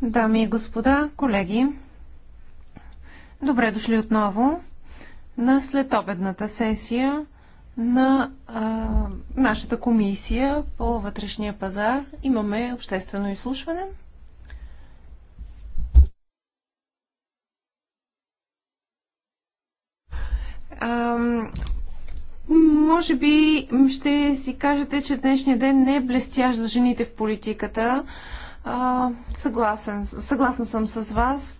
Дами и господа, колеги, добре дошли отново на следобедната сесия на а, нашата комисия по вътрешния пазар. Имаме обществено изслушване. Може би ще си кажете, че днешния ден не е блестящ за жените в политиката. А, съгласен, съгласна съм с вас.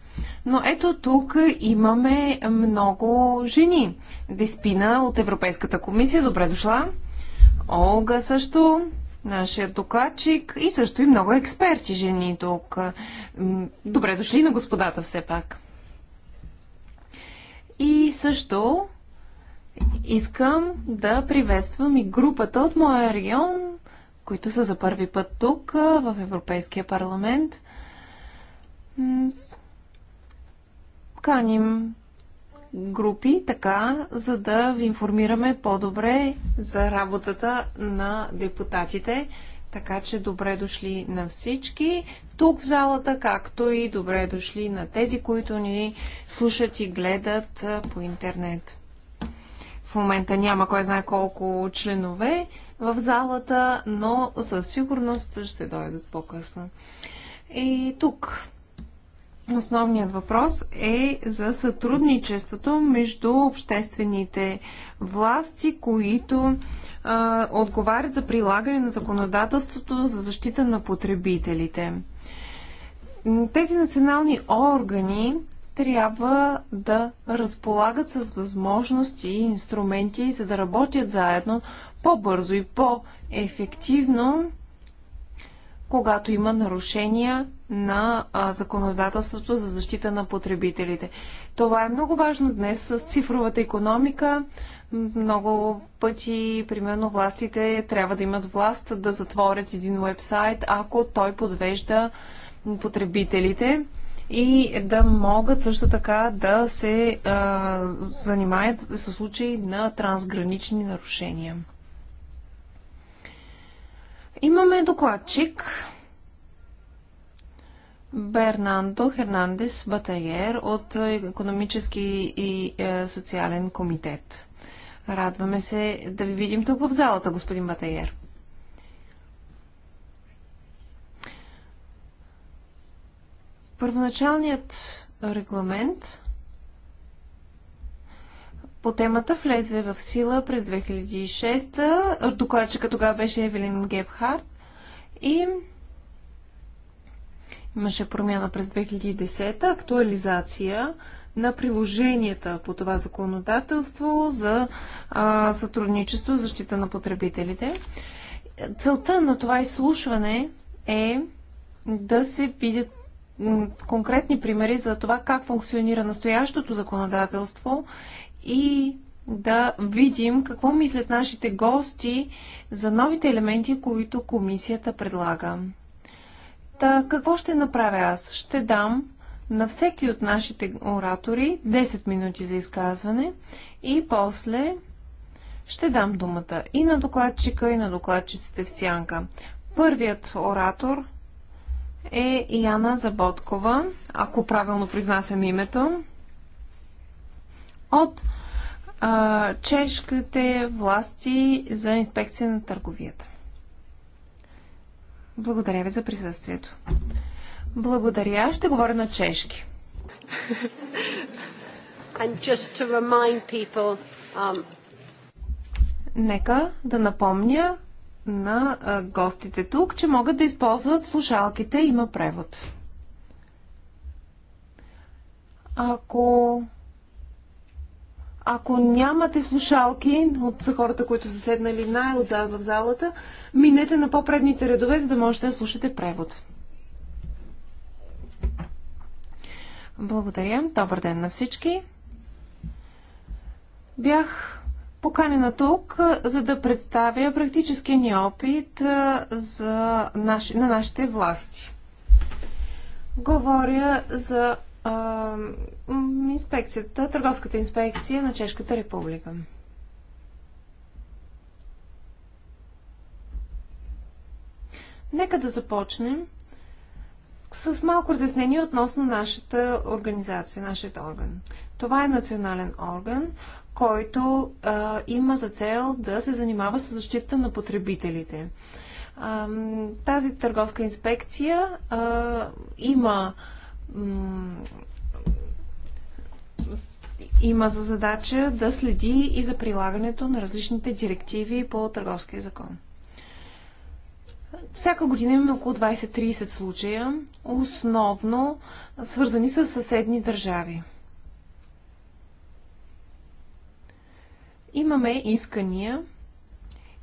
Но ето тук имаме много жени. Деспина от Европейската комисия, добре дошла. Олга също, нашия докладчик и също и много експерти жени тук. Добре дошли на господата все пак. И също Искам да приветствам и групата от моя регион, които са за първи път тук в Европейския парламент. Каним групи така, за да ви информираме по-добре за работата на депутатите. Така че добре дошли на всички тук в залата, както и добре дошли на тези, които ни слушат и гледат по интернет. В момента няма кой знае колко членове в залата, но със сигурност ще дойдат по-късно. И тук основният въпрос е за сътрудничеството между обществените власти, които а, отговарят за прилагане на законодателството за защита на потребителите. Тези национални органи трябва да разполагат с възможности и инструменти, за да работят заедно по-бързо и по-ефективно, когато има нарушения на законодателството за защита на потребителите. Това е много важно днес с цифровата економика. Много пъти, примерно, властите трябва да имат власт да затворят един вебсайт, ако той подвежда потребителите и да могат също така да се а, занимаят с случаи на трансгранични нарушения. Имаме докладчик Бернандо Хернандес Батайер от Економически и е, социален комитет. Радваме се да ви видим тук в залата, господин Батайер. Първоначалният регламент по темата влезе в сила през 2006. Докладчика тогава беше Евелин Гебхарт и имаше промяна през 2010, актуализация на приложенията по това законодателство за а, сътрудничество и защита на потребителите. Целта на това изслушване е да се видят конкретни примери за това как функционира настоящото законодателство и да видим какво мислят нашите гости за новите елементи, които комисията предлага. Та, какво ще направя аз? Ще дам на всеки от нашите оратори 10 минути за изказване и после ще дам думата и на докладчика, и на докладчиците в сянка. Първият оратор е Яна Заботкова, ако правилно произнасям името, от а, чешките власти за инспекция на търговията. Благодаря ви за присъствието. Благодаря. Ще говоря на чешки. People, um... Нека да напомня на гостите тук, че могат да използват слушалките, има превод. Ако ако нямате слушалки от хората, които са седнали най-отзад в залата, минете на по-предните редове, за да можете да слушате превод. Благодаря. Добър ден на всички. Бях поканена тук, за да представя практическия ни опит за наши, на нашите власти. Говоря за а, инспекцията, търговската инспекция на Чешката република. Нека да започнем с малко разяснение относно нашата организация, нашият орган. Това е национален орган, който а, има за цел да се занимава с защита на потребителите. А, тази търговска инспекция а, има има за задача да следи и за прилагането на различните директиви по търговския закон. Всяка година имаме около 20-30 случая, основно свързани с съседни държави. Имаме искания,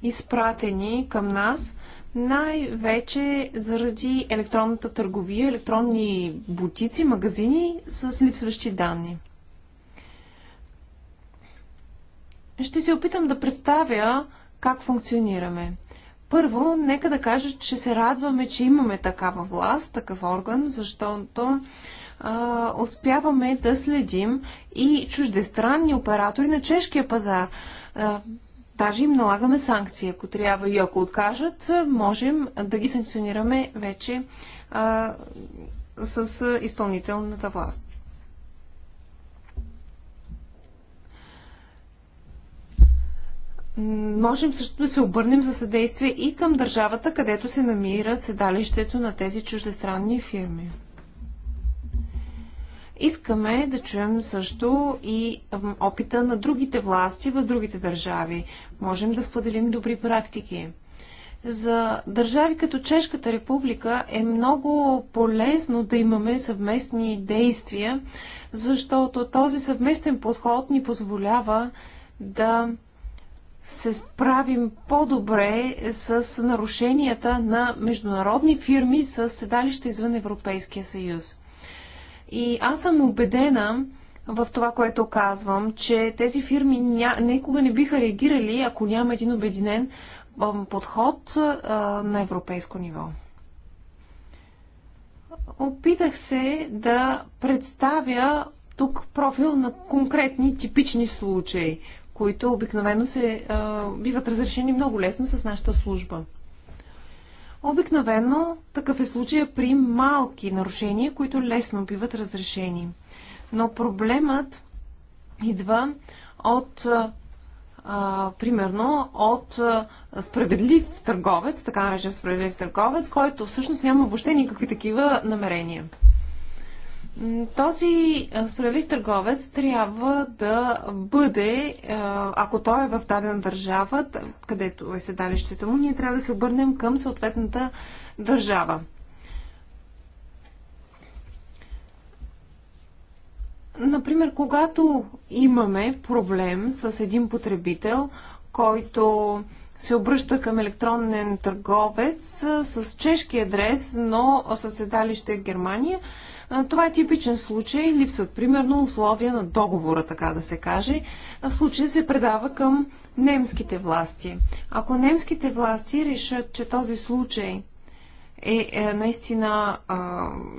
изпратени към нас, най-вече заради електронната търговия, електронни бутици, магазини с липсващи данни. Ще се опитам да представя как функционираме. Първо, нека да кажа, че се радваме, че имаме такава власт, такъв орган, защото а, успяваме да следим и чуждестранни оператори на чешкия пазар. А, даже им налагаме санкции, ако трябва и ако откажат, можем да ги санкционираме вече а, с изпълнителната власт. можем също да се обърнем за съдействие и към държавата, където се намира седалището на тези чуждестранни фирми. Искаме да чуем също и опита на другите власти в другите държави. Можем да споделим добри практики. За държави като Чешката република е много полезно да имаме съвместни действия, защото този съвместен подход ни позволява да се справим по-добре с нарушенията на международни фирми с седалище извън Европейския съюз. И аз съм убедена в това, което казвам, че тези фирми ня... никога не биха реагирали, ако няма един обединен подход а, на европейско ниво. Опитах се да представя тук профил на конкретни типични случаи, които обикновено се а, биват разрешени много лесно с нашата служба. Обикновено такъв е случая при малки нарушения, които лесно биват разрешени. Но проблемът идва от, а, примерно, от справедлив търговец, така наречен справедлив търговец, който всъщност няма въобще никакви такива намерения. Този справедлив търговец трябва да бъде, ако той е в дадена държава, където е седалището му, ние трябва да се обърнем към съответната държава. Например, когато имаме проблем с един потребител, който се обръща към електронен търговец с чешки адрес, но със седалище в Германия, това е типичен случай. Липсват, примерно, условия на договора, така да се каже. В случай се предава към немските власти. Ако немските власти решат, че този случай е, е наистина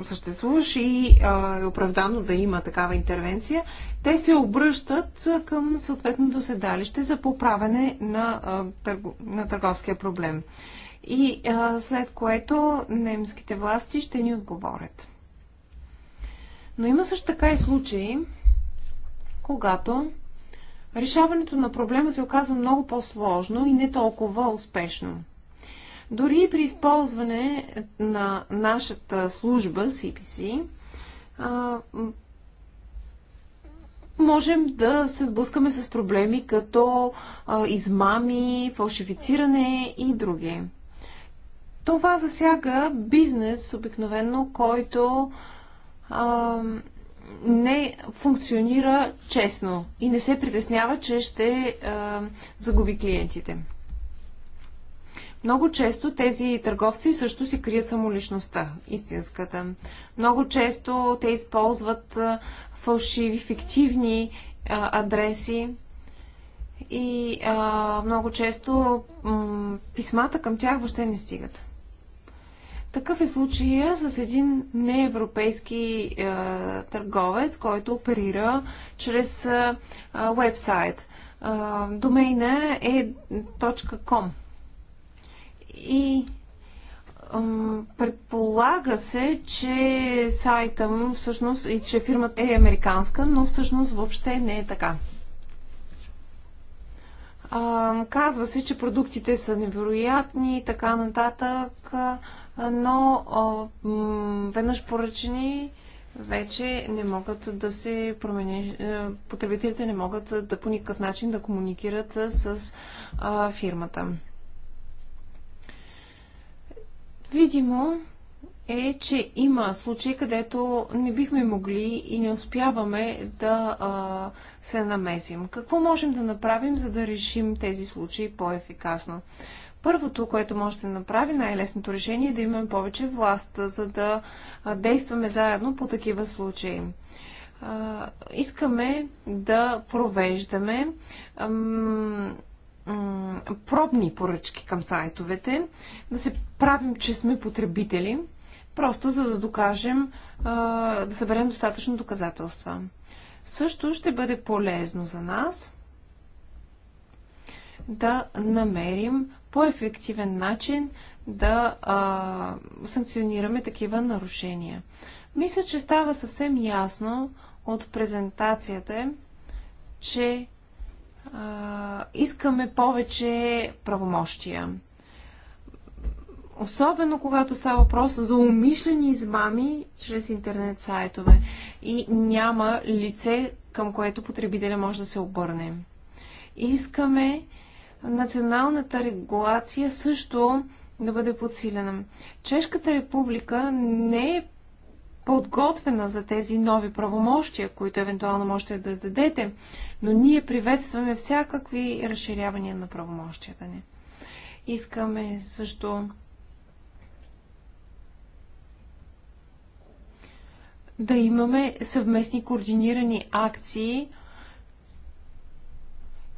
е, съществуваш и е, е оправдано да има такава интервенция, те се обръщат към съответното седалище за поправене на, е, търго, на търговския проблем. И е, след което немските власти ще ни отговорят. Но има също така и случаи, когато решаването на проблема се оказва много по-сложно и не толкова успешно. Дори при използване на нашата служба CPC, можем да се сблъскаме с проблеми като измами, фалшифициране и други. Това засяга бизнес обикновено, който а, не функционира честно и не се притеснява, че ще а, загуби клиентите. Много често тези търговци също си крият самоличността, истинската. Много често те използват фалшиви, фиктивни а, адреси и а, много често писмата към тях въобще не стигат. Такъв е случая с един неевропейски е, търговец, който оперира чрез е, вебсайт. Е, е, домейна е .com. И предполага се, че сайта му всъщност и че фирмата е американска, но всъщност въобще не е така. казва се, че продуктите са невероятни и така нататък но а, веднъж поръчени вече не могат да се промени. Потребителите не могат да по никакъв начин да комуникират с а, фирмата. Видимо е, че има случаи, където не бихме могли и не успяваме да а, се намесим. Какво можем да направим, за да решим тези случаи по-ефикасно? Първото, което може да се направи, най-лесното решение е да имаме повече власт, за да действаме заедно по такива случаи. Искаме да провеждаме пробни поръчки към сайтовете, да се правим, че сме потребители, просто за да докажем, да съберем достатъчно доказателства. Също ще бъде полезно за нас – да намерим по-ефективен начин да а, санкционираме такива нарушения. Мисля, че става съвсем ясно от презентацията, че а, искаме повече правомощия. Особено когато става въпрос за умишлени измами чрез интернет сайтове и няма лице, към което потребителя може да се обърне. Искаме националната регулация също да бъде подсилена. Чешката република не е подготвена за тези нови правомощия, които евентуално можете да дадете, но ние приветстваме всякакви разширявания на правомощията ни. Искаме също да имаме съвместни координирани акции –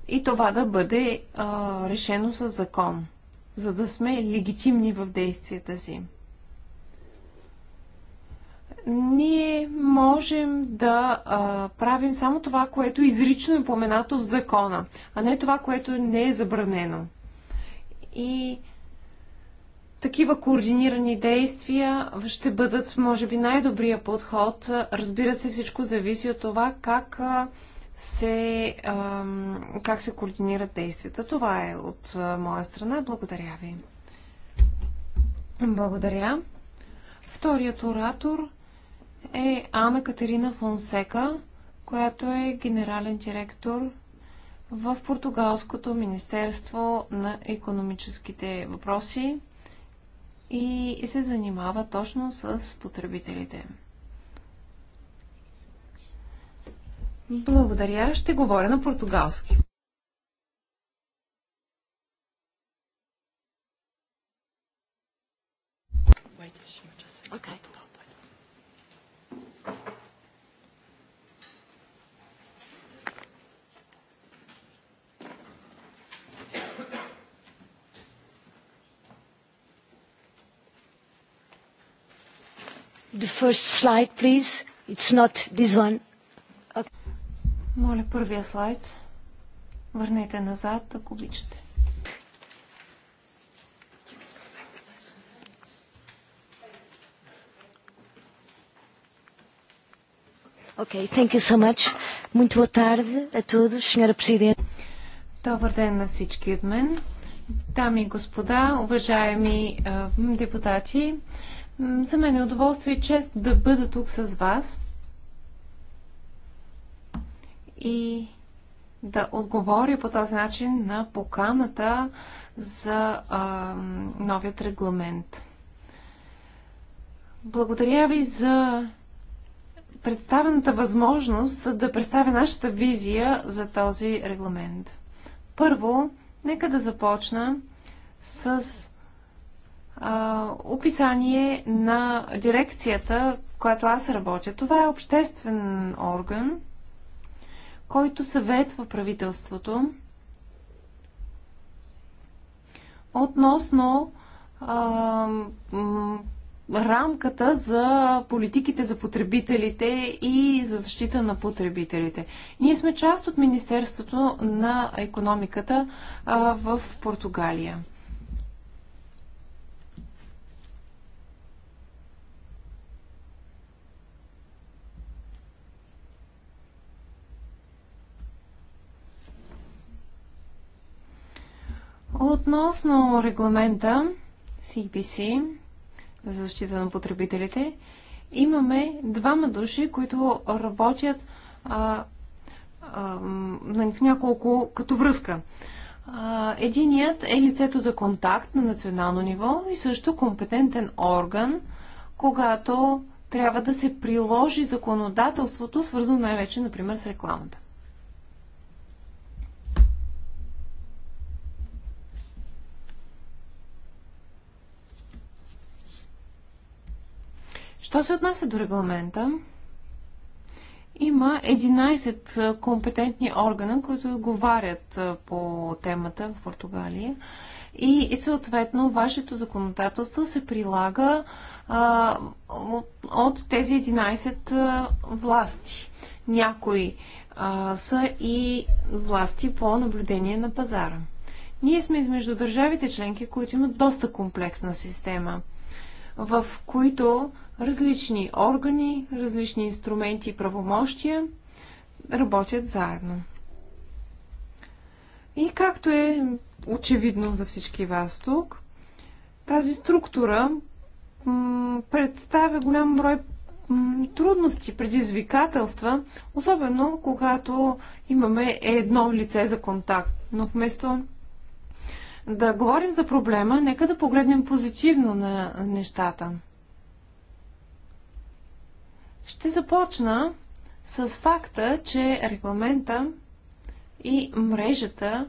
и това да бъде а, решено с закон, за да сме легитимни в действията си. Ние можем да а, правим само това, което изрично е поменато в закона, а не това, което не е забранено. И такива координирани действия ще бъдат, може би, най-добрия подход. Разбира се, всичко зависи от това как се, как се координират действията. Това е от моя страна. Благодаря ви. Благодаря. Вторият оратор е Ана Катерина Фонсека, която е генерален директор в Португалското Министерство на економическите въпроси и се занимава точно с потребителите. Благодаря. Ще говоря на португалски. The first slide, please. It's not this one. Моля, първия слайд. Върнете назад, ако обичате. Ok, thank you so much. Muito boa tarde a todos, senhora Presidente. Добър ден на всички от мен. Дами и господа, уважаеми депутати, за мен е удоволствие и чест да бъда тук с вас и да отговори по този начин на поканата за а, новият регламент. Благодаря ви за представената възможност да представя нашата визия за този регламент. Първо, нека да започна с а, описание на дирекцията, в която аз работя. Това е обществен орган, който съветва правителството относно а, рамката за политиките за потребителите и за защита на потребителите. Ние сме част от Министерството на економиката а, в Португалия. Относно регламента CPC за защита на потребителите, имаме двама души, които работят а, а, в няколко като връзка. А, единият е лицето за контакт на национално ниво и също компетентен орган, когато трябва да се приложи законодателството, свързано най-вече, например, с рекламата. Що се отнася до регламента, има 11 компетентни органа, които отговарят по темата в Португалия. И, съответно, вашето законодателство се прилага а, от тези 11 власти. Някои а, са и власти по наблюдение на пазара. Ние сме между държавите членки, които имат доста комплексна система, в които различни органи, различни инструменти и правомощия работят заедно. И както е очевидно за всички вас тук, тази структура представя голям брой трудности, предизвикателства, особено когато имаме едно лице за контакт. Но вместо да говорим за проблема, нека да погледнем позитивно на нещата – ще започна с факта, че регламента и мрежата,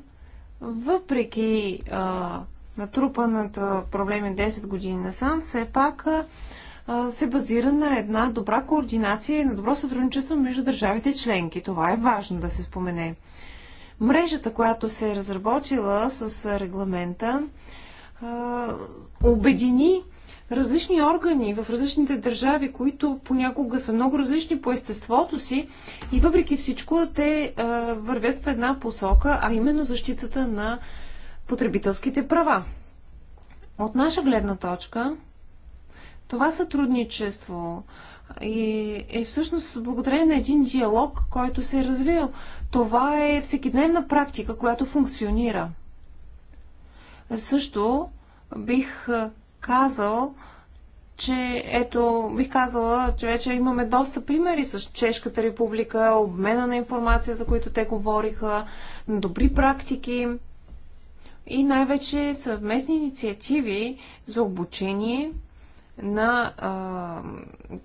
въпреки а, натрупаната проблеми 10 години насам, все пак а, се базира на една добра координация и на добро сътрудничество между държавите членки. Това е важно да се спомене. Мрежата, която се е разработила с регламента, а, обедини различни органи в различните държави, които понякога са много различни по естеството си и въпреки всичко те а, вървят в една посока, а именно защитата на потребителските права. От наша гледна точка, това сътрудничество и е всъщност благодарение на един диалог, който се е развил. Това е всекидневна практика, която функционира. Също бих казал, че ето, бих казала, че вече имаме доста примери с Чешката република, обмена на информация, за които те говориха, добри практики и най-вече съвместни инициативи за обучение на а,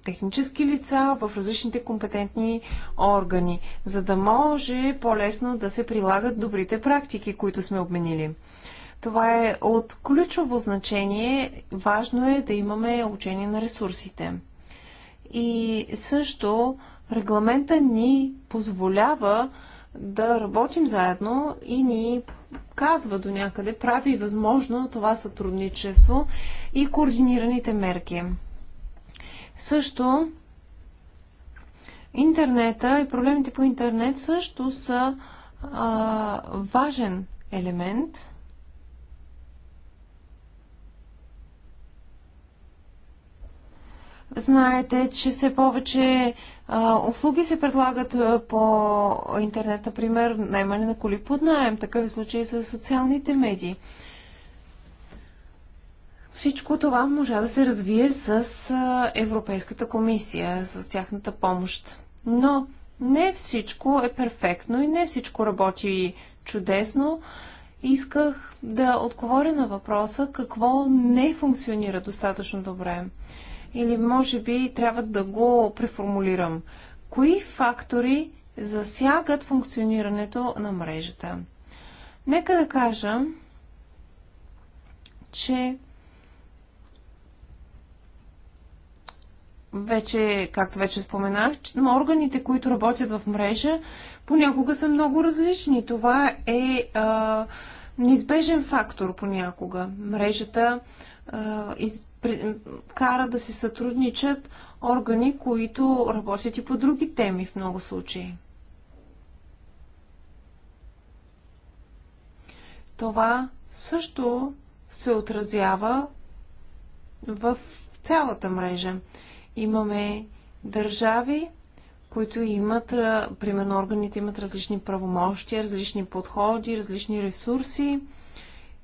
технически лица в различните компетентни органи, за да може по-лесно да се прилагат добрите практики, които сме обменили. Това е от ключово значение. Важно е да имаме учение на ресурсите. И също регламента ни позволява да работим заедно и ни казва до някъде, прави възможно това сътрудничество и координираните мерки. Също интернета и проблемите по интернет също са а, важен елемент – Знаете, че все повече а, услуги се предлагат по интернет, например, наймане на коли под найем. Такъв е случай с социалните медии. Всичко това може да се развие с Европейската комисия, с тяхната помощ. Но не всичко е перфектно и не всичко работи чудесно. Исках да отговоря на въпроса какво не функционира достатъчно добре или може би трябва да го преформулирам. Кои фактори засягат функционирането на мрежата? Нека да кажа, че вече, както вече споменах, че органите, които работят в мрежа, понякога са много различни. Това е а, неизбежен фактор понякога. Мрежата а, из, кара да се сътрудничат органи, които работят и по други теми в много случаи. Това също се отразява в цялата мрежа. Имаме държави, които имат, примерно органите имат различни правомощия, различни подходи, различни ресурси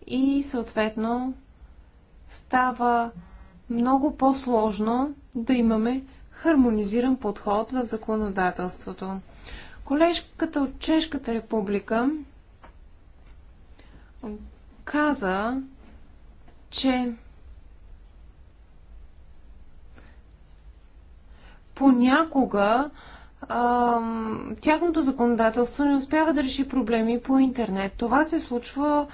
и съответно става много по-сложно да имаме хармонизиран подход в законодателството. Колежката от Чешката република каза, че понякога ам, тяхното законодателство не успява да реши проблеми по интернет. Това се случва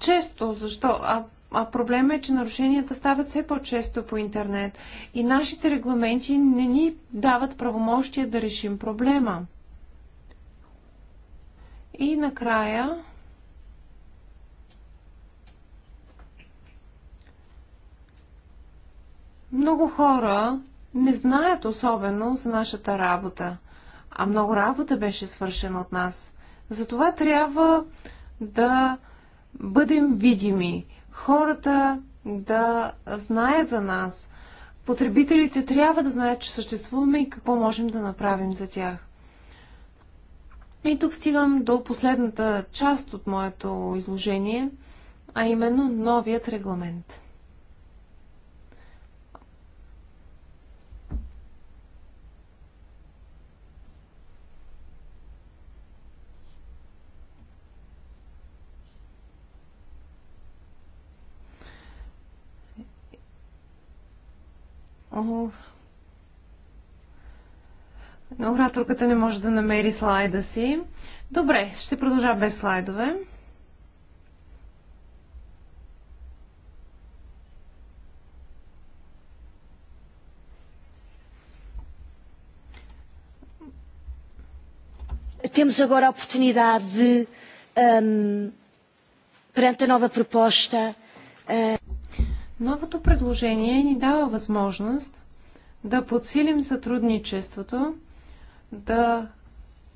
често, защо? А а проблема е, че нарушенията стават все по-често по интернет и нашите регламенти не ни дават правомощия да решим проблема. И накрая много хора не знаят особено за нашата работа, а много работа беше свършена от нас. Затова трябва да бъдем видими хората да знаят за нас. Потребителите трябва да знаят, че съществуваме и какво можем да направим за тях. И тук стигам до последната част от моето изложение, а именно новият регламент. Ораторката не може да намери слайда си. Добре, ще продължа без слайдове. Temos agora a oportunidade de, um, perante a nova proposta. Uh... Новото предложение ни дава възможност да подсилим сътрудничеството, да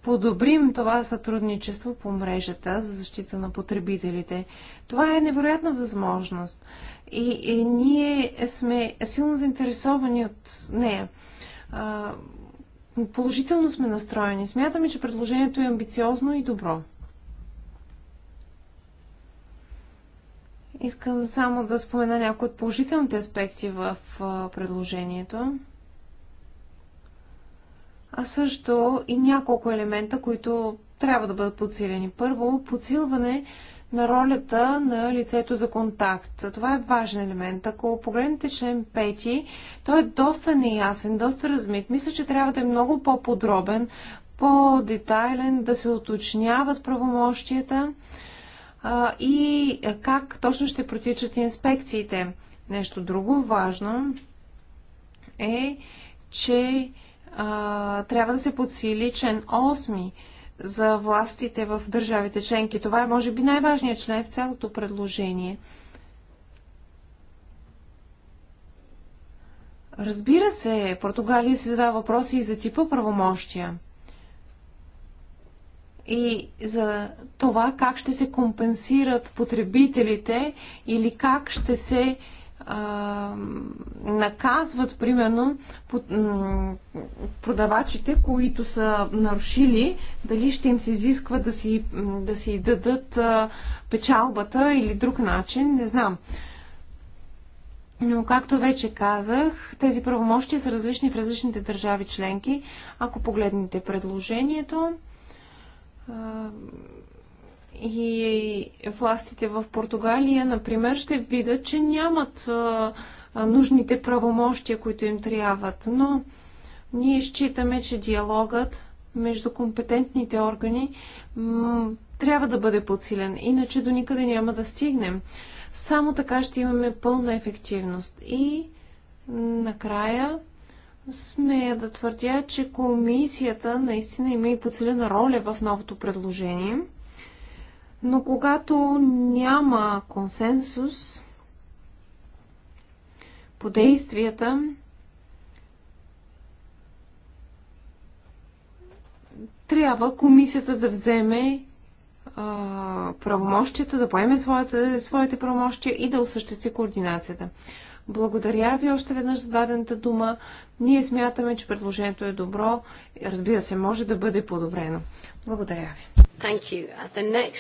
подобрим това сътрудничество по мрежата за защита на потребителите. Това е невероятна възможност и, и ние сме силно заинтересовани от нея. А, положително сме настроени. Смятаме, че предложението е амбициозно и добро. Искам само да спомена някои от положителните аспекти в предложението, а също и няколко елемента, които трябва да бъдат подсилени. Първо, подсилване на ролята на лицето за контакт. Това е важен елемент. Ако погледнете член 5, той е доста неясен, доста размит. Мисля, че трябва да е много по-подробен, по-детайлен, да се уточняват правомощията и как точно ще протичат инспекциите. Нещо друго важно е, че а, трябва да се подсили член 8 за властите в държавите членки. Това е, може би, най-важният член в цялото предложение. Разбира се, Португалия се задава въпроси и за типа правомощия и за това как ще се компенсират потребителите или как ще се а, наказват, примерно, под, продавачите, които са нарушили, дали ще им се изисква да си, да си дадат а, печалбата или друг начин, не знам. Но, както вече казах, тези правомощия са различни в различните държави членки. Ако погледнете предложението, и властите в Португалия, например, ще видят, че нямат нужните правомощия, които им трябват. Но ние считаме, че диалогът между компетентните органи трябва да бъде подсилен, иначе до никъде няма да стигнем. Само така ще имаме пълна ефективност. И накрая Смея да твърдя, че комисията наистина има и подсилена роля в новото предложение. Но когато няма консенсус по действията, трябва комисията да вземе правомощията, да поеме своите, своите правомощия и да осъществи координацията. Благодаря ви още веднъж за дадената дума. Ние смятаме, че предложението е добро. Разбира се, може да бъде подобрено. Благодаря ви. Uh,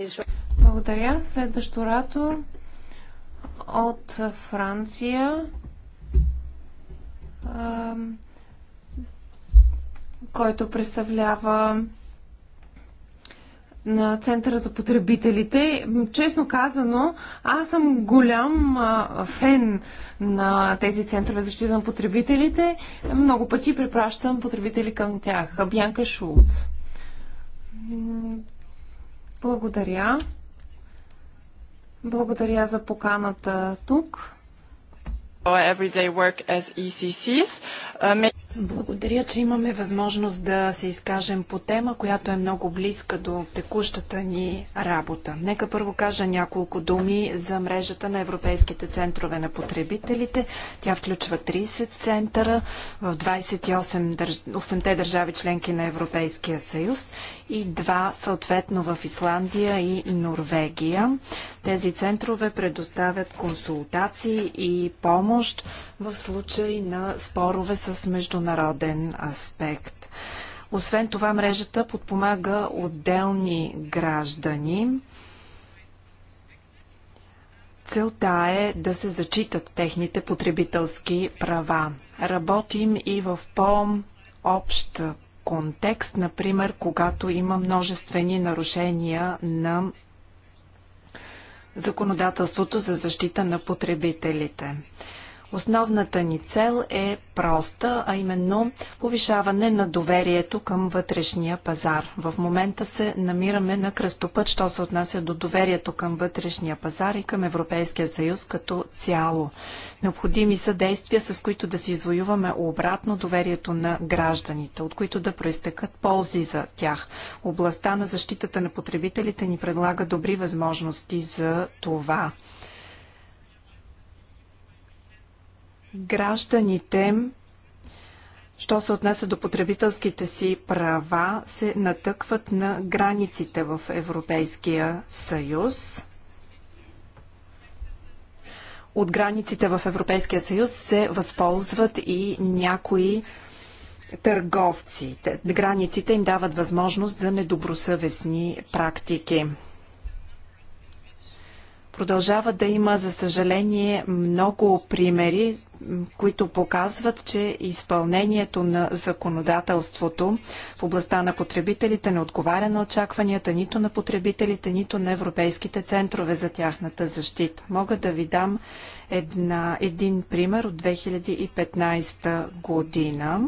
is... Благодаря. Следващ оратор от Франция, който представлява на Центъра за потребителите. Честно казано, аз съм голям фен на тези центрове за защита на потребителите. Много пъти препращам потребители към тях. Бянка Шулц. Благодаря. Благодаря за поканата тук. Everyday work as ECCs. Uh, благодаря, че имаме възможност да се изкажем по тема, която е много близка до текущата ни работа. Нека първо кажа няколко думи за мрежата на европейските центрове на потребителите. Тя включва 30 центъра в 28 те държави членки на Европейския съюз и два съответно в Исландия и Норвегия. Тези центрове предоставят консултации и помощ в случай на спорове с международен аспект. Освен това, мрежата подпомага отделни граждани. Целта е да се зачитат техните потребителски права. Работим и в по-общ контекст, например, когато има множествени нарушения на законодателството за защита на потребителите. Основната ни цел е проста, а именно повишаване на доверието към вътрешния пазар. В момента се намираме на кръстопът, що се отнася до доверието към вътрешния пазар и към Европейския съюз като цяло. Необходими са действия, с които да си извоюваме обратно доверието на гражданите, от които да проистекат ползи за тях. Областта на защитата на потребителите ни предлага добри възможности за това. Гражданите, що се отнесе до потребителските си права, се натъкват на границите в Европейския съюз. От границите в Европейския съюз се възползват и някои търговци. Границите им дават възможност за недобросъвестни практики. Продължава да има, за съжаление, много примери, които показват, че изпълнението на законодателството в областта на потребителите не отговаря на очакванията нито на потребителите, нито на европейските центрове за тяхната защита. Мога да ви дам една, един пример от 2015 година.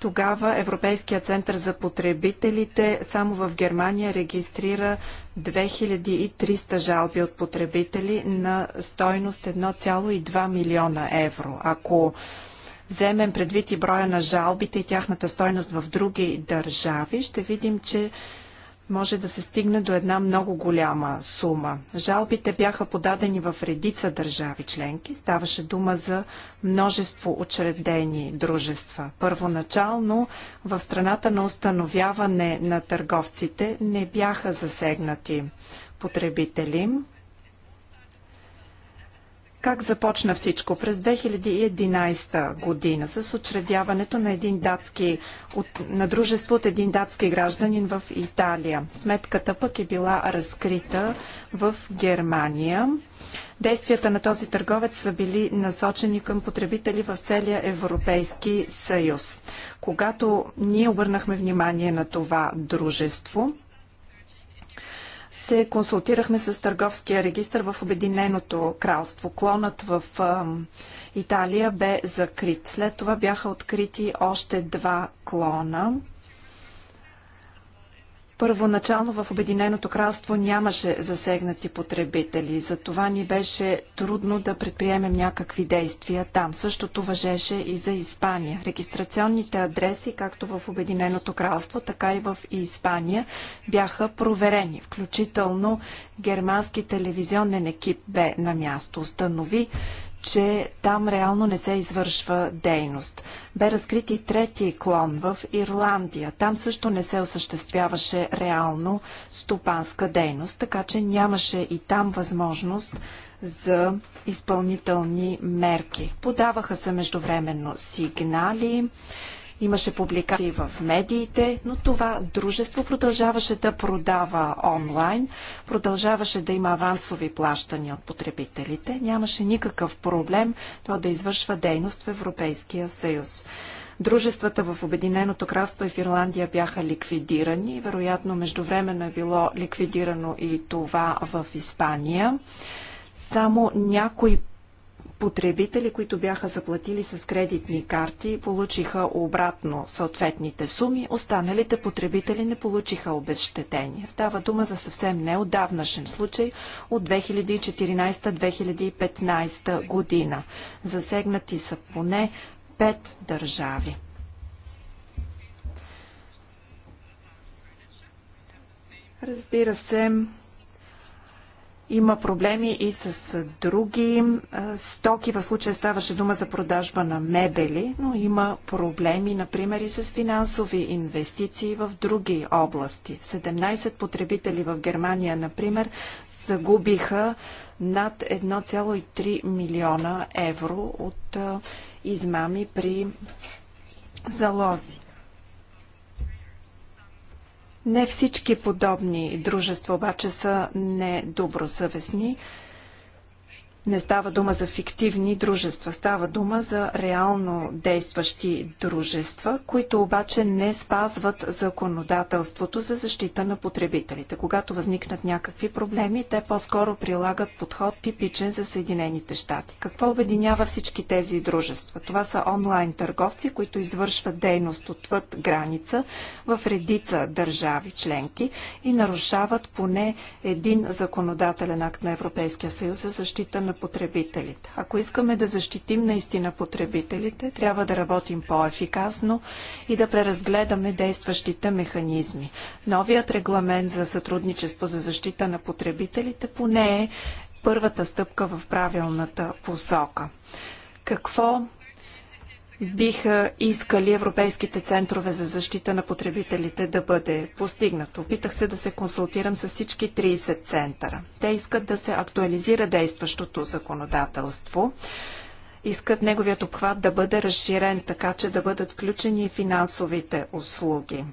Тогава Европейския център за потребителите само в Германия регистрира 2300 жалби от потребители на стойност 1,2 милиона евро. Ако вземем предвид и броя на жалбите и тяхната стойност в други държави, ще видим, че може да се стигне до една много голяма сума. Жалбите бяха подадени в редица държави членки. Ставаше дума за множество учредени дружества. Първоначално в страната на установяване на търговците не бяха засегнати потребители. Как започна всичко? През 2011 година с учредяването на, един датски, от, на дружество от един датски гражданин в Италия. Сметката пък е била разкрита в Германия. Действията на този търговец са били насочени към потребители в целия Европейски съюз. Когато ние обърнахме внимание на това дружество, се консултирахме с търговския регистр в Обединеното кралство. Клонът в Италия бе закрит. След това бяха открити още два клона. Първоначално в Обединеното кралство нямаше засегнати потребители, за това ни беше трудно да предприемем някакви действия там. Същото въжеше и за Испания. Регистрационните адреси, както в Обединеното кралство, така и в Испания, бяха проверени. Включително германски телевизионен екип бе на място. Установи, че там реално не се извършва дейност. Бе разкрит и трети клон в Ирландия. Там също не се осъществяваше реално стопанска дейност, така че нямаше и там възможност за изпълнителни мерки. Подаваха се междувременно сигнали, Имаше публикации в медиите, но това дружество продължаваше да продава онлайн, продължаваше да има авансови плащания от потребителите. Нямаше никакъв проблем то да извършва дейност в Европейския съюз. Дружествата в Обединеното кралство и в Ирландия бяха ликвидирани. Вероятно, междувременно е било ликвидирано и това в Испания. Само някои потребители, които бяха заплатили с кредитни карти, получиха обратно съответните суми, останалите потребители не получиха обезщетение. Става дума за съвсем неодавнашен случай от 2014-2015 година. Засегнати са поне пет държави. Разбира се, има проблеми и с други стоки. В случая ставаше дума за продажба на мебели, но има проблеми, например, и с финансови инвестиции в други области. 17 потребители в Германия, например, загубиха над 1,3 милиона евро от измами при залози. Не всички подобни дружества обаче са недобросъвестни. Не става дума за фиктивни дружества, става дума за реално действащи дружества, които обаче не спазват законодателството за защита на потребителите. Когато възникнат някакви проблеми, те по-скоро прилагат подход типичен за Съединените щати. Какво обединява всички тези дружества? Това са онлайн търговци, които извършват дейност отвъд граница в редица държави членки и нарушават поне един законодателен акт на Европейския съюз за защита на потребителите. Ако искаме да защитим наистина потребителите, трябва да работим по-ефикасно и да преразгледаме действащите механизми. Новият регламент за сътрудничество за защита на потребителите поне е първата стъпка в правилната посока. Какво биха искали европейските центрове за защита на потребителите да бъде постигнато. Опитах се да се консултирам с всички 30 центъра. Те искат да се актуализира действащото законодателство. Искат неговият обхват да бъде разширен, така че да бъдат включени и финансовите услуги.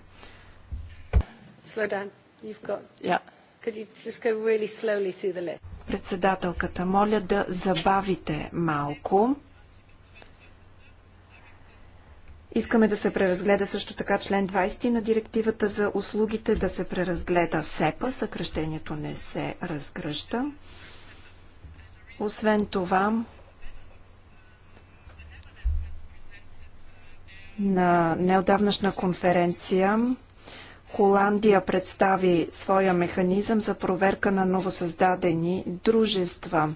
Председателката, моля да забавите малко. Искаме да се преразгледа също така член 20 на директивата за услугите, да се преразгледа СЕПА, съкръщението не се разгръща. Освен това, на неодавнашна конференция Холандия представи своя механизъм за проверка на новосъздадени дружества.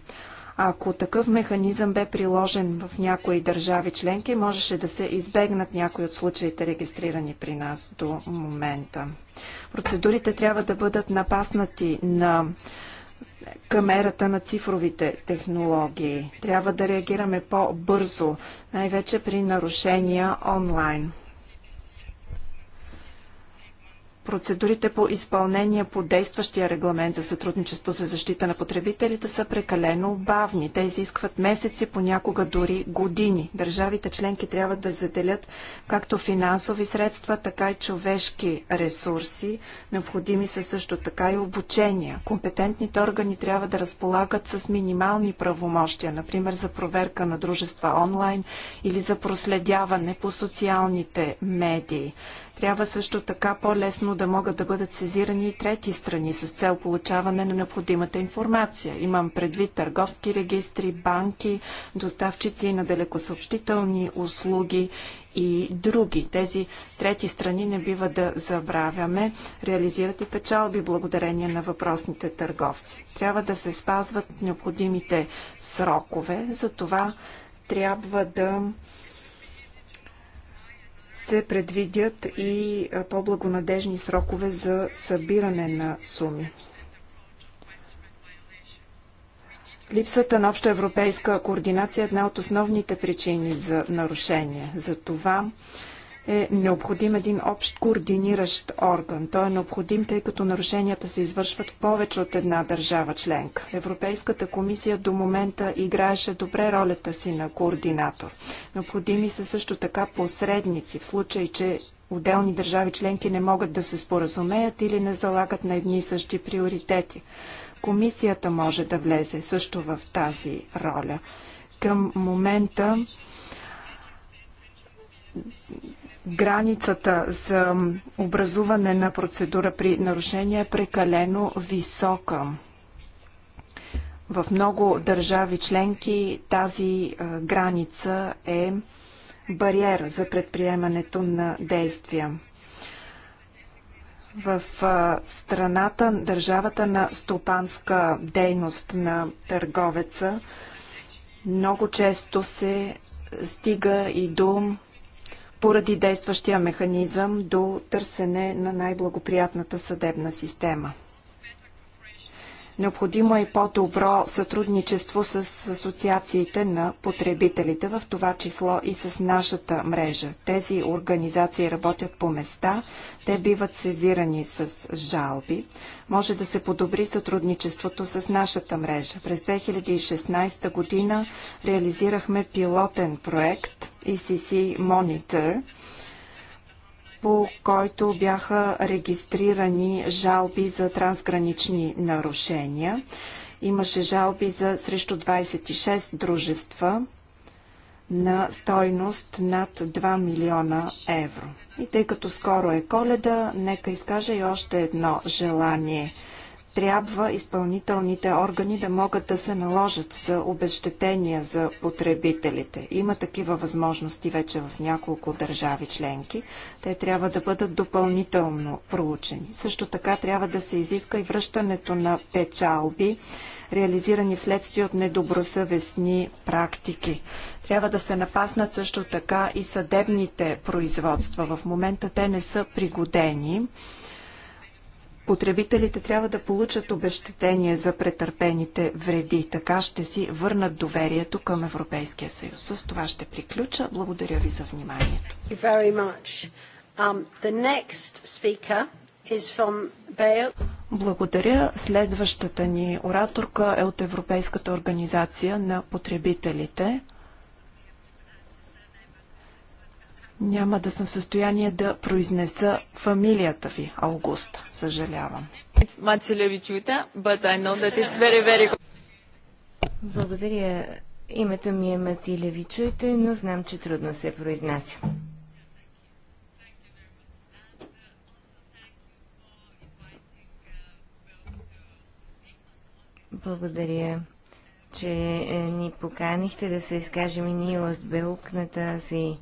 Ако такъв механизъм бе приложен в някои държави членки, можеше да се избегнат някои от случаите регистрирани при нас до момента. Процедурите трябва да бъдат напаснати на камерата на цифровите технологии. Трябва да реагираме по-бързо, най-вече при нарушения онлайн. Процедурите по изпълнение по действащия регламент за сътрудничество за защита на потребителите са прекалено бавни. Те изискват месеци, понякога дори години. Държавите членки трябва да заделят както финансови средства, така и човешки ресурси. Необходими са също така и обучения. Компетентните органи трябва да разполагат с минимални правомощия, например за проверка на дружества онлайн или за проследяване по социалните медии. Трябва също така по-лесно да могат да бъдат сезирани и трети страни с цел получаване на необходимата информация. Имам предвид търговски регистри, банки, доставчици на далекосъобщителни услуги и други. Тези трети страни не бива да забравяме, реализират и печалби благодарение на въпросните търговци. Трябва да се спазват необходимите срокове, за това трябва да се предвидят и по-благонадежни срокове за събиране на суми. Липсата на обща европейска координация е една от основните причини за нарушение. За това е необходим един общ координиращ орган. Той е необходим, тъй като нарушенията се извършват в повече от една държава членка. Европейската комисия до момента играеше добре ролята си на координатор. Необходими са също така посредници в случай, че отделни държави членки не могат да се споразумеят или не залагат на едни и същи приоритети. Комисията може да влезе също в тази роля. Към момента границата за образуване на процедура при нарушение е прекалено висока. В много държави членки тази граница е бариера за предприемането на действия. В страната държавата на стопанска дейност на търговеца много често се стига и до поради действащия механизъм до търсене на най-благоприятната съдебна система. Необходимо е и по-добро сътрудничество с асоциациите на потребителите, в това число и с нашата мрежа. Тези организации работят по места, те биват сезирани с жалби. Може да се подобри сътрудничеството с нашата мрежа. През 2016 година реализирахме пилотен проект ECC Monitor – по който бяха регистрирани жалби за трансгранични нарушения. Имаше жалби за срещу 26 дружества на стойност над 2 милиона евро. И тъй като скоро е коледа, нека изкажа и още едно желание – трябва изпълнителните органи да могат да се наложат за обещетения за потребителите. Има такива възможности вече в няколко държави членки. Те трябва да бъдат допълнително проучени. Също така трябва да се изиска и връщането на печалби, реализирани вследствие от недобросъвестни практики. Трябва да се напаснат също така и съдебните производства. В момента те не са пригодени. Потребителите трябва да получат обещетение за претърпените вреди. Така ще си върнат доверието към Европейския съюз. С това ще приключа. Благодаря ви за вниманието. Um, Благодаря. Следващата ни ораторка е от Европейската организация на потребителите. Няма да съм в състояние да произнеса фамилията ви, Аугуст. Съжалявам. Благодаря. Името ми е Мацилевичуйте, но знам, че трудно се произнася. Благодаря, че е, ни поканихте да се изкажем и ние от Белук си.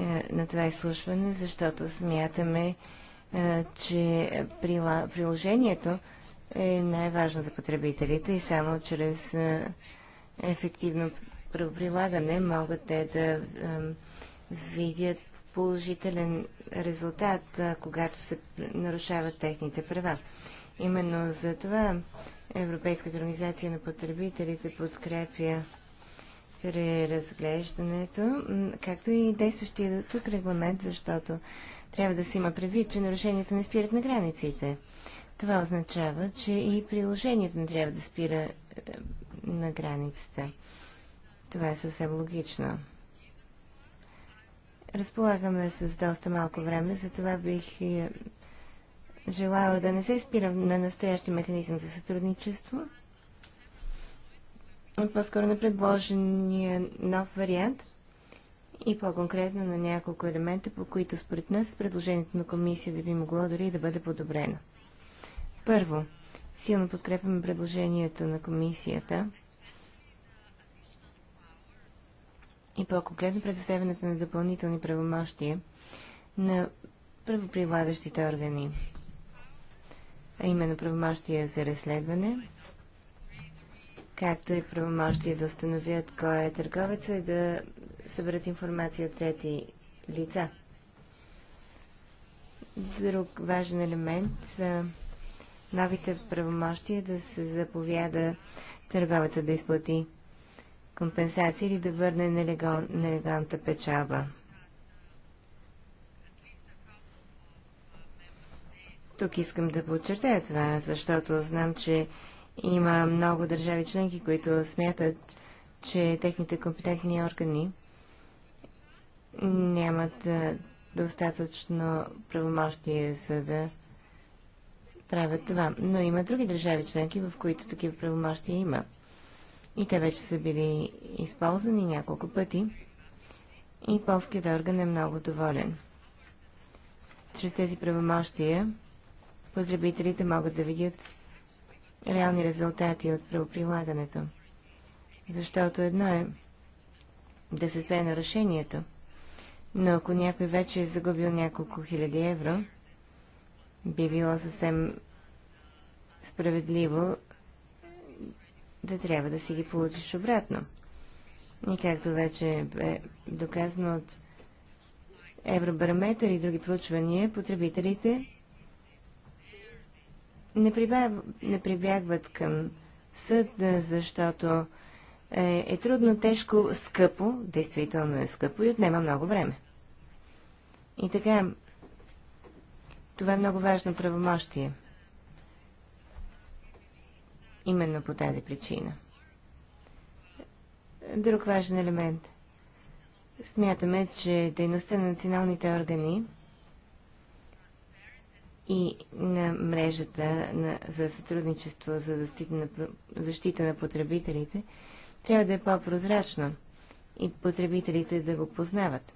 Е, на това изслушване, защото смятаме, е, че приложението е най-важно за потребителите и само чрез е, ефективно прилагане могат те да видят положителен резултат, когато се нарушават техните права. Именно за това Европейската организация на потребителите подкрепя преразглеждането, както и действащия тук регламент, защото трябва да се има предвид, че нарушенията не спират на границите. Това означава, че и приложението не трябва да спира е, на границата. Това е съвсем логично. Разполагаме с доста малко време, затова бих е, желала да не се спирам на настоящия механизъм за сътрудничество по-скоро на предложения нов вариант и по-конкретно на няколко елемента, по които според нас предложението на комисията би могло дори да бъде подобрено. Първо, силно подкрепяме предложението на комисията и по-конкретно предоставянето на допълнителни правомощия на правоприлагащите органи, а именно правомощия за разследване, както и правомощи, да установят кой е търговеца и да съберат информация от трети лица. Друг важен елемент са новите правомощия да се заповяда търговеца да изплати компенсация или да върне нелегал, нелегалната печалба. Тук искам да подчертая това, защото знам, че има много държави членки, които смятат, че техните компетентни органи нямат достатъчно правомощие за да правят това. Но има други държави членки, в които такива правомощия има. И те вече са били използвани няколко пъти. И полският орган е много доволен. Чрез тези правомощия потребителите могат да видят реални резултати от правоприлагането. Защото едно е да се спре нарушението, но ако някой вече е загубил няколко хиляди евро, би било съвсем справедливо да трябва да си ги получиш обратно. И както вече е доказано от Евробарометър и други проучвания, потребителите не, прибяг, не прибягват към съд, защото е, е трудно, тежко, скъпо, действително е скъпо и отнема много време. И така, това е много важно правомощие. Именно по тази причина. Друг важен елемент. Смятаме, че дейността на националните органи и на мрежата на, за сътрудничество за защита на, защита на потребителите трябва да е по-прозрачно и потребителите да го познават.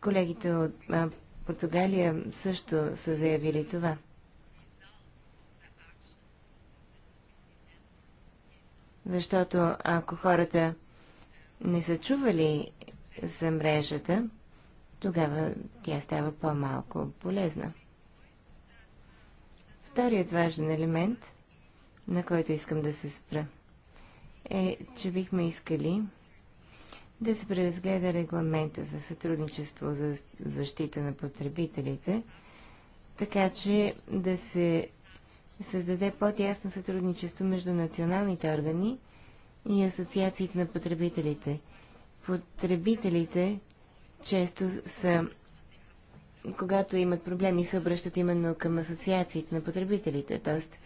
Колегите от а, Португалия също са заявили това. Защото ако хората не са чували за мрежата, тогава тя става по-малко полезна. Вторият важен елемент, на който искам да се спра, е, че бихме искали да се преразгледа регламента за сътрудничество за защита на потребителите, така че да се създаде по-тясно сътрудничество между националните органи и асоциациите на потребителите. Потребителите често са когато имат проблеми, се обръщат именно към асоциациите на потребителите. Тоест,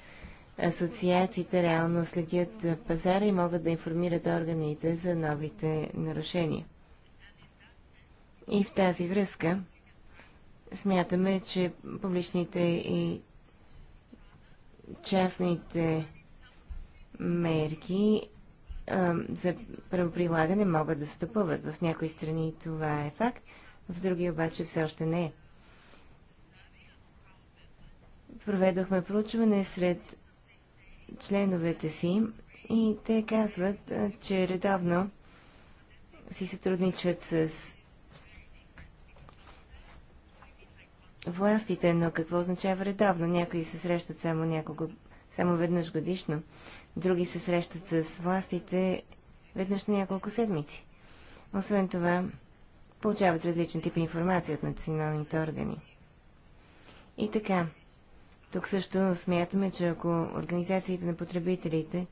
асоциациите реално следят пазара и могат да информират органите за новите нарушения. И в тази връзка смятаме, че публичните и частните мерки а, за правоприлагане могат да стъпуват. В някои страни това е факт, в други обаче все още не е проведохме проучване сред членовете си и те казват, че редовно си сътрудничат с властите, но какво означава редовно? Някои се срещат само, няколко, само веднъж годишно, други се срещат с властите веднъж на няколко седмици. Освен това, получават различни типи информация от националните органи. И така, тук също смятаме, че ако организациите на потребителите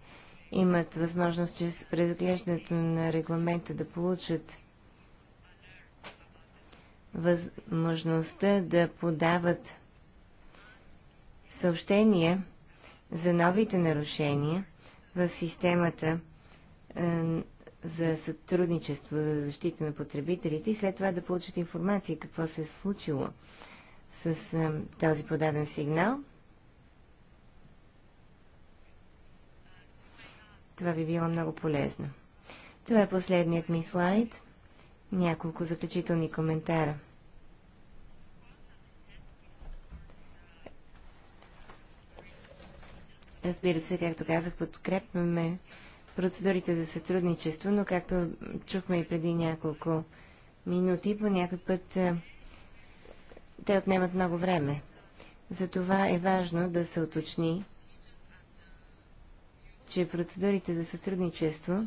имат възможност чрез предглеждането на регламента да получат възможността да подават съобщения за новите нарушения в системата е, за сътрудничество за защита на потребителите и след това да получат информация какво се е случило с а, този подаден сигнал. Това би било много полезно. Това е последният ми слайд. Няколко заключителни коментара. Разбира се, както казах, подкрепяме процедурите за сътрудничество, но както чухме и преди няколко минути, по някой път те отнемат много време. Затова е важно да се уточни, че процедурите за сътрудничество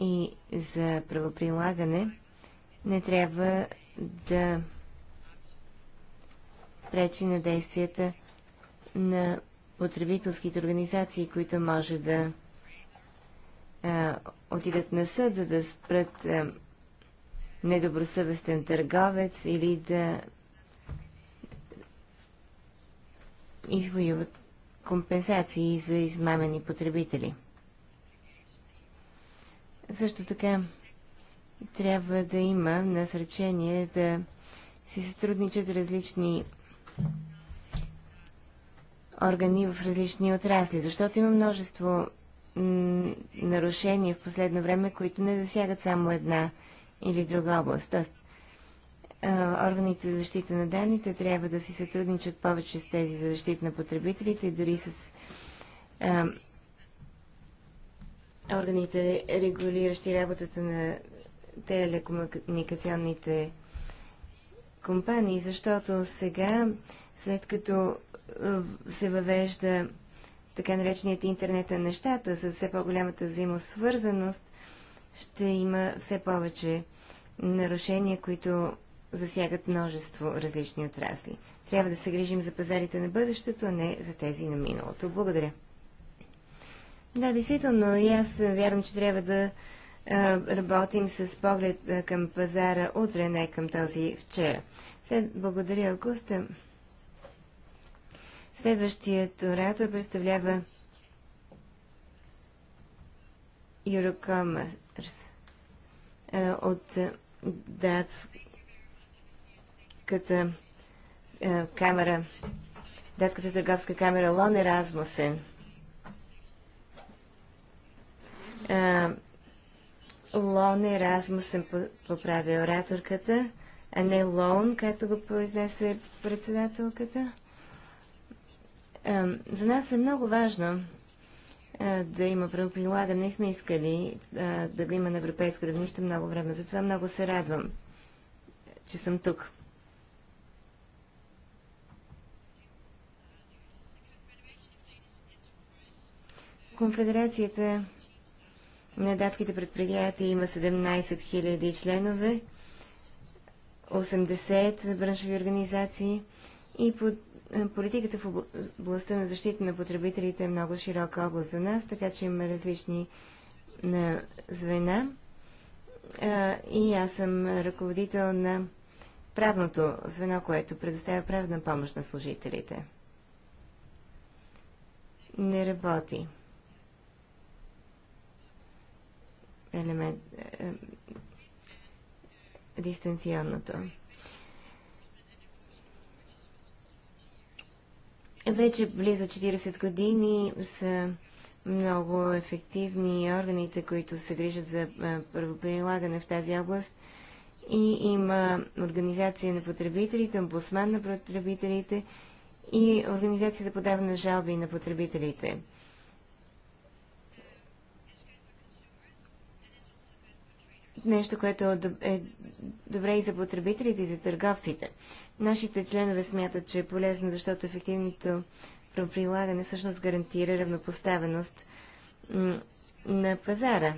и за правоприлагане не трябва да пречи на действията на потребителските организации, които може да а, отидат на съд, за да спрат а, недобросъвестен търговец или да извоюват компенсации за измамени потребители. Също така трябва да има насречение да си сътрудничат различни органи в различни отрасли, защото има множество нарушения в последно време, които не засягат само една или друга област. Тоест, органите за защита на данните трябва да си сътрудничат повече с тези за защита на потребителите и дори с а, органите, регулиращи работата на телекомуникационните компании, защото сега, след като се въвежда така нареченият интернет на нещата, с все по-голямата взаимосвързаност – ще има все повече нарушения, които засягат множество различни отрасли. Трябва да се грижим за пазарите на бъдещето, а не за тези на миналото. Благодаря. Да, действително, и аз вярвам, че трябва да а, работим с поглед а, към пазара утре, не към този вчера. След... Благодаря, Августа. Следващият оратор представлява Юрокомас Uh, от е, датската е, камера, датската търговска камера Лон Еразмусен. Лон Еразмусен поправи ораторката, а не Лон, както го произнесе председателката. За нас е много важно е, да има правоприлагане не сме искали е, да го има на европейско равнище много време. Затова много се радвам, че съм тук. Конфедерацията на датските предприятия има 17 000 членове, 80 браншови организации и под е, политиката в областта на защита на потребителите е много широка област за нас, така че има различни е, звена. Е, и аз съм ръководител на правното звено, което предоставя правна помощ на служителите. Не работи. Елемент. Дистанционното. Вече близо 40 години са много ефективни органите, които се грижат за правоприлагане в тази област. И има Организация на потребителите, Омбусман на потребителите и Организация за подаване на жалби на потребителите. Нещо, което е, е добре и за потребителите, и за търговците. Нашите членове смятат, че е полезно, защото ефективното прилагане всъщност гарантира равнопоставеност на пазара.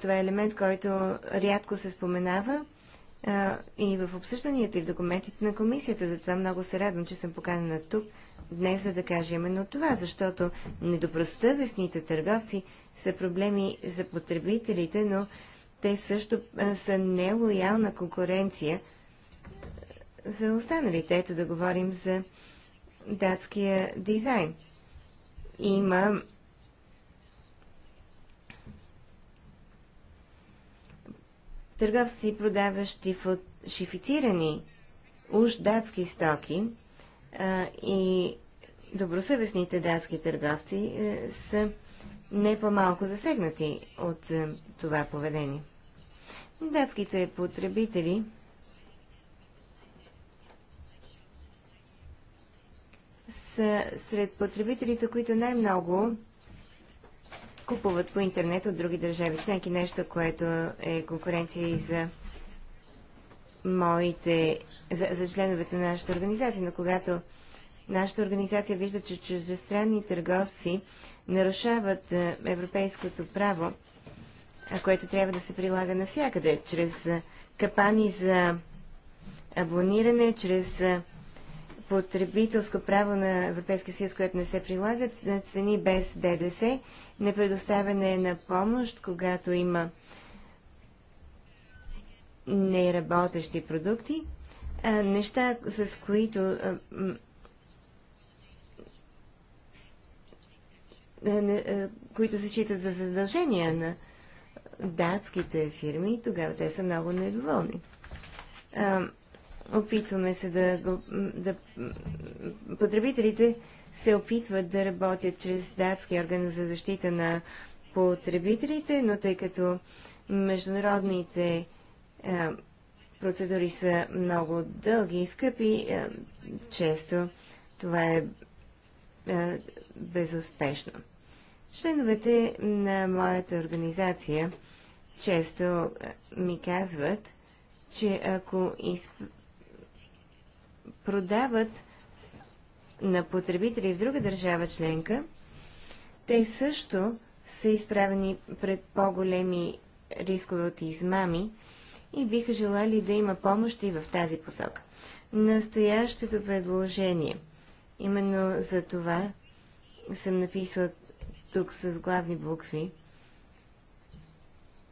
Това е елемент, който рядко се споменава и в обсъжданията, и в документите на комисията. Затова много се радвам, че съм поканена тук днес, за да кажа именно това, защото недобросъвестните търговци са проблеми за потребителите, но те също са нелоялна конкуренция за останалите. Ето да говорим за датския дизайн. Има търговци, продаващи фалшифицирани уж датски стоки а, и добросъвестните датски търговци а, е, са не по-малко засегнати от а, е, това поведение. Датските потребители са сред потребителите, които най-много купуват по интернет от други държави членки. Нещо, което е конкуренция и за моите, за, за членовете на нашата организация. Но когато нашата организация вижда, че чуждестранни търговци нарушават е, европейското право, което трябва да се прилага навсякъде, чрез е, капани за абониране, чрез е, потребителско право на Европейския съюз, което не се прилага, цени без ДДС, непредоставяне на помощ, когато има неработещи продукти, неща, с които които се считат за задължения на датските фирми, тогава те са много недоволни. Опитваме се да, да... Потребителите се опитват да работят чрез датски орган за защита на потребителите, но тъй като международните е, процедури са много дълги и скъпи, е, често това е е безуспешно. Членовете на моята организация често е, ми казват, че ако изп продават на потребители в друга държава членка, те също са изправени пред по-големи рискове от измами и биха желали да има помощ и в тази посока. Настоящото предложение, именно за това съм написал тук с главни букви,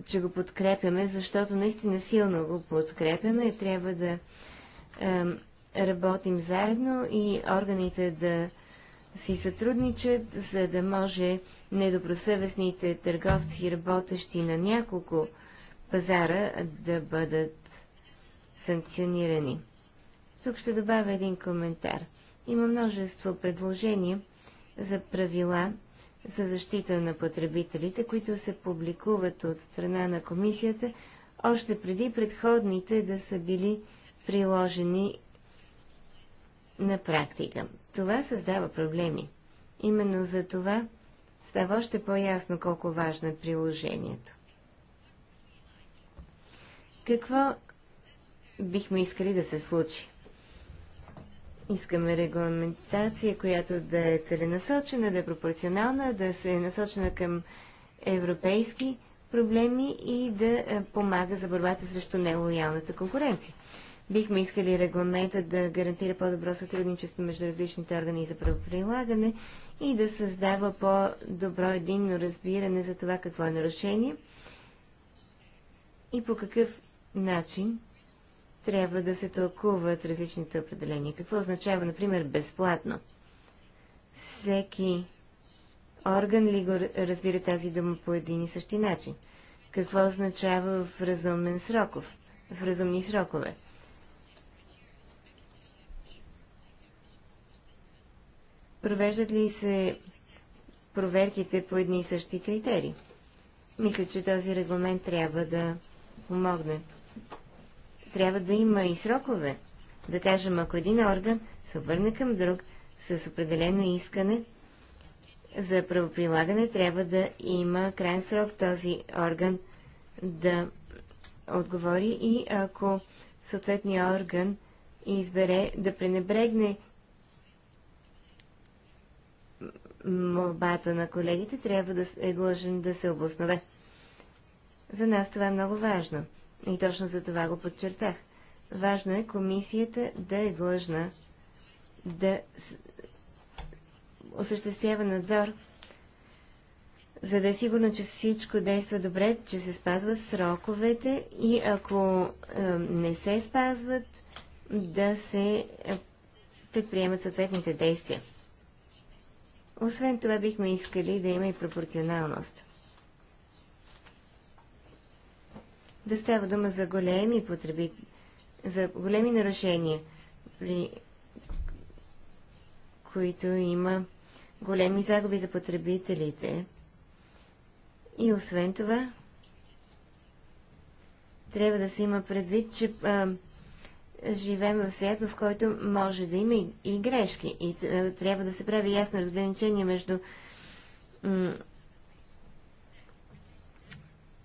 че го подкрепяме, защото наистина силно го подкрепяме. и Трябва да работим заедно и органите да си сътрудничат, за да може недобросъвестните търговци, работещи на няколко пазара, да бъдат санкционирани. Тук ще добавя един коментар. Има множество предложения за правила за защита на потребителите, които се публикуват от страна на комисията, още преди предходните да са били приложени на практика. Това създава проблеми. Именно за това става още по-ясно колко важно е приложението. Какво бихме искали да се случи? Искаме регламентация, която да е целенасочена, да е пропорционална, да се е насочена към европейски проблеми и да е, помага за борбата срещу нелоялната конкуренция. Бихме искали регламента да гарантира по-добро сътрудничество между различните органи за правоприлагане и да създава по-добро единно разбиране за това какво е нарушение и по какъв начин трябва да се тълкуват различните определения. Какво означава, например, безплатно? Всеки орган ли го разбира тази дума по един и същи начин? Какво означава в разумен сроков? В разумни срокове? Провеждат ли се проверките по едни и същи критерии? Мисля, че този регламент трябва да помогне. Трябва да има и срокове. Да кажем, ако един орган се обърне към друг с определено искане за правоприлагане, трябва да има крайен срок този орган да отговори и ако съответният орган избере да пренебрегне молбата на колегите, трябва да е длъжен да се обоснове. За нас това е много важно. И точно за това го подчертах. Важно е комисията да е длъжна да осъществява надзор, за да е сигурно, че всичко действа добре, че се спазват сроковете и ако е, не се спазват, да се е, предприемат съответните действия. Освен това бихме искали да има и пропорционалност. Да става дума за големи потреби, за големи нарушения, при които има големи загуби за потребителите. И освен това, трябва да се има предвид, че а, живеем в свят, в който може да има и грешки. И е, трябва да се прави ясно разграничение между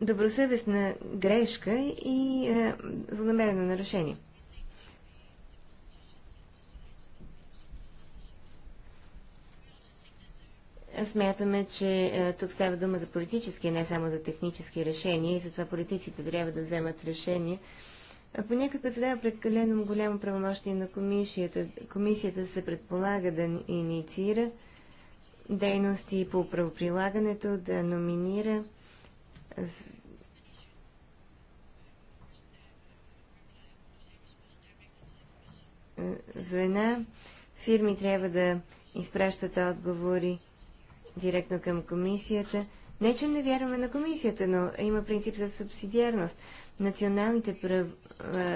добросъвестна грешка и е, злонамерено нарушение. Смятаме, че е, тук става дума за политически, не само за технически решения и затова политиците трябва да вземат решения по някой председава прекалено голямо правомощие на комисията, комисията се предполага да инициира дейности по правоприлагането, да номинира звена, фирми трябва да изпращат отговори директно към комисията. Не, че не вярваме на комисията, но има принцип за субсидиарност националните прав...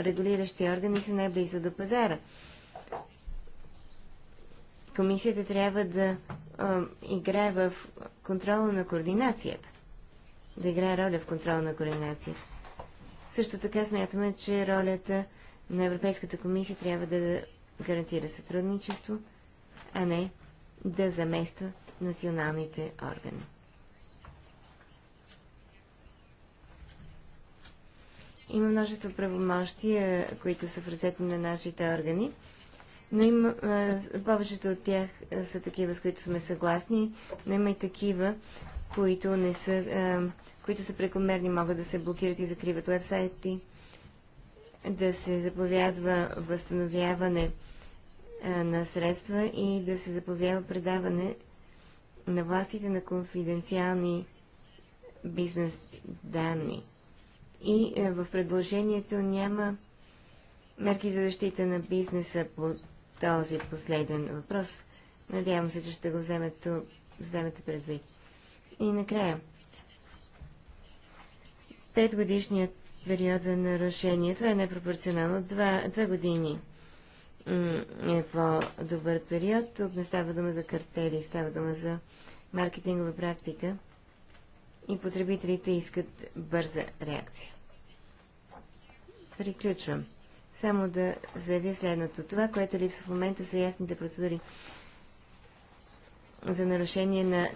регулиращи органи са най-близо до пазара. Комисията трябва да а, играе в контрола на координацията. Да играе роля в контрола на координацията. Също така смятаме, че ролята на Европейската комисия трябва да гарантира сътрудничество, а не да замества националните органи. Има множество правомощия, които са в ръцете на нашите органи, но има, повечето от тях са такива, с които сме съгласни, но има и такива, които, не са, които са прекомерни, могат да се блокират и закриват вебсайти, да се заповядва възстановяване на средства и да се заповядва предаване на властите на конфиденциални бизнес данни и е, в предложението няма мерки за защита на бизнеса по този последен въпрос. Надявам се, че ще го вземете, вземете предвид. И накрая. пет годишният период за нарушение. Това е непропорционално. Два, две години е по-добър период. Тук не става дума за картели, става дума за маркетингова практика и потребителите искат бърза реакция. Приключвам. Само да заявя следното. Това, което липсва в момента са ясните процедури за нарушение на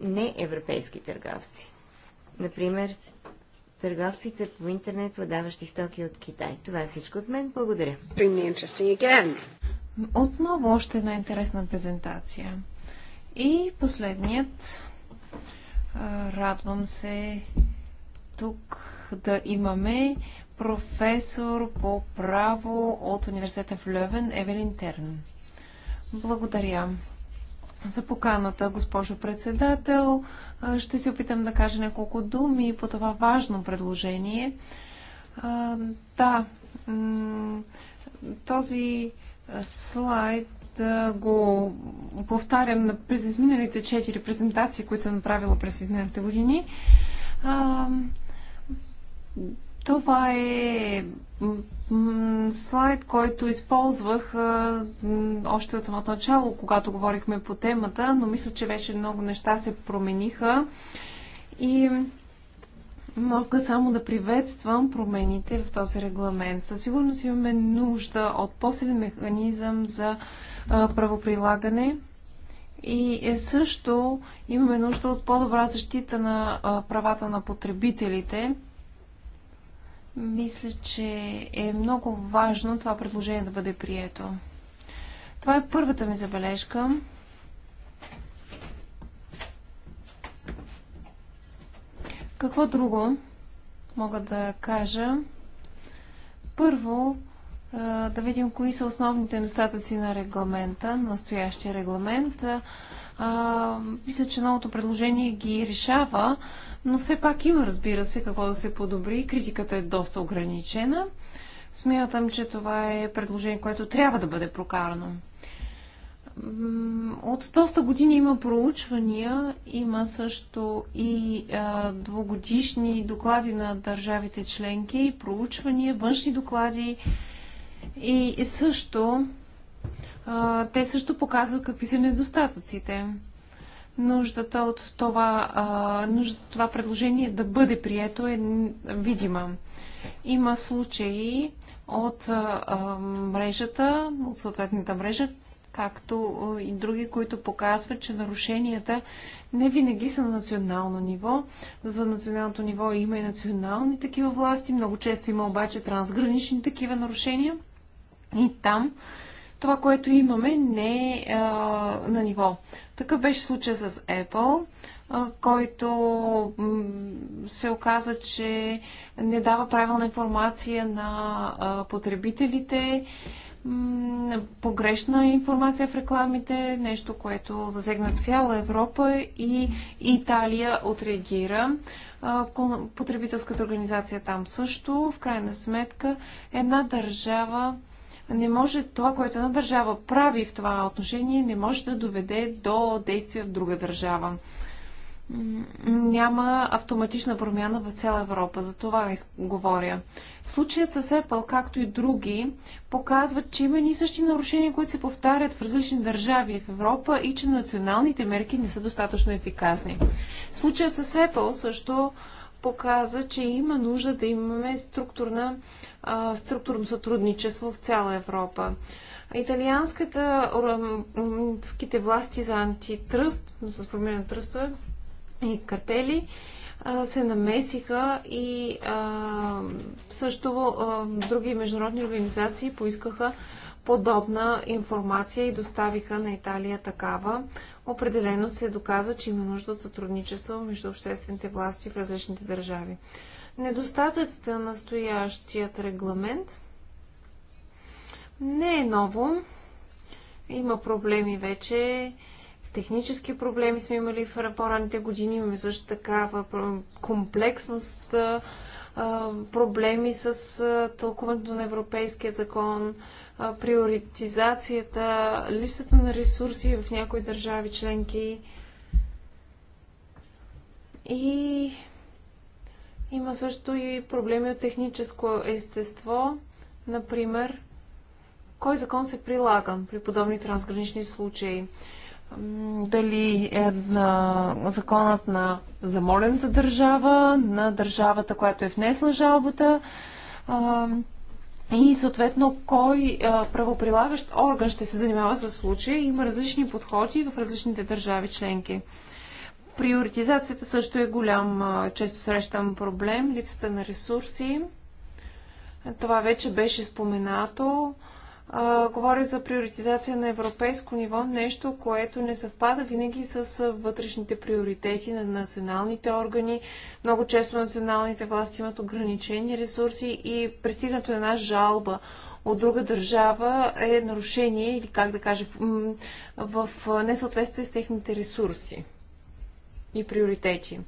неевропейски търговци. Например, търговците по интернет, продаващи стоки от Китай. Това е всичко от мен. Благодаря. Отново още една интересна презентация. И последният Радвам се тук да имаме професор по право от университета в Льовен Евелин Терн. Благодаря за поканата, госпожо председател. Ще се опитам да кажа няколко думи по това важно предложение. Да, този слайд да го повтарям през изминалите четири презентации, които съм направила през изминалите години. А, това е слайд, който използвах още от самото начало, когато говорихме по темата, но мисля, че вече много неща се промениха. И мога само да приветствам промените в този регламент. Със сигурност имаме нужда от по-силен механизъм за правоприлагане и е, също имаме нужда от по-добра защита на правата на потребителите. Мисля, че е много важно това предложение да бъде прието. Това е първата ми забележка. Какво друго мога да кажа? Първо, да видим кои са основните недостатъци на регламента, настоящия регламент. мисля, че новото предложение ги решава, но все пак има, разбира се, какво да се подобри. Критиката е доста ограничена. Смятам, че това е предложение, което трябва да бъде прокарано. От доста години има проучвания, има също и двогодишни двугодишни доклади на държавите членки, проучвания, външни доклади и, също те също показват какви са недостатъците. Нуждата от това, нуждата от това предложение да бъде прието е видима. Има случаи от мрежата, от съответната мрежа, както и други, които показват, че нарушенията не винаги са на национално ниво. За националното ниво има и национални такива власти, много често има обаче трансгранични такива нарушения. И там това, което имаме, не е на ниво. Такъв беше случай с Apple, който се оказа, че не дава правилна информация на потребителите погрешна информация в рекламите, нещо, което засегна цяла Европа и Италия отреагира. Потребителската организация там също. В крайна сметка една държава не може това, което една държава прави в това отношение, не може да доведе до действия в друга държава няма автоматична промяна в цяла Европа. За това говоря. Случаят с Apple, както и други, показват, че има и същи нарушения, които се повтарят в различни държави в Европа и че националните мерки не са достатъчно ефикасни. Случаят с Apple също показа, че има нужда да имаме структурна, структурно сътрудничество в цяла Европа. Италианските власти за антитръст, за сформиране на тръстове, и картели се намесиха и а, също а, други международни организации поискаха подобна информация и доставиха на Италия такава. Определено се доказа, че има нужда от сътрудничество между обществените власти в различните държави. Недостатъците на настоящият регламент не е ново. Има проблеми вече Технически проблеми сме имали в по-ранните години. Имаме също така комплексност, проблеми с тълкуването на европейския закон, приоритизацията, липсата на ресурси в някои държави членки. И има също и проблеми от техническо естество. Например, кой закон се прилага при подобни трансгранични случаи? дали е на законът на замолената държава, на държавата, която е внесла жалбата а, и съответно кой а, правоприлагащ орган ще се занимава с случая. Има различни подходи в различните държави членки. Приоритизацията също е голям, често срещам проблем, липсата на ресурси. Това вече беше споменато. А, Говоря говори за приоритизация на европейско ниво, нещо, което не съвпада винаги с вътрешните приоритети на националните органи. Много често националните власти имат ограничени ресурси и пристигнато една жалба от друга държава е нарушение или, как да кажа, в, в несъответствие с техните ресурси и приоритети.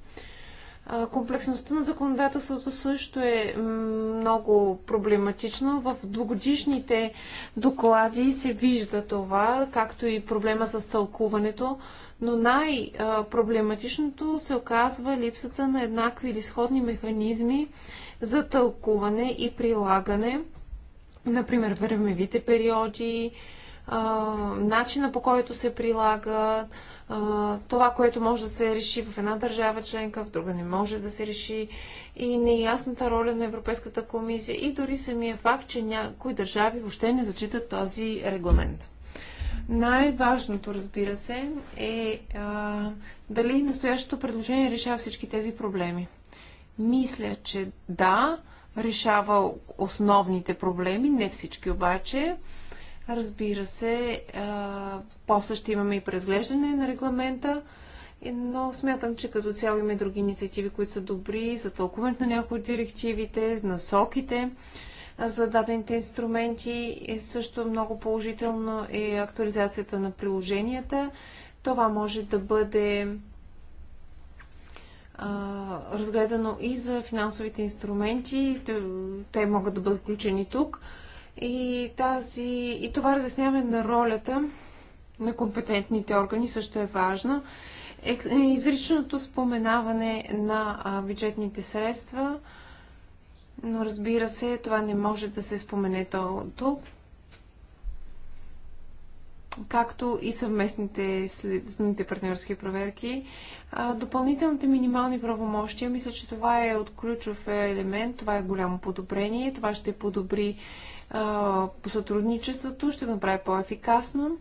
Комплексността на законодателството също е много проблематична. В двугодишните доклади се вижда това, както и проблема с тълкуването, но най-проблематичното се оказва липсата на еднакви или сходни механизми за тълкуване и прилагане, например времевите периоди, начина по който се прилагат, това, което може да се реши в една държава членка, в друга не може да се реши и неясната роля на Европейската комисия и дори самия факт, че някои държави въобще не зачитат този регламент. Най-важното, разбира се, е а, дали настоящото предложение решава всички тези проблеми. Мисля, че да, решава основните проблеми, не всички обаче. Разбира се, а, после ще имаме и преразглеждане на регламента, но смятам, че като цяло има и други инициативи, които са добри за тълкуването на някои от директивите, насоките за дадените инструменти. и също много положително е актуализацията на приложенията. Това може да бъде разгледано и за финансовите инструменти. Те могат да бъдат включени тук. И, тази, и това разясняване на ролята на компетентните органи също е важно. Изричното споменаване на бюджетните средства, но разбира се, това не може да се спомене тук, както и съвместните следните партньорски проверки. Допълнителните минимални правомощия, мисля, че това е от ключов елемент, това е голямо подобрение, това ще подобри по сътрудничеството, ще го направи по-ефикасно.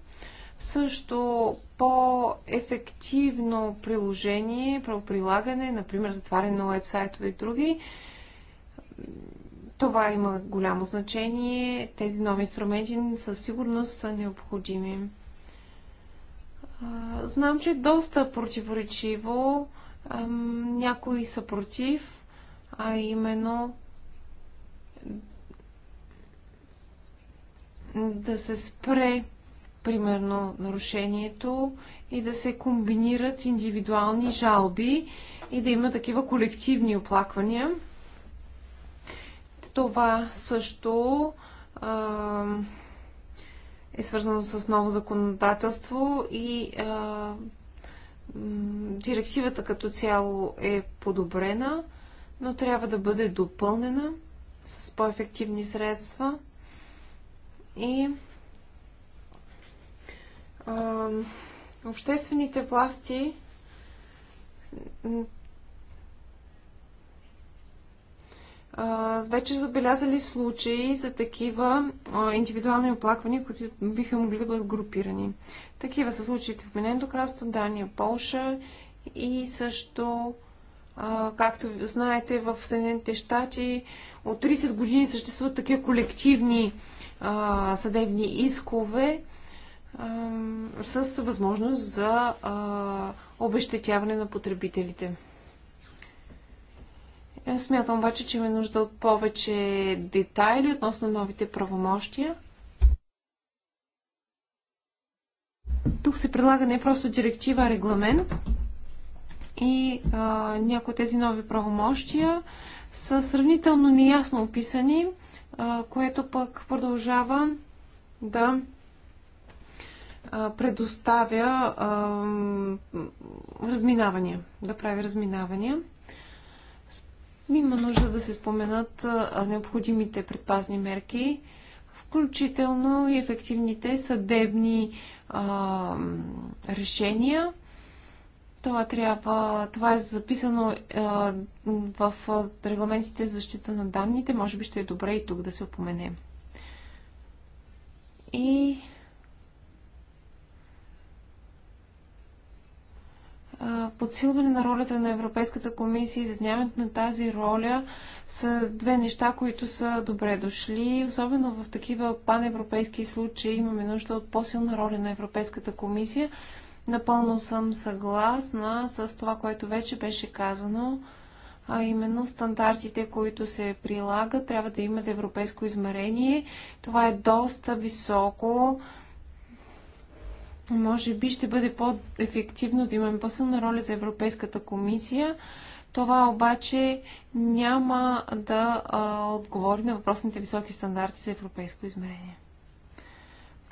Също по-ефективно приложение, правоприлагане, например затваряне на уебсайтове и други. Това има голямо значение. Тези нови инструменти със сигурност са необходими. Знам, че е доста противоречиво. Някои са против, а именно да се спре, примерно, нарушението и да се комбинират индивидуални жалби и да има такива колективни оплаквания. Това също а, е свързано с ново законодателство и а, директивата като цяло е подобрена, но трябва да бъде допълнена с по-ефективни средства – и а, обществените власти а, вече забелязали случаи за такива а, индивидуални оплаквания, които биха могли да бъдат групирани. Такива са случаите в Менендо кралство, Дания, Полша и също, а, както знаете, в Съединените щати от 30 години съществуват такива колективни съдебни искове с възможност за обещетяване на потребителите. Е, смятам обаче, че има нужда от повече детайли относно новите правомощия. Тук се предлага не просто директива, а регламент. И а, някои от тези нови правомощия са сравнително неясно описани което пък продължава да предоставя разминавания, да прави разминавания. Има нужда да се споменат необходимите предпазни мерки, включително и ефективните съдебни решения това трябва, това е записано в регламентите за защита на данните. Може би ще е добре и тук да се опомене. И подсилване на ролята на Европейската комисия и изясняването на тази роля са две неща, които са добре дошли. Особено в такива паневропейски случаи имаме нужда от по-силна роля на Европейската комисия Напълно съм съгласна с това, което вече беше казано, а именно стандартите, които се прилагат, трябва да имат европейско измерение. Това е доста високо. Може би ще бъде по-ефективно да имаме по-силна роля за Европейската комисия. Това обаче няма да а, отговори на въпросните високи стандарти за европейско измерение.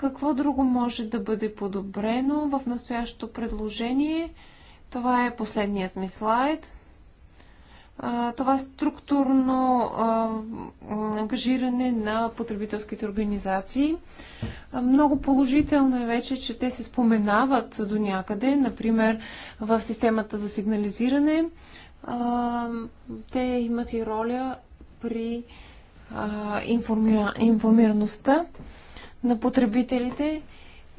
Какво друго може да бъде подобрено в настоящото предложение? Това е последният ми слайд. Това е структурно ангажиране на потребителските организации. Много положително е вече, че те се споменават до някъде, например в системата за сигнализиране. Те имат и роля при информира... информираността на потребителите.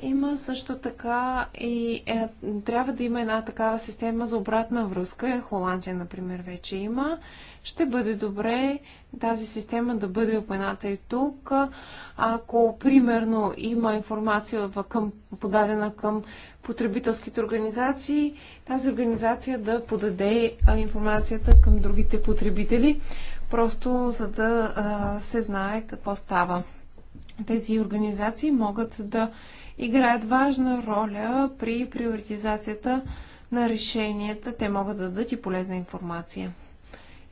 Има също така и е, трябва да има една такава система за обратна връзка. Холандия, например, вече има. Ще бъде добре тази система да бъде опената и тук. Ако, примерно, има информация към, подадена към потребителските организации, тази организация да подаде информацията към другите потребители, просто за да а, се знае какво става. Тези организации могат да играят важна роля при приоритизацията на решенията. Те могат да дадат и полезна информация.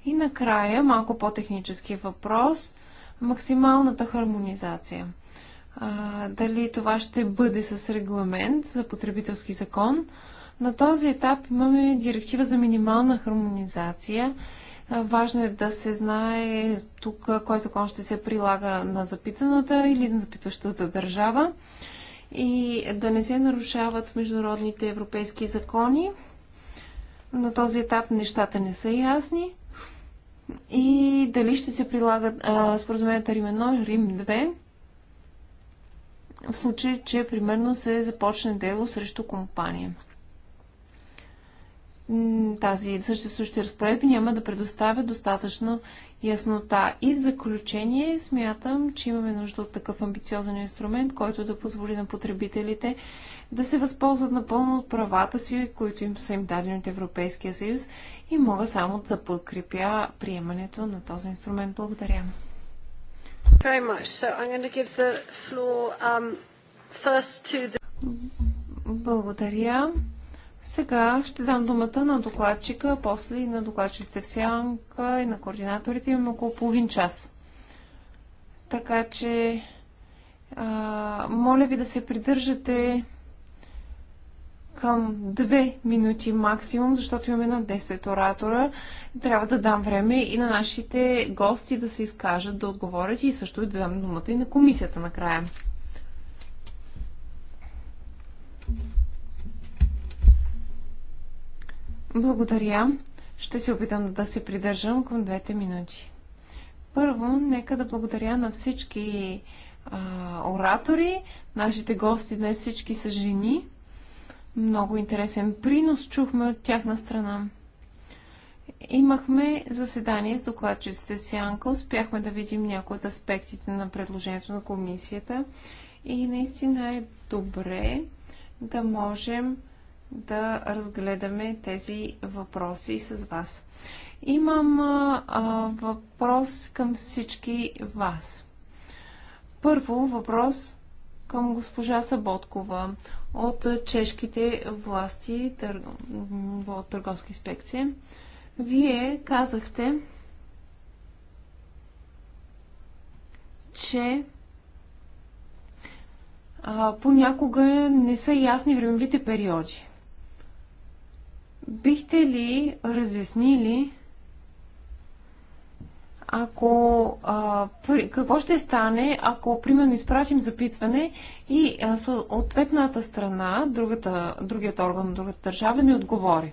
И накрая, малко по-технически въпрос максималната хармонизация. А, дали това ще бъде с регламент за потребителски закон? На този етап имаме директива за минимална хармонизация Важно е да се знае тук кой закон ще се прилага на запитаната или на запитващата държава и да не се нарушават международните европейски закони. На този етап нещата не са ясни. И дали ще се прилагат споразумението Рим 1, Рим 2, в случай, че примерно се започне дело срещу компания тази съществуващи разпоредби няма да предоставя достатъчно яснота. И в заключение смятам, че имаме нужда от такъв амбициозен инструмент, който да позволи на потребителите да се възползват напълно от правата си, които им са им дадени от Европейския съюз и мога само да подкрепя приемането на този инструмент. Благодаря. Um, Благодаря. Сега ще дам думата на докладчика, после и на докладчиците в сянка и на координаторите. Имаме около половин час. Така че, а, моля ви да се придържате към две минути максимум, защото имаме на 10 оратора. Трябва да дам време и на нашите гости да се изкажат, да отговорят и също да дам думата и на комисията накрая. Благодаря. Ще се опитам да се придържам към двете минути. Първо, нека да благодаря на всички а, оратори. Нашите гости днес всички са жени. Много интересен принос чухме от тяхна страна. Имахме заседание с докладчиците Сянка. Успяхме да видим някои от аспектите на предложението на комисията. И наистина е добре да можем да разгледаме тези въпроси с вас. Имам а, въпрос към всички вас. Първо въпрос към госпожа Саботкова от чешките власти тър... от Търговска инспекция. Вие казахте, че а, понякога не са ясни времевите периоди. Бихте ли разяснили, ако, а, при, какво ще стане, ако, примерно, изпратим запитване и а, ответната страна, другата, другият орган другата държава не отговори?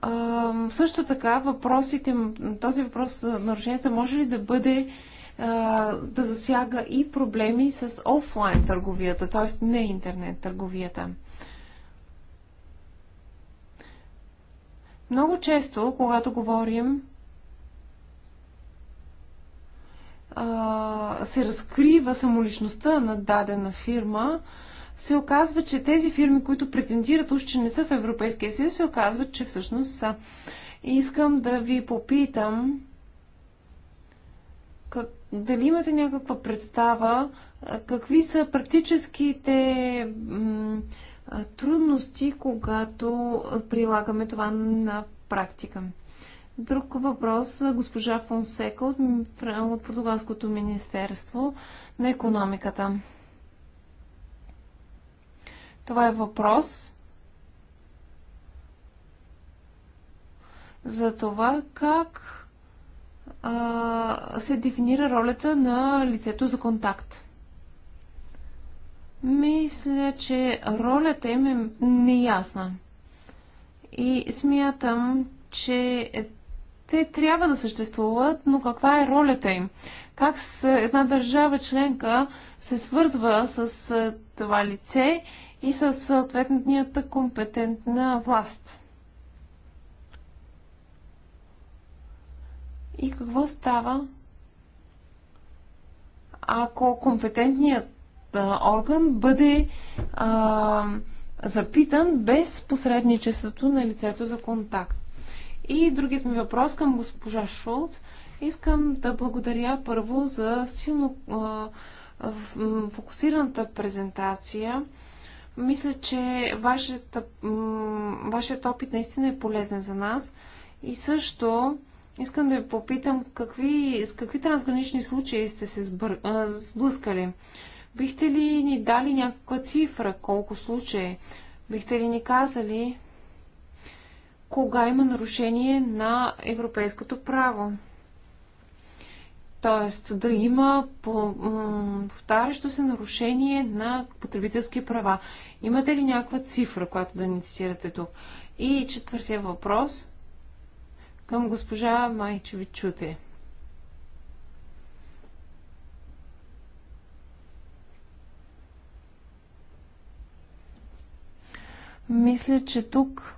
А, също така, въпросите, този въпрос за нарушенията може ли да бъде а, да засяга и проблеми с офлайн търговията, т.е. не интернет търговията? Много често, когато говорим, се разкрива самоличността на дадена фирма, се оказва, че тези фирми, които претендират уж, че не са в Европейския съюз, се оказват, че всъщност са. Искам да ви попитам как, дали имате някаква представа какви са практическите трудности, когато прилагаме това на практика. Друг въпрос госпожа Фонсека от, от Португалското министерство на економиката. Това е въпрос за това как а, се дефинира ролята на лицето за контакт. Мисля, че ролята им е неясна. И смятам, че те трябва да съществуват, но каква е ролята им? Как с една държава членка се свързва с това лице и с съответната компетентна власт? И какво става, ако компетентният орган бъде а, запитан без посредничеството на лицето за контакт. И другият ми въпрос към госпожа Шулц. Искам да благодаря първо за силно а, фокусираната презентация. Мисля, че вашата, вашият опит наистина е полезен за нас. И също искам да ви попитам какви, с какви трансгранични случаи сте се сбър, сблъскали. Бихте ли ни дали някаква цифра, колко случаи? Бихте ли ни казали кога има нарушение на европейското право? Тоест да има повтарящо се нарушение на потребителски права. Имате ли някаква цифра, която да ни цитирате тук? И четвъртия въпрос към госпожа Майчевичуте. Мисля, че тук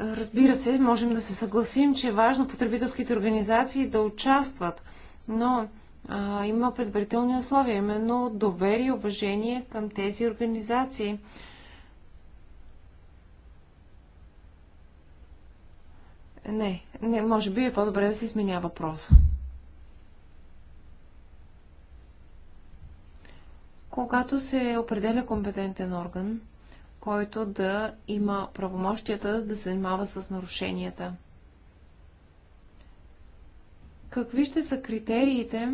Разбира се, можем да се съгласим, че е важно потребителските организации да участват, но а, има предварителни условия, именно доверие и уважение към тези организации. Не, не, може би е по-добре да се изменя въпроса. когато се определя компетентен орган, който да има правомощията да се занимава с нарушенията. Какви ще са критериите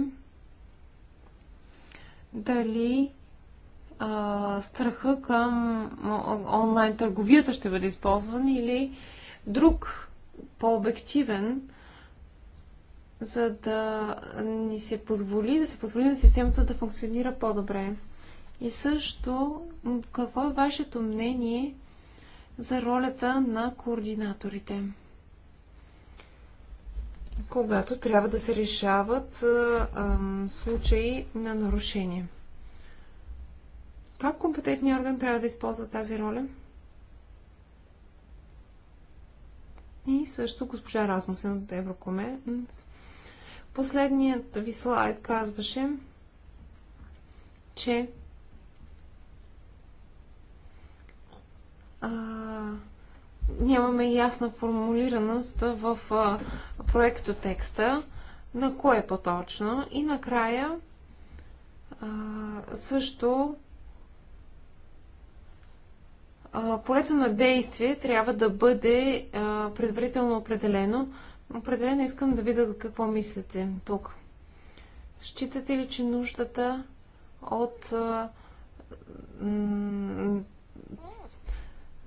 дали а, страха към онлайн търговията ще бъде използван или друг по-обективен за да ни се позволи, да се позволи на системата да функционира по-добре. И също, какво е вашето мнение за ролята на координаторите? Когато трябва да се решават а, а, случаи на нарушение. Как компетентният орган трябва да използва тази роля? И също госпожа Размусен от Еврокоме Последният ви слайд казваше, че а, нямаме ясна формулираност в а, проекто текста, на кое по-точно. И накрая а, също полето на действие трябва да бъде предварително определено, Определено искам да видя какво мислите тук. Считате ли, че нуждата от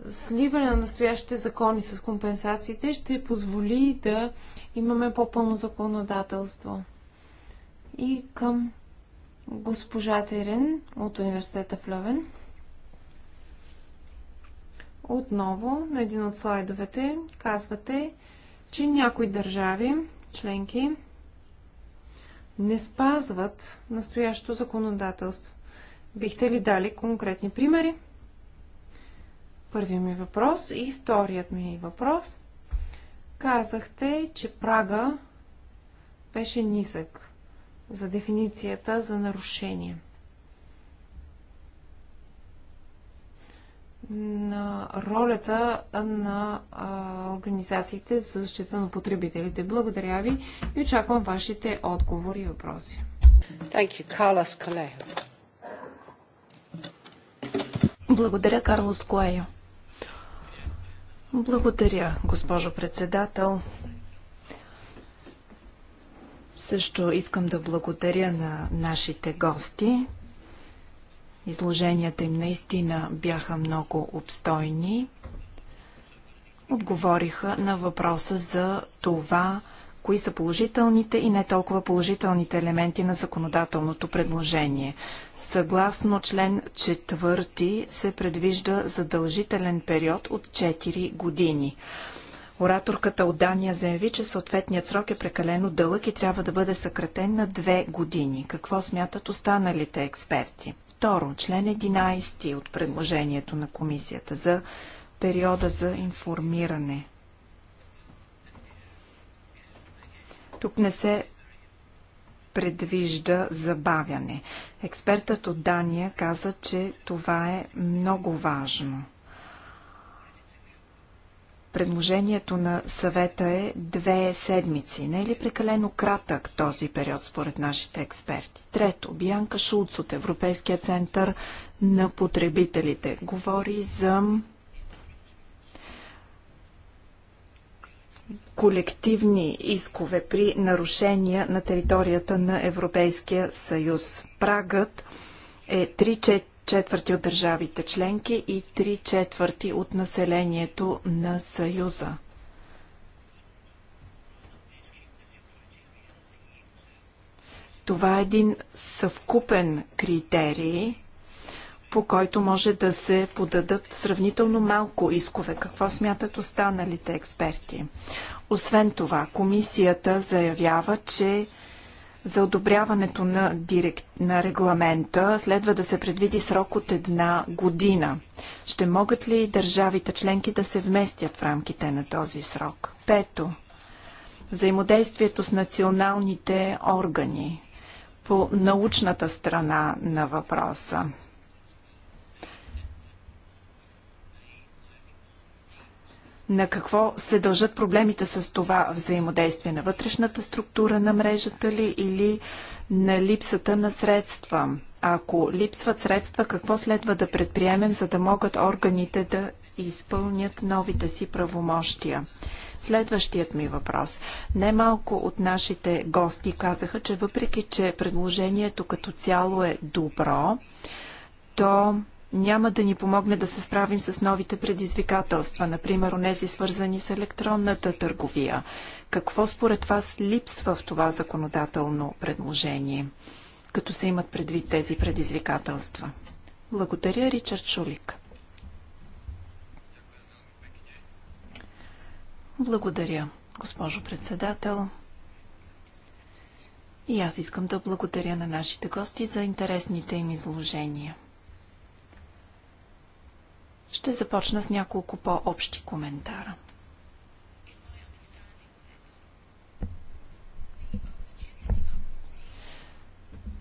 сливане на настоящите закони с компенсациите ще позволи да имаме по-пълно законодателство. И към госпожа Терен от университета в Лъвен. Отново на един от слайдовете казвате, че някои държави, членки, не спазват настоящото законодателство. Бихте ли дали конкретни примери? Първият ми въпрос и вторият ми въпрос. Казахте, че прага беше нисък за дефиницията за нарушение. на ролята на а, организациите за защита на потребителите. Благодаря ви и очаквам вашите отговори и въпроси. You, Благодаря, Карлос Коея. Благодаря, госпожо председател. Също искам да благодаря на нашите гости. Изложенията им наистина бяха много обстойни. Отговориха на въпроса за това, кои са положителните и не толкова положителните елементи на законодателното предложение. Съгласно член 4 се предвижда задължителен период от 4 години. Ораторката от Дания заяви, че съответният срок е прекалено дълъг и трябва да бъде съкратен на две години. Какво смятат останалите експерти? Второ, член 11 от предложението на комисията за периода за информиране. Тук не се предвижда забавяне. Експертът от Дания каза, че това е много важно – Предложението на съвета е две седмици. Не е ли прекалено кратък този период според нашите експерти? Трето, Бианка Шулц от Европейския център на потребителите говори за колективни искове при нарушения на територията на Европейския съюз. Прагът е четвърти от държавите членки и три четвърти от населението на Съюза. Това е един съвкупен критерий, по който може да се подадат сравнително малко искове. Какво смятат останалите експерти? Освен това, комисията заявява, че за одобряването на, директ, на регламента следва да се предвиди срок от една година. Ще могат ли държавите членки да се вместят в рамките на този срок? Пето. Взаимодействието с националните органи по научната страна на въпроса. на какво се дължат проблемите с това взаимодействие? На вътрешната структура на мрежата ли или на липсата на средства? Ако липсват средства, какво следва да предприемем, за да могат органите да изпълнят новите си правомощия? Следващият ми въпрос. Немалко от нашите гости казаха, че въпреки, че предложението като цяло е добро, то няма да ни помогне да се справим с новите предизвикателства, например онези свързани с електронната търговия. Какво според вас липсва в това законодателно предложение, като се имат предвид тези предизвикателства? Благодаря, Ричард Шулик. Благодаря, госпожо председател. И аз искам да благодаря на нашите гости за интересните им изложения. Ще започна с няколко по-общи коментара.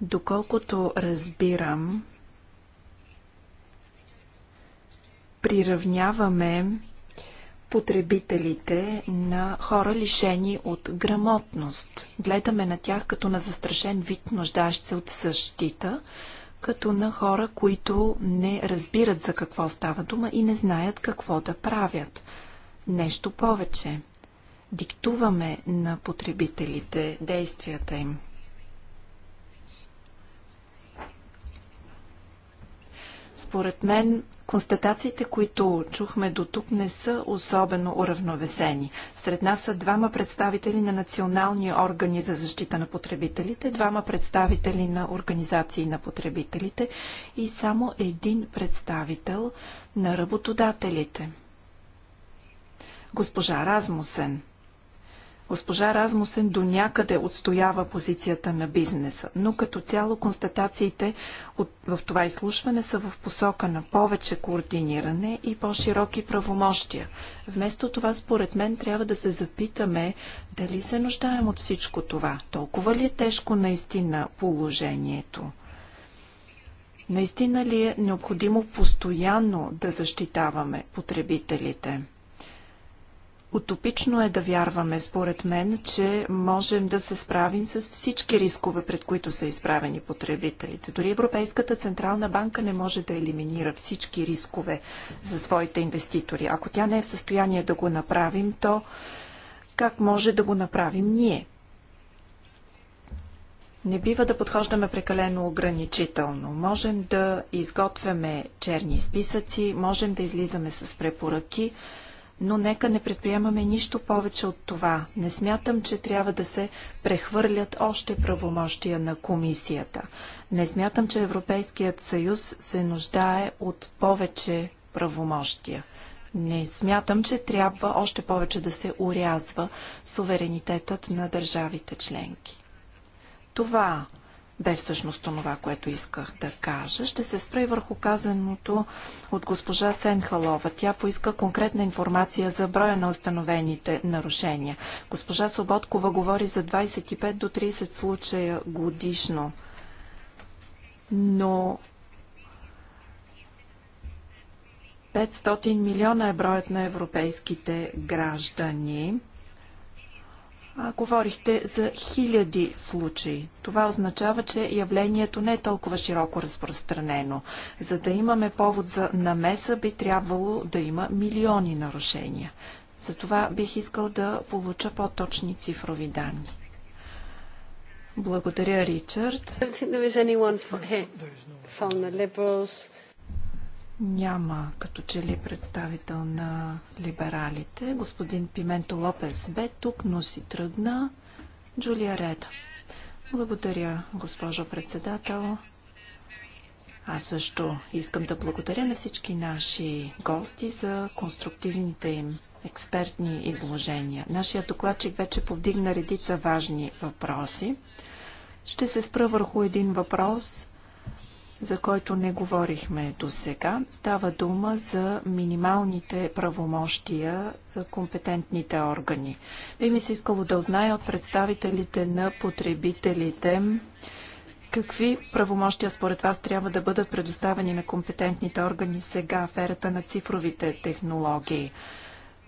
Доколкото разбирам, приравняваме потребителите на хора лишени от грамотност. Гледаме на тях като на застрашен вид, нуждащ се от същита като на хора, които не разбират за какво става дума и не знаят какво да правят. Нещо повече. Диктуваме на потребителите действията им. Според мен Констатациите, които чухме до тук, не са особено уравновесени. Сред нас са двама представители на национални органи за защита на потребителите, двама представители на организации на потребителите и само един представител на работодателите. Госпожа Размусен – Госпожа Размусен до някъде отстоява позицията на бизнеса, но като цяло констатациите от, в това изслушване са в посока на повече координиране и по-широки правомощия. Вместо това, според мен, трябва да се запитаме дали се нуждаем от всичко това. Толкова ли е тежко наистина положението? Наистина ли е необходимо постоянно да защитаваме потребителите? Утопично е да вярваме, според мен, че можем да се справим с всички рискове, пред които са изправени потребителите. Дори Европейската Централна банка не може да елиминира всички рискове за своите инвеститори. Ако тя не е в състояние да го направим, то как може да го направим ние? Не бива да подхождаме прекалено ограничително. Можем да изготвяме черни списъци, можем да излизаме с препоръки, но нека не предприемаме нищо повече от това. Не смятам, че трябва да се прехвърлят още правомощия на комисията. Не смятам, че Европейският съюз се нуждае от повече правомощия. Не смятам, че трябва още повече да се урязва суверенитетът на държавите членки. Това бе всъщност това, което исках да кажа. Ще се спра и върху казаното от госпожа Сенхалова. Тя поиска конкретна информация за броя на установените нарушения. Госпожа Соботкова говори за 25 до 30 случая годишно. Но 500 милиона е броят на европейските граждани – а, говорихте за хиляди случаи. Това означава, че явлението не е толкова широко разпространено. За да имаме повод за намеса, би трябвало да има милиони нарушения. Затова бих искал да получа по-точни цифрови данни. Благодаря, Ричард. I don't think there is anyone here from the Liberals. Няма като че ли представител на либералите. Господин Пименто Лопес бе тук, но си тръгна. Джулия Реда. Благодаря, госпожо председател. Аз също искам да благодаря на всички наши гости за конструктивните им експертни изложения. Нашия докладчик вече повдигна редица важни въпроси. Ще се спра върху един въпрос, за който не говорихме до сега. Става дума за минималните правомощия за компетентните органи. Би ми се искало да узная от представителите на потребителите какви правомощия според вас трябва да бъдат предоставени на компетентните органи сега в ерата на цифровите технологии.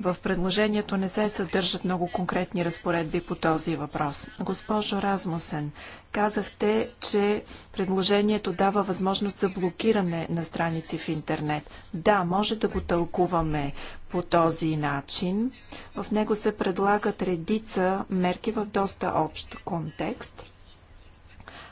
В предложението не се съдържат много конкретни разпоредби по този въпрос. Госпожо Размусен, казахте, че предложението дава възможност за блокиране на страници в интернет. Да, може да го тълкуваме по този начин. В него се предлагат редица мерки в доста общ контекст.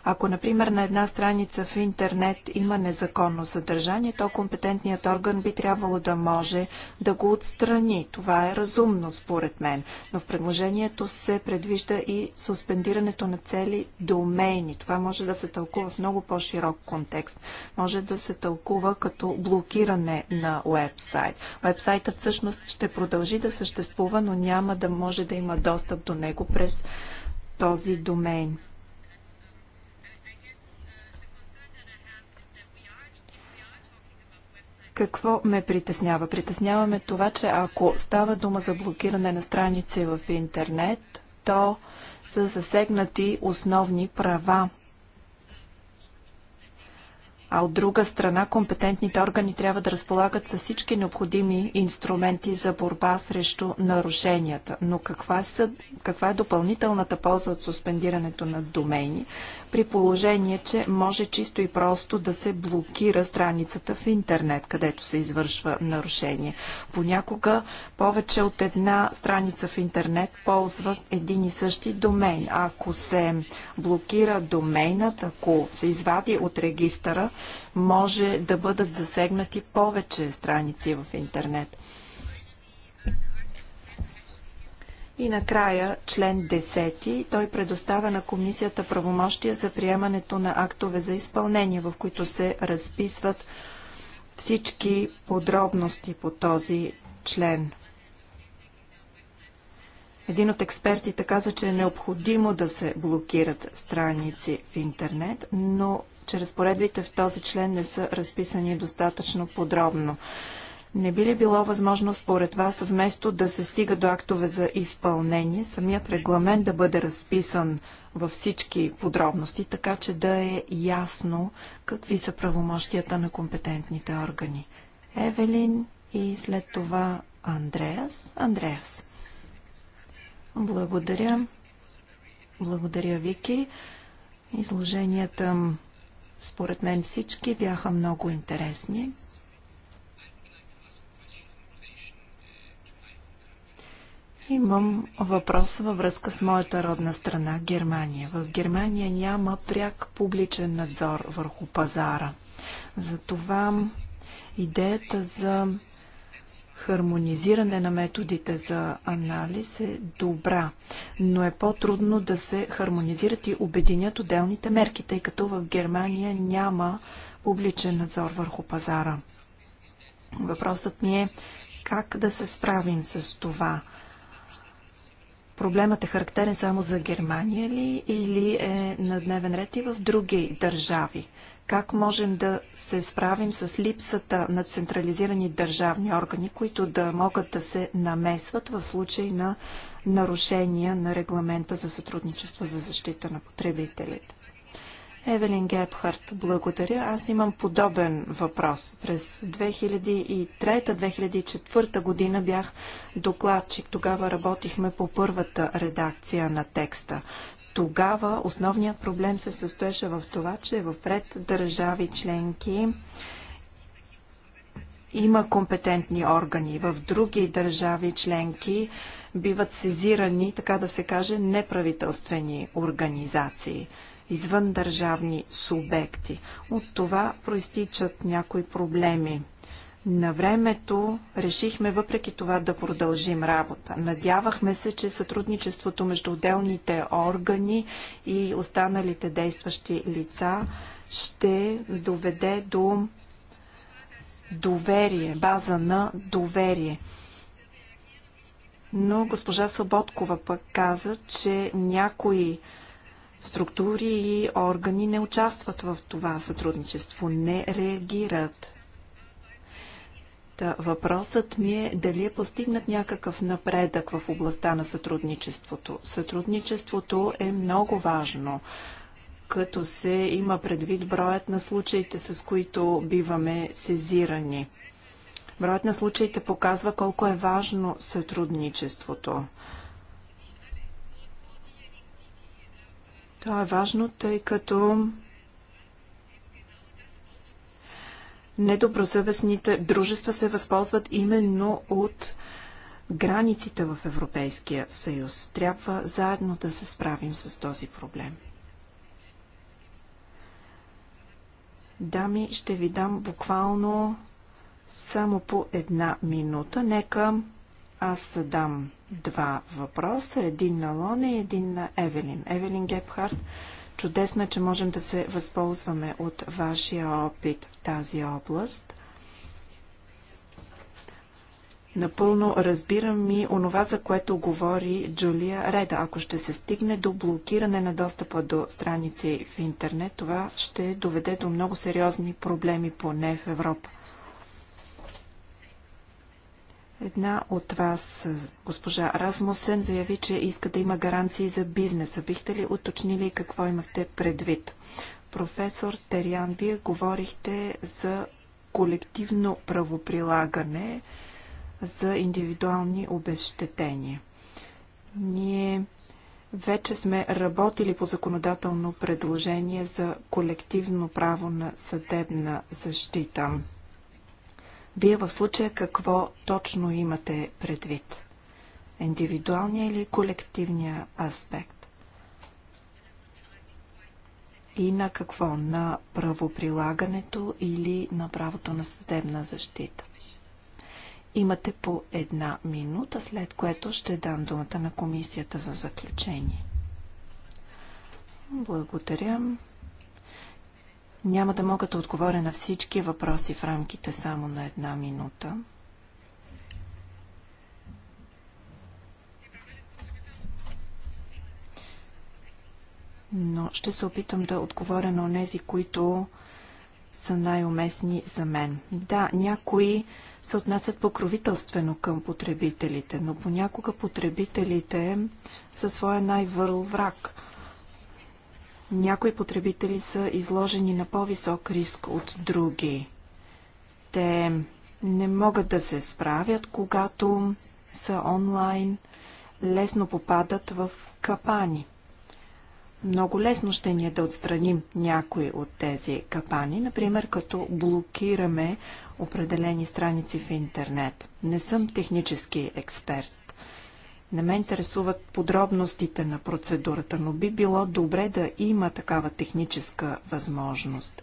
Ако, например, на една страница в интернет има незаконно съдържание, то компетентният орган би трябвало да може да го отстрани. Това е разумно, според мен. Но в предложението се предвижда и суспендирането на цели домейни. Това може да се тълкува в много по-широк контекст. Може да се тълкува като блокиране на уебсайт. Уебсайтът всъщност ще продължи да съществува, но няма да може да има достъп до него през този домейн. Какво ме притеснява? Притесняваме това, че ако става дума за блокиране на страници в интернет, то са засегнати основни права. А от друга страна, компетентните органи трябва да разполагат с всички необходими инструменти за борба срещу нарушенията. Но каква, са, каква е допълнителната полза от суспендирането на домени? при положение, че може чисто и просто да се блокира страницата в интернет, където се извършва нарушение. Понякога повече от една страница в интернет ползват един и същи домейн. Ако се блокира домейнът, ако се извади от регистъра, може да бъдат засегнати повече страници в интернет. И накрая, член 10, той предоставя на комисията правомощия за приемането на актове за изпълнение, в които се разписват всички подробности по този член. Един от експертите каза, че е необходимо да се блокират страници в интернет, но че разпоредбите в този член не са разписани достатъчно подробно. Не би ли било възможно според вас, вместо да се стига до актове за изпълнение, самият регламент да бъде разписан във всички подробности, така че да е ясно какви са правомощията на компетентните органи? Евелин и след това Андреас. Андреас. Благодаря. Благодаря, Вики. Изложенията, според мен всички, бяха много интересни. Имам въпрос във връзка с моята родна страна Германия. В Германия няма пряк публичен надзор върху пазара. Затова идеята за хармонизиране на методите за анализ е добра, но е по-трудно да се хармонизират и обединят отделните мерки, тъй като в Германия няма публичен надзор върху пазара. Въпросът ми е как да се справим с това – Проблемът е характерен само за Германия ли или е на дневен ред и в други държави? Как можем да се справим с липсата на централизирани държавни органи, които да могат да се намесват в случай на нарушения на регламента за сътрудничество за защита на потребителите? Евелин Гепхарт, благодаря. Аз имам подобен въпрос. През 2003-2004 година бях докладчик. Тогава работихме по първата редакция на текста. Тогава основният проблем се състоеше в това, че в пред държави членки има компетентни органи. В други държави членки биват сезирани, така да се каже, неправителствени организации – извъндържавни субекти. От това проистичат някои проблеми. На времето решихме въпреки това да продължим работа. Надявахме се, че сътрудничеството между отделните органи и останалите действащи лица ще доведе до доверие, база на доверие. Но госпожа Соботкова пък каза, че някои структури и органи не участват в това сътрудничество, не реагират. Та, въпросът ми е дали е постигнат някакъв напредък в областта на сътрудничеството. Сътрудничеството е много важно, като се има предвид броят на случаите, с които биваме сезирани. Броят на случаите показва колко е важно сътрудничеството. Това е важно, тъй като недобросъвестните дружества се възползват именно от границите в Европейския съюз. Трябва заедно да се справим с този проблем. Дами, ще ви дам буквално само по една минута. Нека аз дам два въпроса. Един на Лоне и един на Евелин. Евелин Гепхарт, чудесно е, че можем да се възползваме от вашия опит в тази област. Напълно разбирам ми онова, за което говори Джулия Реда. Ако ще се стигне до блокиране на достъпа до страници в интернет, това ще доведе до много сериозни проблеми поне в Европа. Една от вас, госпожа Размусен, заяви, че иска да има гаранции за бизнеса. Бихте ли уточнили какво имахте предвид? Професор Териан, вие говорихте за колективно правоприлагане за индивидуални обезщетения. Ние вече сме работили по законодателно предложение за колективно право на съдебна защита. Вие в случая какво точно имате предвид? Индивидуалния или колективния аспект? И на какво? На правоприлагането или на правото на съдебна защита? Имате по една минута, след което ще дам думата на комисията за заключение. Благодаря. Няма да мога да отговоря на всички въпроси в рамките само на една минута. Но ще се опитам да отговоря на тези, които са най-уместни за мен. Да, някои се отнасят покровителствено към потребителите, но понякога потребителите са своя най-върл враг – някои потребители са изложени на по-висок риск от други. Те не могат да се справят, когато са онлайн, лесно попадат в капани. Много лесно ще ни е да отстраним някои от тези капани, например като блокираме определени страници в интернет. Не съм технически експерт, не ме интересуват подробностите на процедурата, но би било добре да има такава техническа възможност.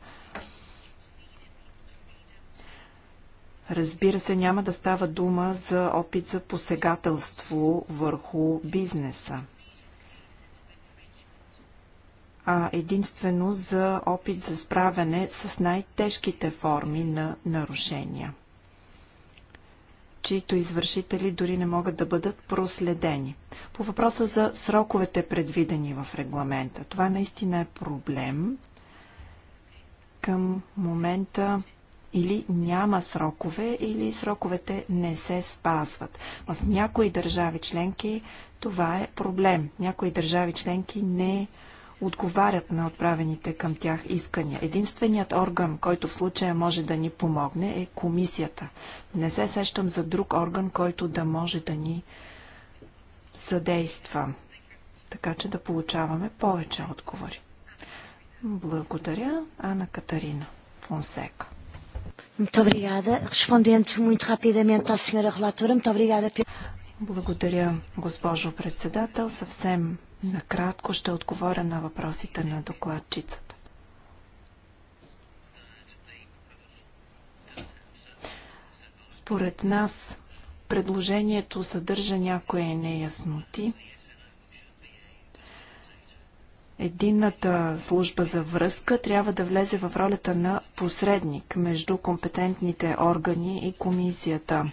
Разбира се, няма да става дума за опит за посегателство върху бизнеса, а единствено за опит за справяне с най-тежките форми на нарушения чието извършители дори не могат да бъдат проследени. По въпроса за сроковете предвидени в регламента, това наистина е проблем. Към момента или няма срокове, или сроковете не се спазват. В някои държави членки това е проблем. Някои държави членки не отговарят на отправените към тях искания. Единственият орган, който в случая може да ни помогне е комисията. Не се сещам за друг орган, който да може да ни съдейства, така че да получаваме повече отговори. Благодаря, Ана Катарина Фонсека. Muito obrigada. Respondendo muito rapidamente à senhora relatora, muito obrigada. Благодаря, госпожо председател. Съвсем Накратко ще отговоря на въпросите на докладчицата. Според нас предложението съдържа някои неясноти. Единната служба за връзка трябва да влезе в ролята на посредник между компетентните органи и комисията.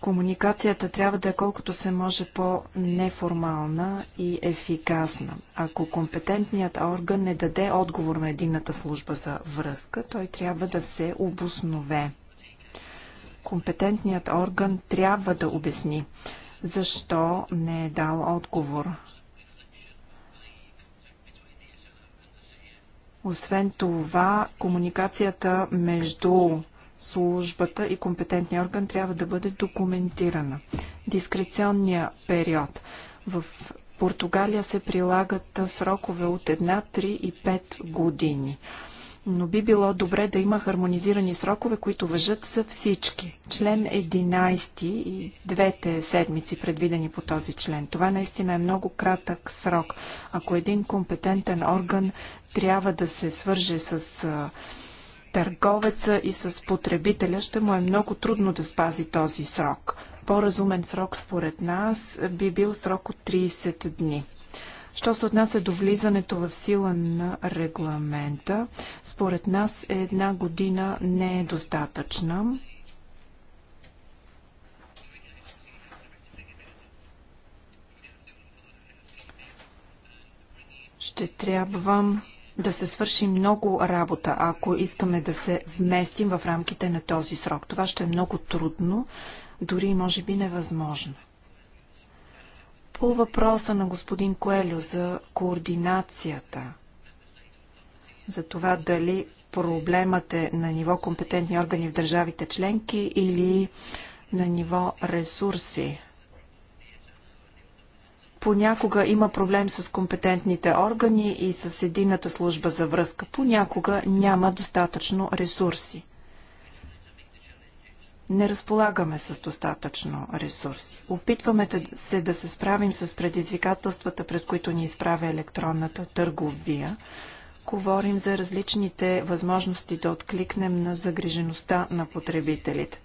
Комуникацията трябва да е колкото се може по-неформална и ефикасна. Ако компетентният орган не даде отговор на единната служба за връзка, той трябва да се обоснове. Компетентният орган трябва да обясни защо не е дал отговор. Освен това, комуникацията между службата и компетентния орган трябва да бъде документирана. Дискреционния период. В Португалия се прилагат срокове от 1, 3 и 5 години. Но би било добре да има хармонизирани срокове, които въжат за всички. Член 11 и двете седмици, предвидени по този член. Това наистина е много кратък срок. Ако един компетентен орган трябва да се свърже с търговеца и с потребителя ще му е много трудно да спази този срок. По-разумен срок според нас би бил срок от 30 дни. Що се отнася до влизането в сила на регламента, според нас една година не е достатъчна. Ще трябва да се свърши много работа, ако искаме да се вместим в рамките на този срок. Това ще е много трудно, дори може би невъзможно. По въпроса на господин Коелю за координацията, за това дали проблемът е на ниво компетентни органи в държавите членки или на ниво ресурси. Понякога има проблем с компетентните органи и с едината служба за връзка. Понякога няма достатъчно ресурси. Не разполагаме с достатъчно ресурси. Опитваме се да се справим с предизвикателствата, пред които ни изправя електронната търговия. Говорим за различните възможности да откликнем на загрижеността на потребителите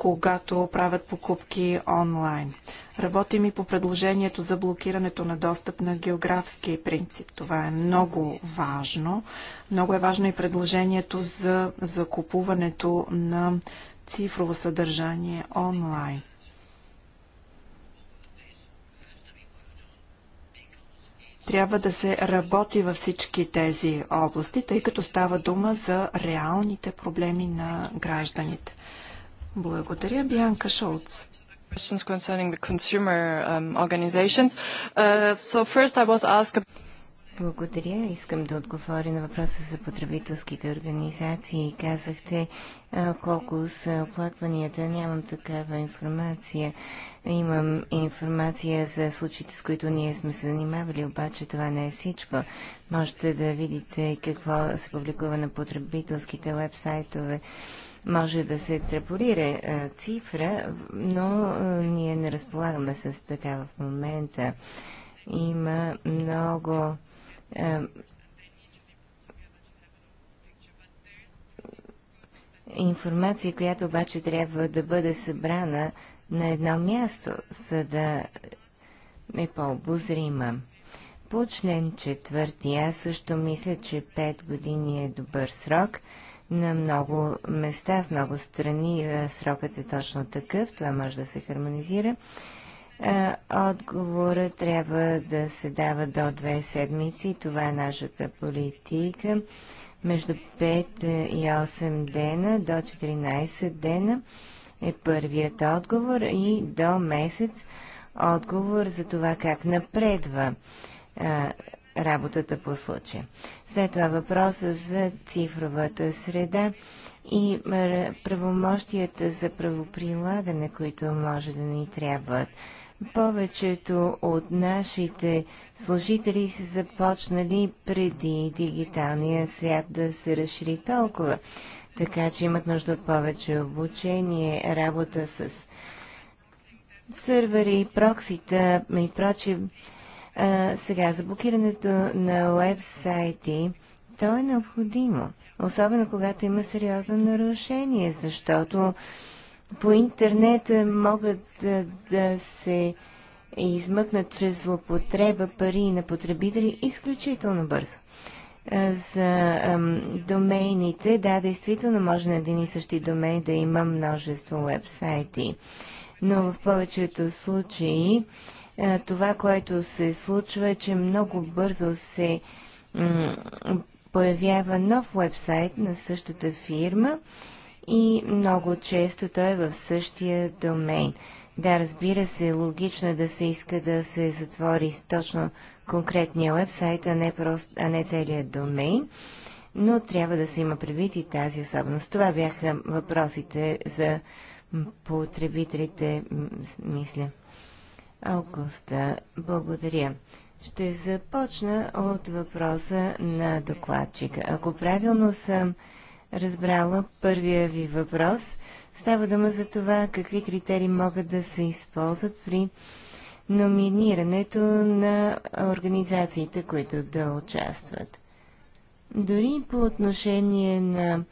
когато правят покупки онлайн. Работим и по предложението за блокирането на достъп на географски принцип. Това е много важно. Много е важно и предложението за закупуването на цифрово съдържание онлайн. трябва да се работи във всички тези области, тъй като става дума за реалните проблеми на гражданите. Благодаря, Бянка Шолц um, uh, Благодаря. Искам да отговоря на въпроса за потребителските организации. Казахте колко са оплакванията. Нямам такава информация. Имам информация за случаите, с които ние сме се занимавали, обаче това не е всичко. Можете да видите какво се публикува на потребителските вебсайтове. сайтове може да се екстраполира цифра, но ние не разполагаме с такава в момента. Има много информация, която обаче трябва да бъде събрана на едно място, за да е по-обозрима. По член четвърти аз също мисля, че 5 години е добър срок – на много места, в много страни срокът е точно такъв, това може да се хармонизира. Отговора трябва да се дава до две седмици. Това е нашата политика. Между 5 и 8 дена до 14 дена е първият отговор и до месец отговор за това как напредва работата по случая. След това въпроса за цифровата среда и правомощията за правоприлагане, които може да ни трябват. Повечето от нашите служители са започнали преди дигиталния свят да се разшири толкова, така че имат нужда от повече обучение, работа с сървъри, проксита и прочие. А, сега, за блокирането на уебсайти, то е необходимо. Особено когато има сериозно нарушение, защото по интернет могат да, да се измъкнат чрез злопотреба пари на потребители изключително бързо. За ам, домейните, да, действително може на един и същи домей да има множество вебсайти, но в повечето случаи е, това, което се случва е, че много бързо се появява нов вебсайт на същата фирма и много често той е в същия домейн. Да, разбира се, логично е да се иска да се затвори точно конкретния вебсайт, а не, просто, а не целият домейн, но трябва да се има предвид и тази особеност. Това бяха въпросите за потребителите, мисля. Августа. Благодаря. Ще започна от въпроса на докладчика. Ако правилно съм разбрала първия ви въпрос, става дума за това какви критерии могат да се използват при номинирането на организациите, които да участват. Дори по отношение на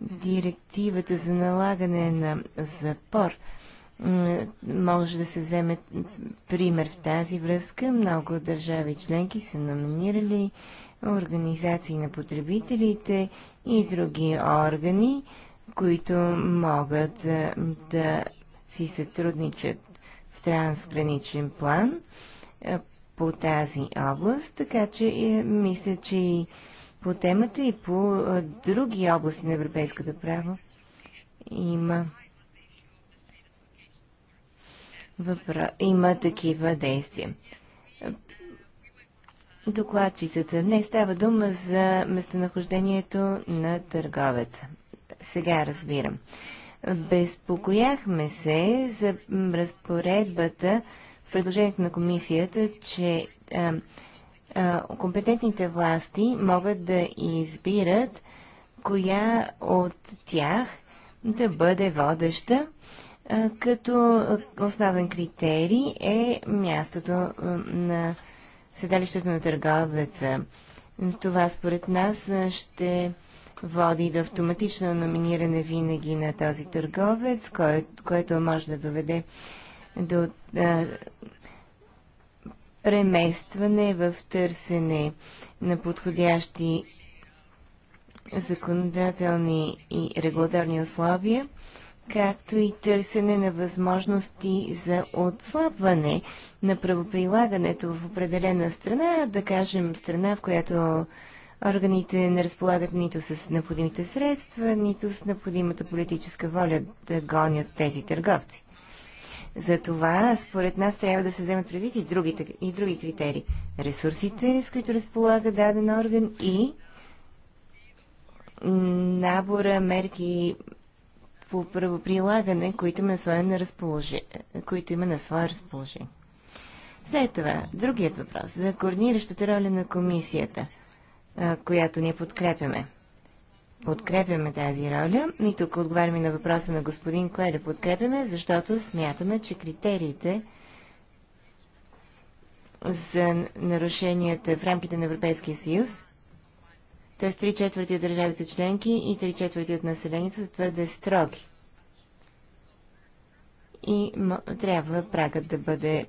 директивата за налагане на запор – може да се вземе пример в тази връзка. Много държави членки са номинирали организации на потребителите и други органи, които могат да си сътрудничат в трансграничен план по тази област, така че е, мисля, че и по темата и по други области на европейското право има има такива действия. Докладчицата. Не става дума за местонахождението на търговеца. Сега разбирам. Безпокояхме се за разпоредбата в предложението на комисията, че а, а, компетентните власти могат да избират коя от тях да бъде водеща като основен критерий е мястото на седалището на търговеца. Това според нас ще води до автоматично номиниране винаги на този търговец, кое, което може да доведе до а, преместване в търсене на подходящи законодателни и регулаторни условия както и търсене на възможности за отслабване на правоприлагането в определена страна, да кажем страна, в която органите не разполагат нито с необходимите средства, нито с необходимата политическа воля да гонят тези търговци. Затова, според нас, трябва да се вземат предвид и, другите, и други критерии. Ресурсите, с които разполага даден орган и набора мерки по правоприлагане, които има е на свое, на разположи... които има е на свое разположение. След това, другият въпрос за координиращата роля на комисията, която ние подкрепяме. Подкрепяме тази роля и тук отговаряме на въпроса на господин кое да подкрепяме, защото смятаме, че критериите за нарушенията в рамките на Европейския съюз т.е. 3 четвърти от държавите членки и 3 четвърти от населението са твърде строги. И трябва прагът да бъде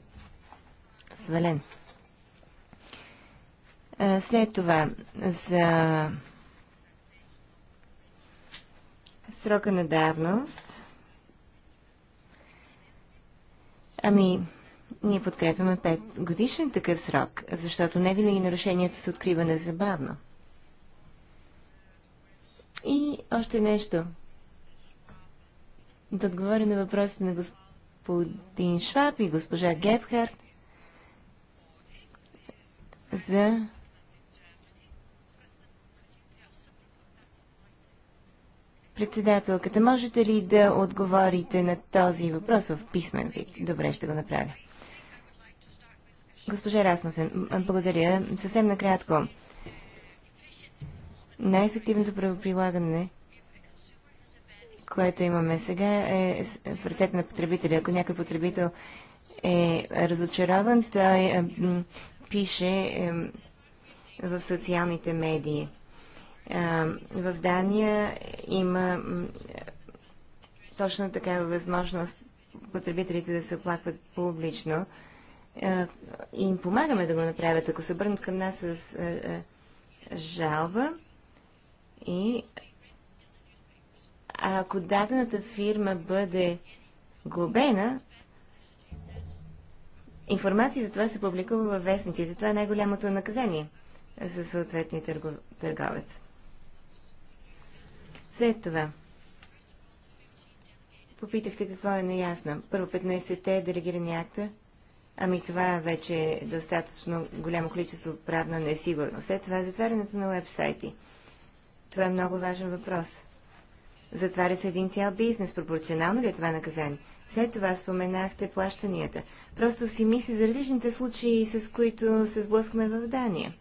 свален. След това за срока на давност. Ами, ние подкрепяме 5 годишен такъв срок, защото не винаги нарушението се открива незабавно. И още нещо. Да отговоря на въпросите на господин Шваб и госпожа Гебхарт за Председателката, можете ли да отговорите на този въпрос в писмен вид? Добре, ще го направя. Госпожа Расмусен, благодаря. Съвсем накратко най-ефективното правоприлагане, което имаме сега, е в ръцете на потребителя. Ако някой потребител е разочарован, той е, пише е, в социалните медии. Е, в Дания има точно такава възможност потребителите да се оплакват публично. И им помагаме да го направят. Ако се обърнат към нас с жалба, и ако дадената фирма бъде глобена, информация за това се публикува във вестници. Затова е най-голямото наказание за съответния търговец. След това, попитахте какво е неясно. Първо 15-те делегирани акта, ами това вече е достатъчно голямо количество правна несигурност. След това е затварянето на вебсайти. Това е много важен въпрос. Затваря се един цял бизнес. Пропорционално ли е това наказание? След това споменахте плащанията. Просто си мисля за различните случаи, с които се сблъскаме в Дания.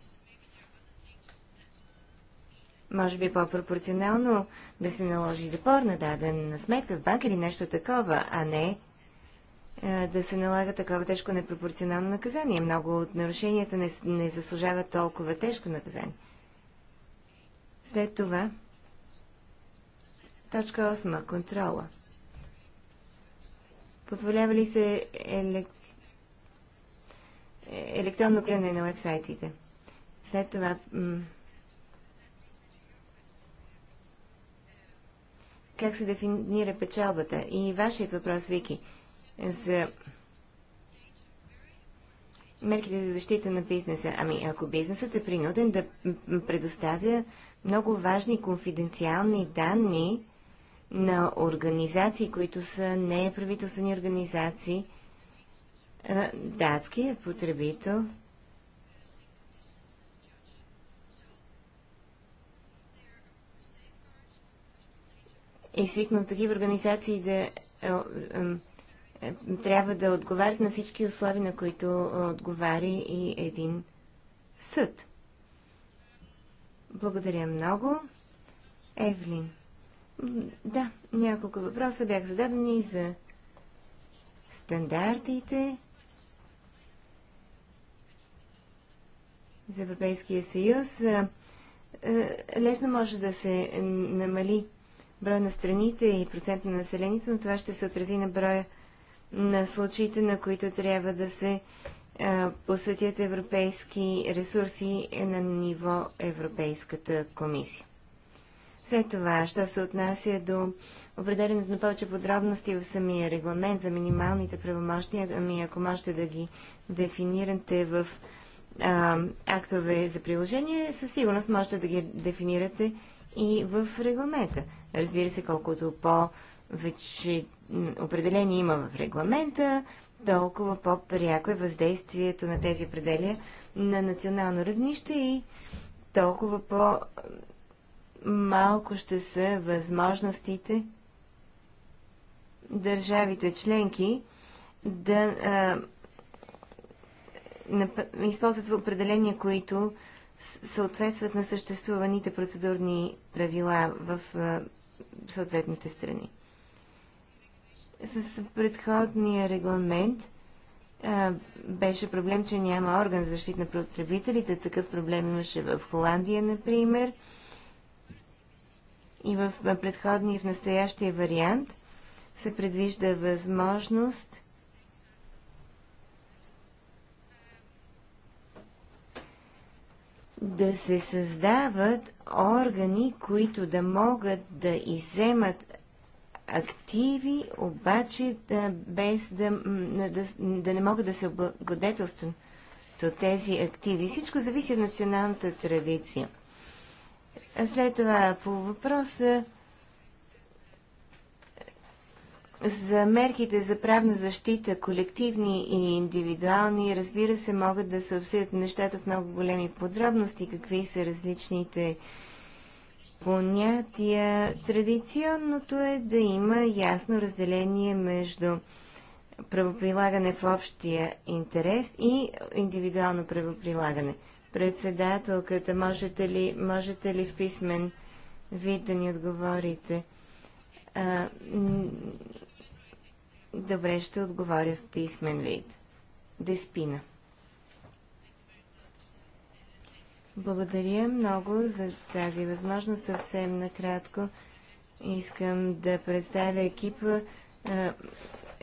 Може би по-пропорционално да се наложи запор на дадена сметка в банк или нещо такова, а не е, да се налага такова тежко непропорционално наказание. Много от нарушенията не, не заслужават толкова тежко наказание. След това, точка 8. Контрола. Позволява ли се елек... Е, електронно гледане на вебсайтите? След това, как се дефинира печалбата? И вашият въпрос, Вики, за мерките за защита на бизнеса? Ами, ако бизнесът е принуден да предоставя много важни конфиденциални данни на организации, които са неправителствени организации, датският потребител е свикнал такива организации да е, е, трябва да отговарят на всички условия, на които отговари и един съд. Благодаря много. Евлин. Да, няколко въпроса бях зададени за стандартите за Европейския съюз. Лесно може да се намали броя на страните и процент на населението, но това ще се отрази на броя на случаите, на които трябва да се а, посветят европейски ресурси на ниво Европейската комисия. След това, що се отнася до определенето на повече подробности в самия регламент за минималните правомощия, ами ако можете да ги дефинирате в а, актове за приложение, със сигурност можете да ги дефинирате и в регламента. Разбира се, колкото по- вече определение има в регламента, толкова по-пряко е въздействието на тези пределя на национално равнище и толкова по-малко ще са възможностите държавите членки да а, използват определения, които съответстват на съществуваните процедурни правила в а, съответните страни с предходния регламент а, беше проблем, че няма орган за защита на потребителите. Такъв проблем имаше в Холандия, например. И в предходния и в настоящия вариант се предвижда възможност да се създават органи, които да могат да иземат активи, обаче да, без да, да, да не могат да се облагодетелстват от тези активи. Всичко зависи от националната традиция. А след това по въпроса за мерките за правна защита, колективни и индивидуални, разбира се, могат да се обсъдят нещата в много големи подробности, какви са различните понятия. Традиционното е да има ясно разделение между правоприлагане в общия интерес и индивидуално правоприлагане. Председателката, можете ли, можете ли в писмен вид да ни отговорите? А, добре, ще отговоря в писмен вид. Деспина. Благодаря много за тази възможност. Съвсем накратко искам да представя екипа,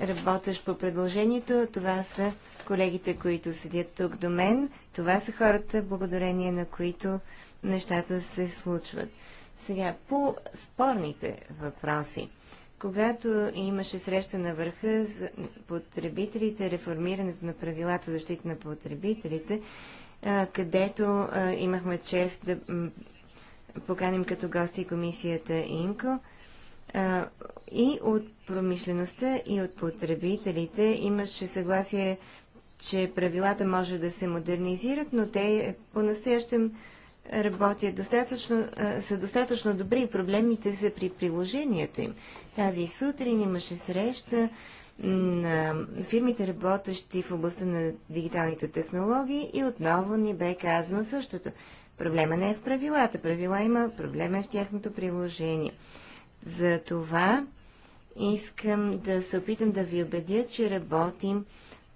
работещ по предложението. Това са колегите, които седят тук до мен. Това са хората, благодарение на които нещата се случват. Сега, по спорните въпроси. Когато имаше среща на върха за потребителите, реформирането на правилата защита на потребителите, където имахме чест да поканим като гости комисията Инко. И от промишлеността, и от потребителите имаше съгласие, че правилата може да се модернизират, но те по-настоящем работят достатъчно, са достатъчно добри и проблемите са при приложението им. Тази сутрин имаше среща на фирмите, работещи в областта на дигиталните технологии и отново ни бе казано същото. Проблема не е в правилата. Правила има, проблема е в тяхното приложение. За това искам да се опитам да ви убедя, че работим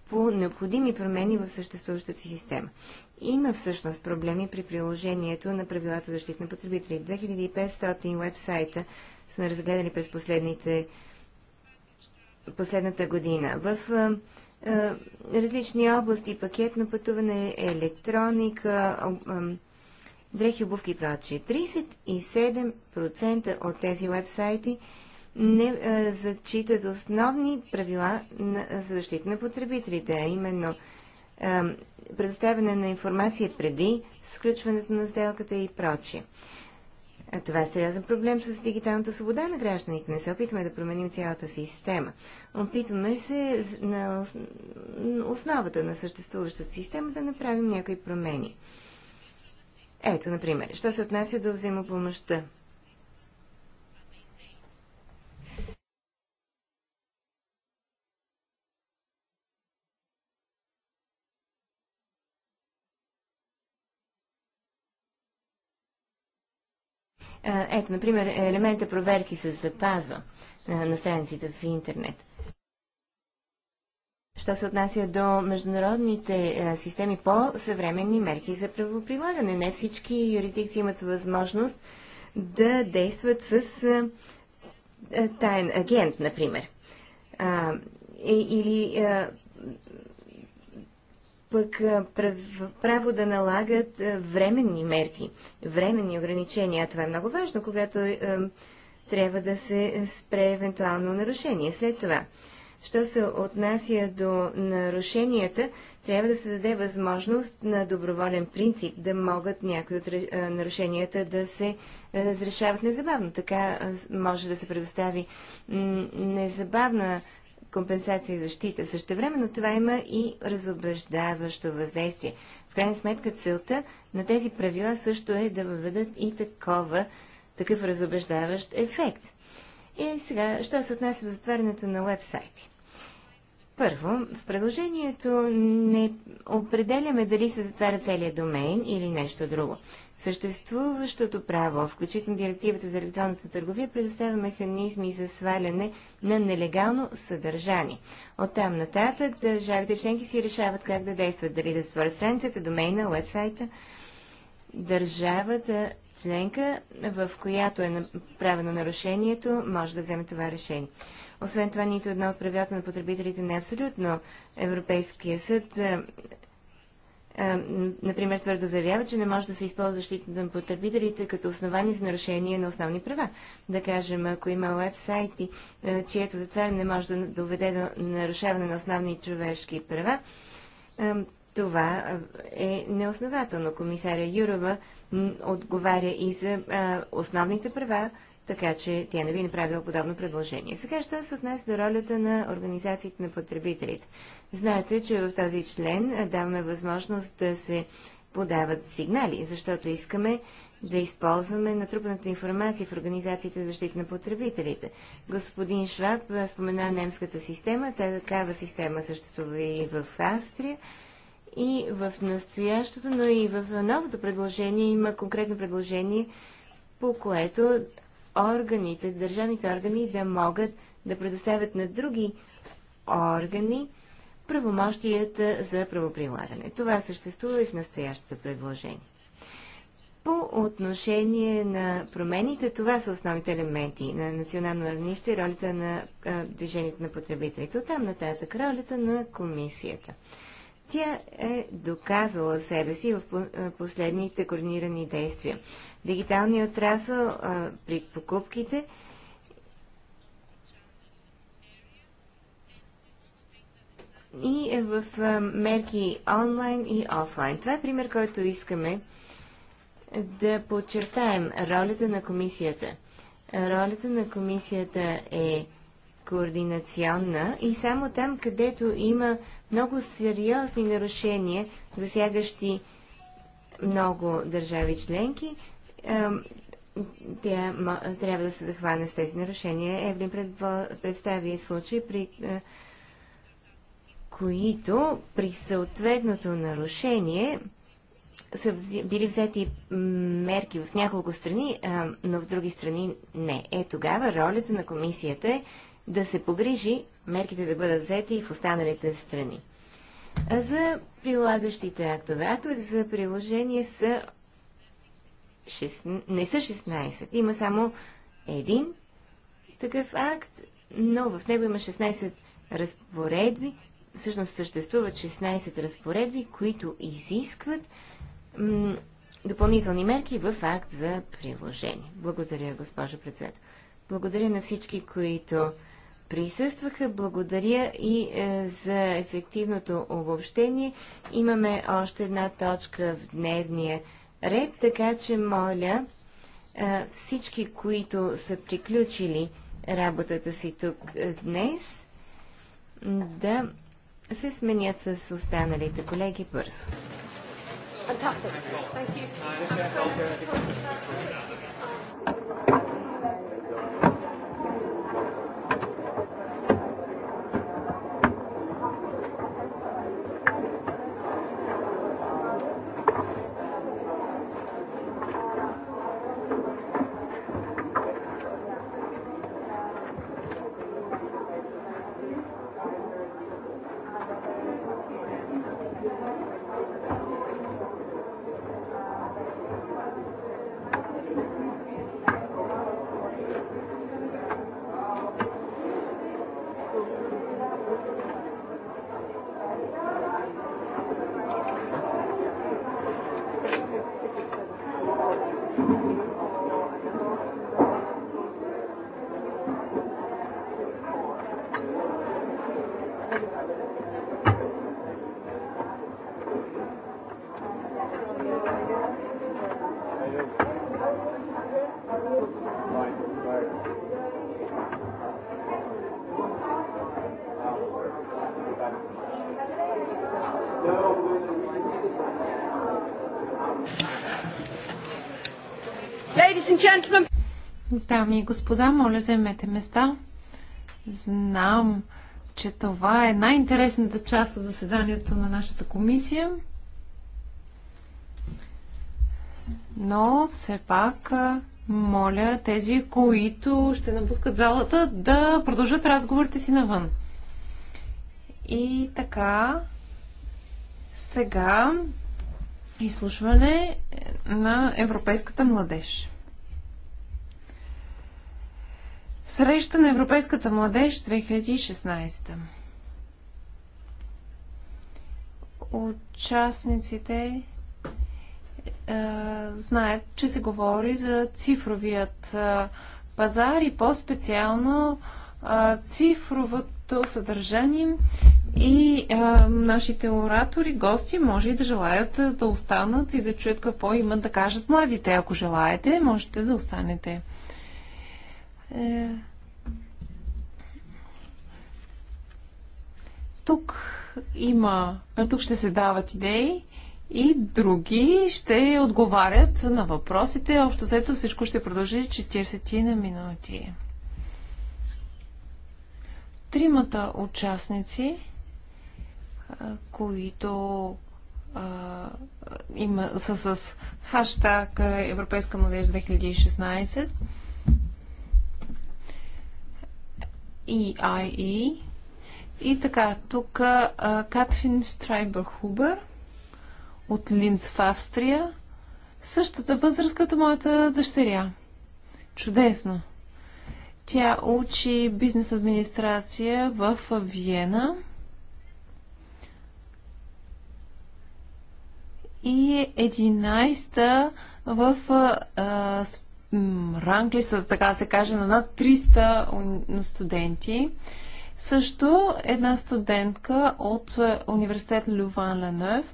по необходими промени в съществуващата система. Има всъщност проблеми при приложението на правилата за защита на потребители. 2500 вебсайта сме разгледали през последните последната година. В различни области, пакетно пътуване, електроника, дрехи, обувки и прочие. 37% от тези вебсайти не а, зачитат основни правила на, за защита на потребителите, а именно а, предоставяне на информация преди сключването на сделката и прочие. А е, това е сериозен проблем с дигиталната свобода на гражданите. Не се опитваме да променим цялата система. Опитваме се на основата на съществуващата система да направим някои промени. Ето, например, що се отнася до взаимопомощта. Ето, например, елемента проверки се запазва на страниците в интернет. Що се отнася до международните системи по-съвременни мерки за правоприлагане, не всички юрисдикции имат възможност да действат с таен агент, например. Или пък право да налагат временни мерки, временни ограничения. Това е много важно, когато е, трябва да се спре евентуално нарушение. След това, що се отнася до нарушенията, трябва да се даде възможност на доброволен принцип да могат някои от е, нарушенията да се е, разрешават незабавно. Така може да се предостави незабавна компенсация и защита. Същевременно това има и разобеждаващо въздействие. В крайна сметка целта на тези правила също е да въведат и такова, такъв разобеждаващ ефект. И сега, що се отнася до затварянето на вебсайти? Първо, в предложението не определяме дали се затваря целият домейн или нещо друго. Съществуващото право, включително директивата за електронната търговия, предоставя механизми за сваляне на нелегално съдържание. От там нататък държавите членки си решават как да действат, дали да свалят страницата, домейна, уебсайта. Държавата членка, в която е направено нарушението, може да вземе това решение. Освен това, нито едно от правилата на потребителите не е абсолютно. Европейския съд е, е, например, твърдо заявява, че не може да се използва защита на потребителите като основание за нарушение на основни права. Да кажем, ако има уебсайти, е, чието затваряне може да доведе до нарушаване на основни човешки права, е, това е неоснователно. Комисаря Юрова отговаря и за основните права така че тя не би направила подобно предложение. Сега, що се отнася до ролята на организациите на потребителите? Знаете, че в този член даваме възможност да се подават сигнали, защото искаме да използваме натрупаната информация в Организацията за защита на потребителите. Господин Шваб спомена немската система, Та такава система съществува и в Австрия. И в настоящото, но и в новото предложение има конкретно предложение, по което органите, държавните органи да могат да предоставят на други органи правомощията за правоприлагане. Това съществува и в настоящото предложение. По отношение на промените, това са основните елементи на национално равнище и ролята на а, движението на потребителите. Оттам нататък ролята на комисията. Тя е доказала себе си в е, последните координирани действия. Дигиталният отрасъл при покупките и е в е, мерки онлайн и офлайн. Това е пример, който искаме да подчертаем ролята на комисията. Ролята на комисията е координационна и само там, където има много сериозни нарушения, засягащи много държави членки, тя трябва да се захване с тези нарушения. Евлин представи случаи, при които при съответното нарушение са били взети мерки в няколко страни, но в други страни не. Е тогава ролята на комисията е да се погрижи мерките да бъдат взети и в останалите страни. А за прилагащите актове. Актовете за приложение са 6, не са 16. Има само един такъв акт, но в него има 16 разпоредби. Всъщност съществуват 16 разпоредби, които изискват допълнителни мерки в акт за приложение. Благодаря, госпожо председател. Благодаря на всички, които присъстваха. Благодаря и е, за ефективното обобщение. Имаме още една точка в дневния ред, така че моля е, всички, които са приключили работата си тук е, днес, да се сменят с останалите колеги бързо. Fantastic. Thank you. gentlemen. Дами и господа, моля, заемете места. Знам, че това е най-интересната част от заседанието на нашата комисия. Но все пак моля тези, които ще напускат залата, да продължат разговорите си навън. И така, сега изслушване на Европейската младеж. Среща на Европейската младеж 2016. Участниците е, знаят, че се говори за цифровият е, пазар и по-специално е, цифровото съдържание и е, нашите оратори, гости, може и да желаят да останат и да чуят какво имат да кажат младите. Ако желаете, можете да останете. Е, тук има, тук ще се дават идеи и други ще отговарят на въпросите. Общо заето всичко ще продължи 40 на минути. Тримата участници, които а, има, са с хаштаг Европейска младеж 2016, EIE. E. И така, тук Катрин Страйбър Хубър от Линц в Австрия. Същата възраст като моята дъщеря. Чудесно! Тя учи бизнес администрация в Виена. И е 11-та в а, ранглиста, така да се каже, на над 300 студенти. Също една студентка от е, университет Люван Ленев,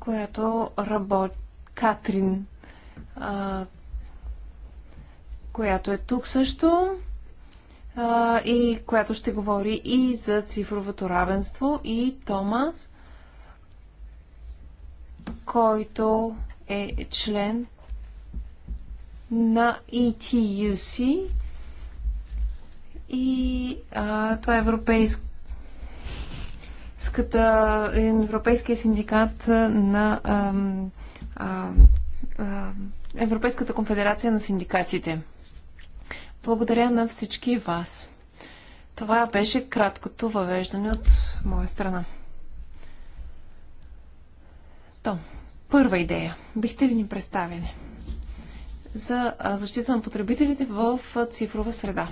която работи Катрин, която е тук също и която ще говори и за цифровото равенство и Томас, който е член на ETUC и а, това е европейск Ската, е Европейския синдикат на а, а, а, Европейската конфедерация на синдикатите. Благодаря на всички вас. Това беше краткото въвеждане от моя страна. То, първа идея. Бихте ли ни представили? за защита на потребителите в цифрова среда.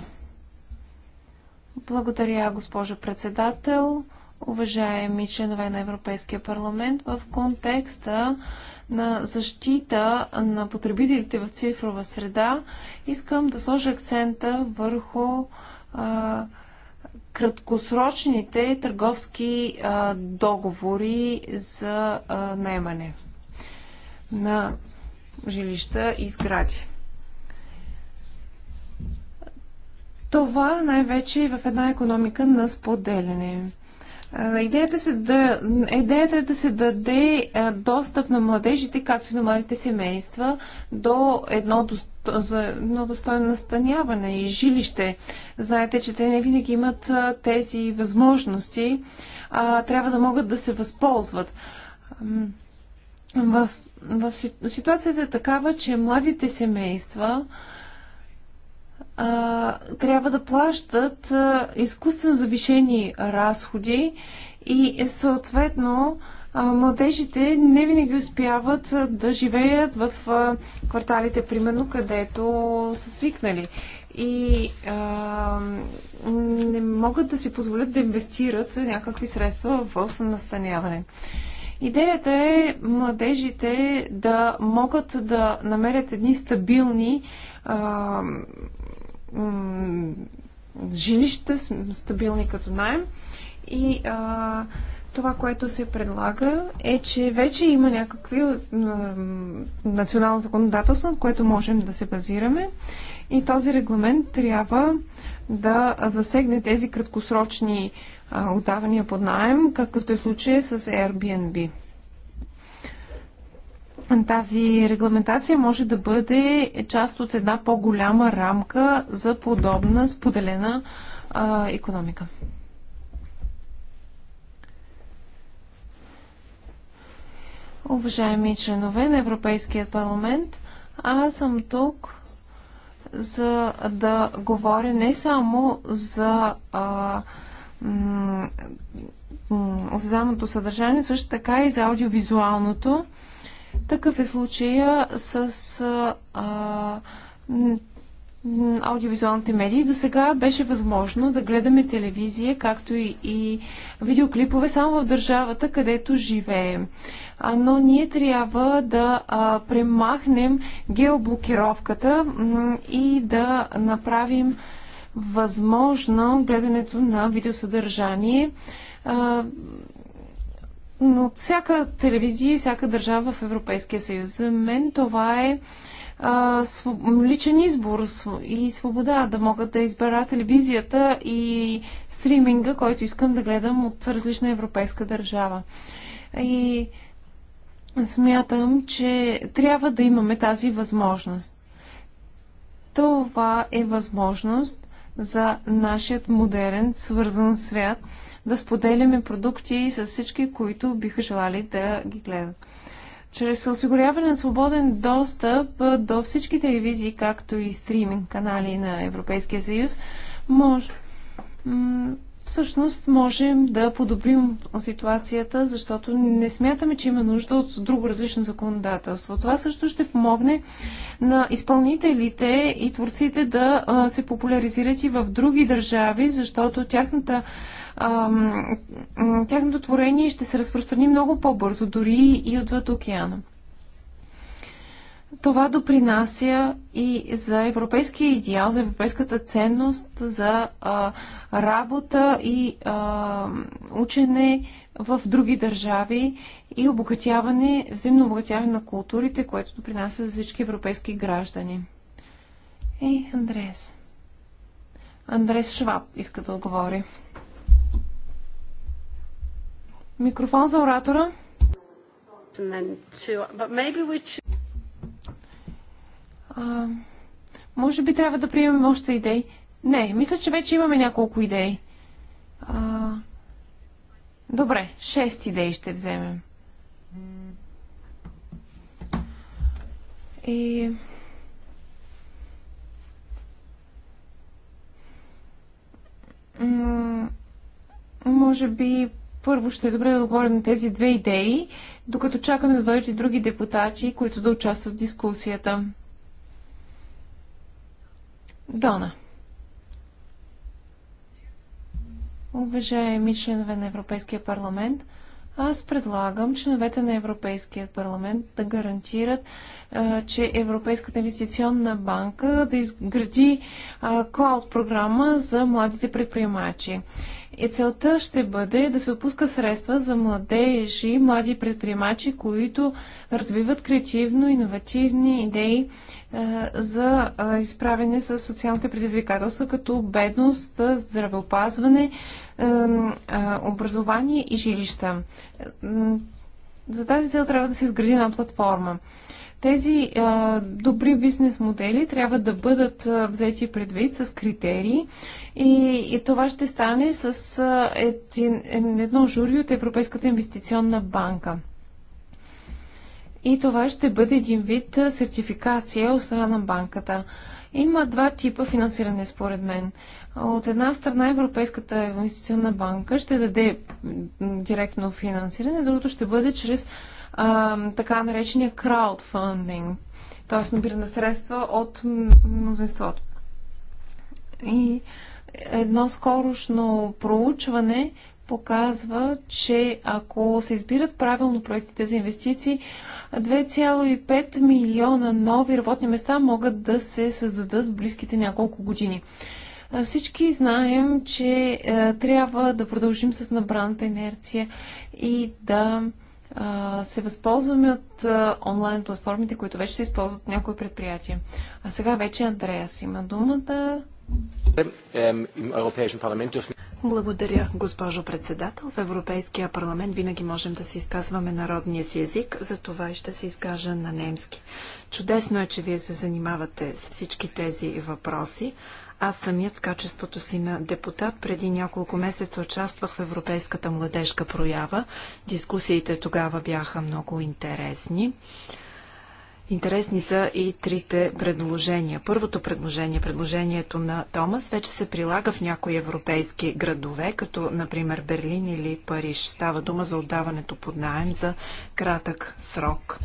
Благодаря, госпожо председател, уважаеми членове на Европейския парламент. В контекста на защита на потребителите в цифрова среда искам да сложа акцента върху а, краткосрочните търговски а, договори за а, наемане на жилища и сгради. Това най-вече е в една економика на споделяне. Идеята, е се да, идеята е да се даде достъп на младежите, както и на младите семейства, до едно, за едно достойно настаняване и жилище. Знаете, че те не винаги имат тези възможности, а трябва да могат да се възползват. В в ситуацията е такава, че младите семейства а, трябва да плащат а, изкуствено завишени разходи и съответно младежите не винаги успяват да живеят в кварталите, примерно, където са свикнали. И а, не могат да си позволят да инвестират някакви средства в настаняване. А, Идеята е младежите да могат да намерят едни стабилни а, жилища, стабилни като найем. И а, това, което се предлага е, че вече има някакви национално законодателство, от което можем да се базираме. И този регламент трябва да засегне тези краткосрочни отдавания под найем, какъвто е случай с Airbnb. Тази регламентация може да бъде част от една по-голяма рамка за подобна споделена а, економика. Уважаеми членове на Европейския парламент, аз съм тук за да говоря не само за а, осезаемото съдържание, също така и за аудиовизуалното. Такъв е случая с а, аудиовизуалните медии. До сега беше възможно да гледаме телевизия, както и, и видеоклипове само в държавата, където живеем. А, но ние трябва да а, премахнем геоблокировката и да направим а, възможно гледането на видеосъдържание а, всяка телевизия и всяка държава в Европейския съюз. За мен това е а, своб... личен избор и свобода да мога да избера телевизията и стриминга, който искам да гледам от различна европейска държава. И смятам, че трябва да имаме тази възможност. Това е възможност за нашият модерен, свързан свят, да споделяме продукти с всички, които биха желали да ги гледат. Чрез осигуряване на свободен достъп до всички телевизии, както и стриминг канали на Европейския съюз, може всъщност можем да подобрим ситуацията, защото не смятаме, че има нужда от друго различно законодателство. Това също ще помогне на изпълнителите и творците да се популяризират и в други държави, защото тяхната тяхното творение ще се разпространи много по-бързо, дори и отвъд океана. Това допринася и за европейския идеал, за европейската ценност, за а, работа и а, учене в други държави и обогатяване, взаимно обогатяване на културите, което допринася за всички европейски граждани. Ей, Андрес. Андрес Шваб иска да отговори. Микрофон за оратора. А, може би трябва да приемем още идеи. Не, мисля, че вече имаме няколко идеи. А, добре, шест идеи ще вземем. И... може би първо ще е добре да отговорим на тези две идеи, докато чакаме да дойдат и други депутати, които да участват в дискусията. Дона. Уважаеми членове на Европейския парламент, аз предлагам членовете на Европейския парламент да гарантират, че Европейската инвестиционна банка да изгради клауд програма за младите предприемачи. И целта ще бъде да се отпуска средства за младежи, млади предприемачи, които развиват креативно, иновативни идеи е, за е, изправене с социалните предизвикателства, като бедност, здравеопазване, е, образование и жилища. За тази цел трябва да се изгради една платформа. Тези а, добри бизнес модели трябва да бъдат а, взети предвид с критерии и, и това ще стане с а, един, едно жури от Европейската инвестиционна банка. И това ще бъде един вид сертификация от страна на банката. Има два типа финансиране, според мен. От една страна Европейската инвестиционна банка ще даде директно финансиране, другото ще бъде чрез а, така наречения краудфандинг, т.е. набиране средства от мнозинството. И едно скорошно проучване показва, че ако се избират правилно проектите за инвестиции, 2,5 милиона нови работни места могат да се създадат в близките няколко години. Всички знаем, че е, трябва да продължим с набраната инерция и да е, се възползваме от онлайн платформите, които вече се използват от някои предприятия. А сега вече Андреас има думата. Благодаря, госпожо председател. В Европейския парламент винаги можем да се изказваме народния си език, за това и ще се изкажа на немски. Чудесно е, че вие се занимавате с всички тези въпроси. Аз самият в качеството си на депутат преди няколко месеца участвах в Европейската младежка проява. Дискусиите тогава бяха много интересни. Интересни са и трите предложения. Първото предложение, предложението на Томас, вече се прилага в някои европейски градове, като например Берлин или Париж. Става дума за отдаването под найем за кратък срок.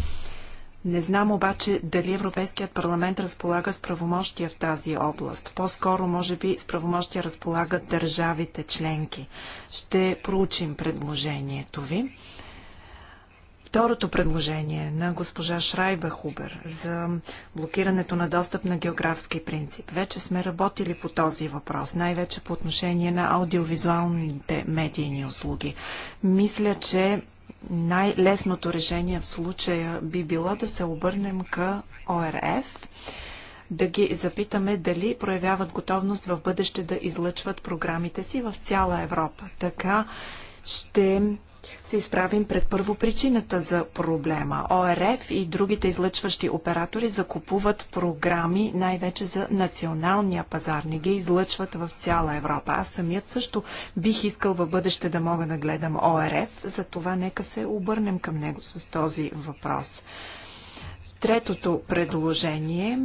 Не знам обаче дали Европейският парламент разполага с правомощия в тази област. По-скоро, може би, с правомощия разполагат държавите членки. Ще проучим предложението ви. Второто предложение на госпожа Шрайба Хубер за блокирането на достъп на географски принцип. Вече сме работили по този въпрос, най-вече по отношение на аудиовизуалните медийни услуги. Мисля, че най-лесното решение в случая би било да се обърнем к ОРФ, да ги запитаме дали проявяват готовност в бъдеще да излъчват програмите си в цяла Европа. Така ще се изправим пред първо причината за проблема. ОРФ и другите излъчващи оператори закупуват програми най-вече за националния пазар. Не ги излъчват в цяла Европа. Аз самият също бих искал в бъдеще да мога да гледам ОРФ, затова нека се обърнем към него с този въпрос. Третото предложение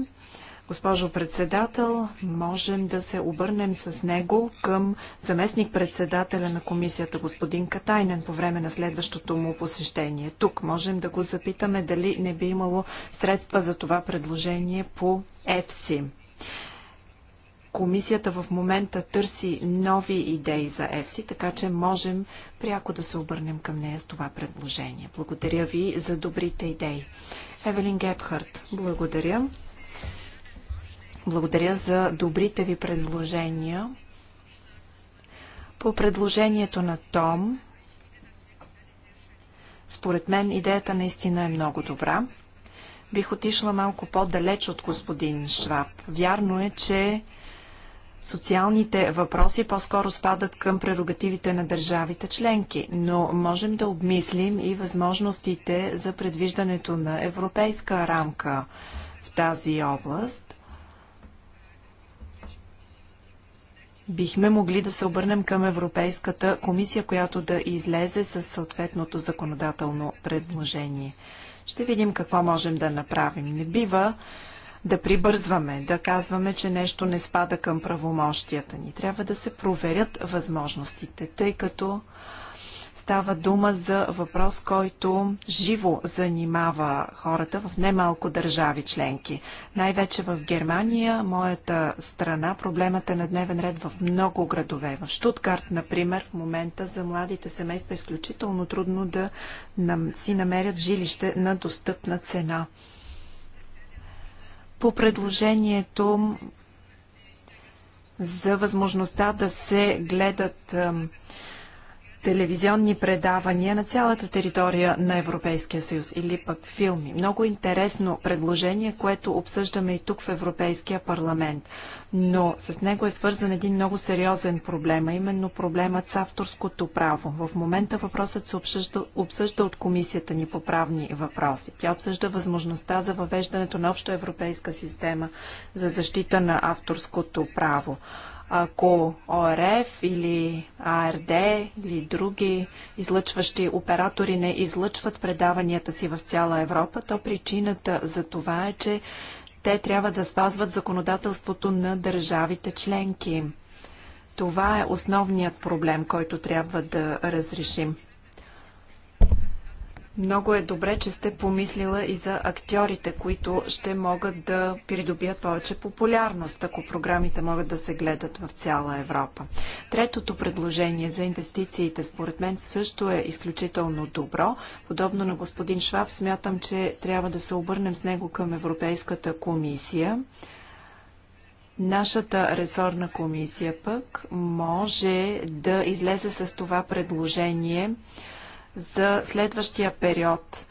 Госпожо председател, можем да се обърнем с него към заместник-председателя на комисията господин Катайнен по време на следващото му посещение. Тук можем да го запитаме дали не би имало средства за това предложение по ЕФСИ. Комисията в момента търси нови идеи за ЕФСИ, така че можем пряко да се обърнем към нея с това предложение. Благодаря ви за добрите идеи. Евелин Гепхарт, благодаря. Благодаря за добрите ви предложения. По предложението на Том, според мен идеята наистина е много добра. Бих отишла малко по-далеч от господин Шваб. Вярно е, че социалните въпроси по-скоро спадат към прерогативите на държавите членки, но можем да обмислим и възможностите за предвиждането на европейска рамка в тази област – бихме могли да се обърнем към Европейската комисия, която да излезе с съответното законодателно предложение. Ще видим какво можем да направим. Не бива да прибързваме, да казваме, че нещо не спада към правомощията ни. Трябва да се проверят възможностите, тъй като Става дума за въпрос, който живо занимава хората в немалко държави членки. Най-вече в Германия, моята страна, проблемът е на дневен ред в много градове. В Штутгарт, например, в момента за младите семейства е изключително трудно да си намерят жилище на достъпна цена. По предложението за възможността да се гледат телевизионни предавания на цялата територия на Европейския съюз или пък филми. Много интересно предложение, което обсъждаме и тук в Европейския парламент. Но с него е свързан един много сериозен проблем, а именно проблемът с авторското право. В момента въпросът се обсъжда, обсъжда от комисията ни по правни въпроси. Тя обсъжда възможността за въвеждането на обща европейска система за защита на авторското право. Ако ОРФ или АРД или други излъчващи оператори не излъчват предаванията си в цяла Европа, то причината за това е, че те трябва да спазват законодателството на държавите членки. Това е основният проблем, който трябва да разрешим. Много е добре, че сте помислила и за актьорите, които ще могат да придобият повече популярност, ако програмите могат да се гледат в цяла Европа. Третото предложение за инвестициите, според мен, също е изключително добро. Подобно на господин Шваб, смятам, че трябва да се обърнем с него към Европейската комисия. Нашата ресорна комисия пък може да излезе с това предложение – за следващия период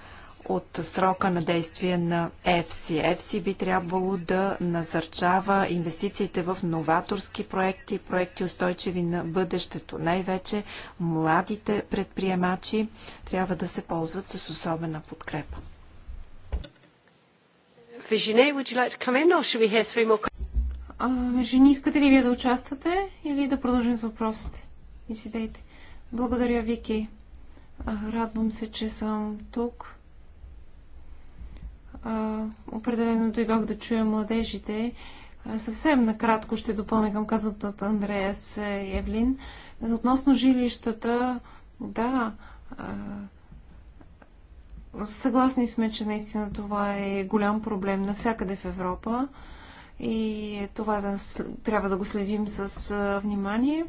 от срока на действие на ЕФСИ. ЕФСИ би трябвало да насърчава инвестициите в новаторски проекти, проекти устойчиви на бъдещето. Най-вече младите предприемачи трябва да се ползват с особена подкрепа. Virginie, искате ли вие да участвате или да продължим с въпросите и с дайте? Благодаря, Вики. Радвам се, че съм тук. Определено дойдох да чуя младежите. Съвсем накратко ще допълня към казаното от Андреас е, Евлин. Относно жилищата, да, съгласни сме, че наистина това е голям проблем навсякъде в Европа и е това да, трябва да го следим с внимание.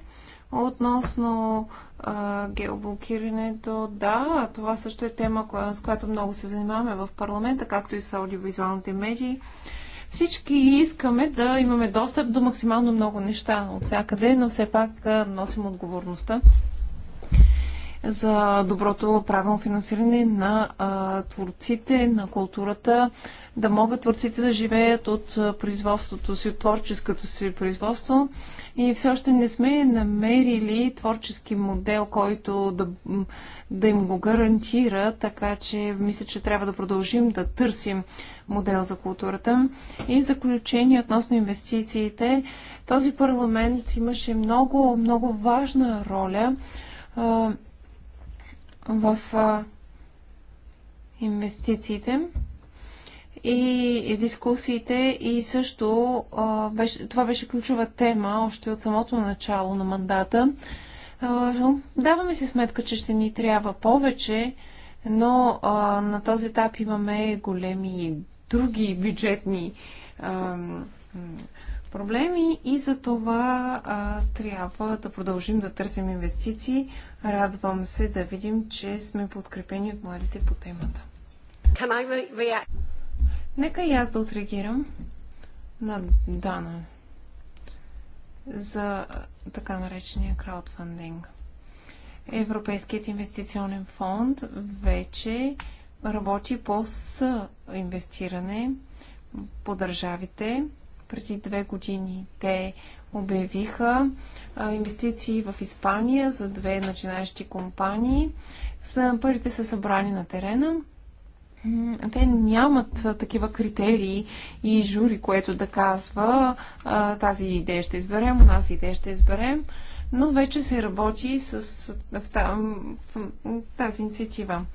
Относно а, геоблокирането, да, това също е тема, коя, с която много се занимаваме в парламента, както и с аудиовизуалните медии. Всички искаме да имаме достъп до максимално много неща от всякъде, но все пак носим отговорността за доброто правилно финансиране на а, творците, на културата, да могат творците да живеят от производството си, от творческото си производство. И все още не сме намерили творчески модел, който да, да им го гарантира, така че мисля, че трябва да продължим да търсим модел за културата. И заключение относно инвестициите. Този парламент имаше много, много важна роля в инвестициите и дискусиите и също а, беше, това беше ключова тема още от самото начало на мандата. А, даваме си сметка, че ще ни трябва повече, но а, на този етап имаме големи други бюджетни проблеми и за това трябва да продължим да търсим инвестиции Радвам се да видим, че сме подкрепени от младите по темата. Нека и аз да отреагирам на Дана за така наречения краудфандинг. Европейският инвестиционен фонд вече работи по с инвестиране по държавите. Преди две години те обявиха инвестиции в Испания за две начинаещи компании. Парите са събрани на терена. Те нямат такива критерии и жури, което да казва тази идея ще изберем, у нас идея ще изберем, но вече се работи с, тази инициатива.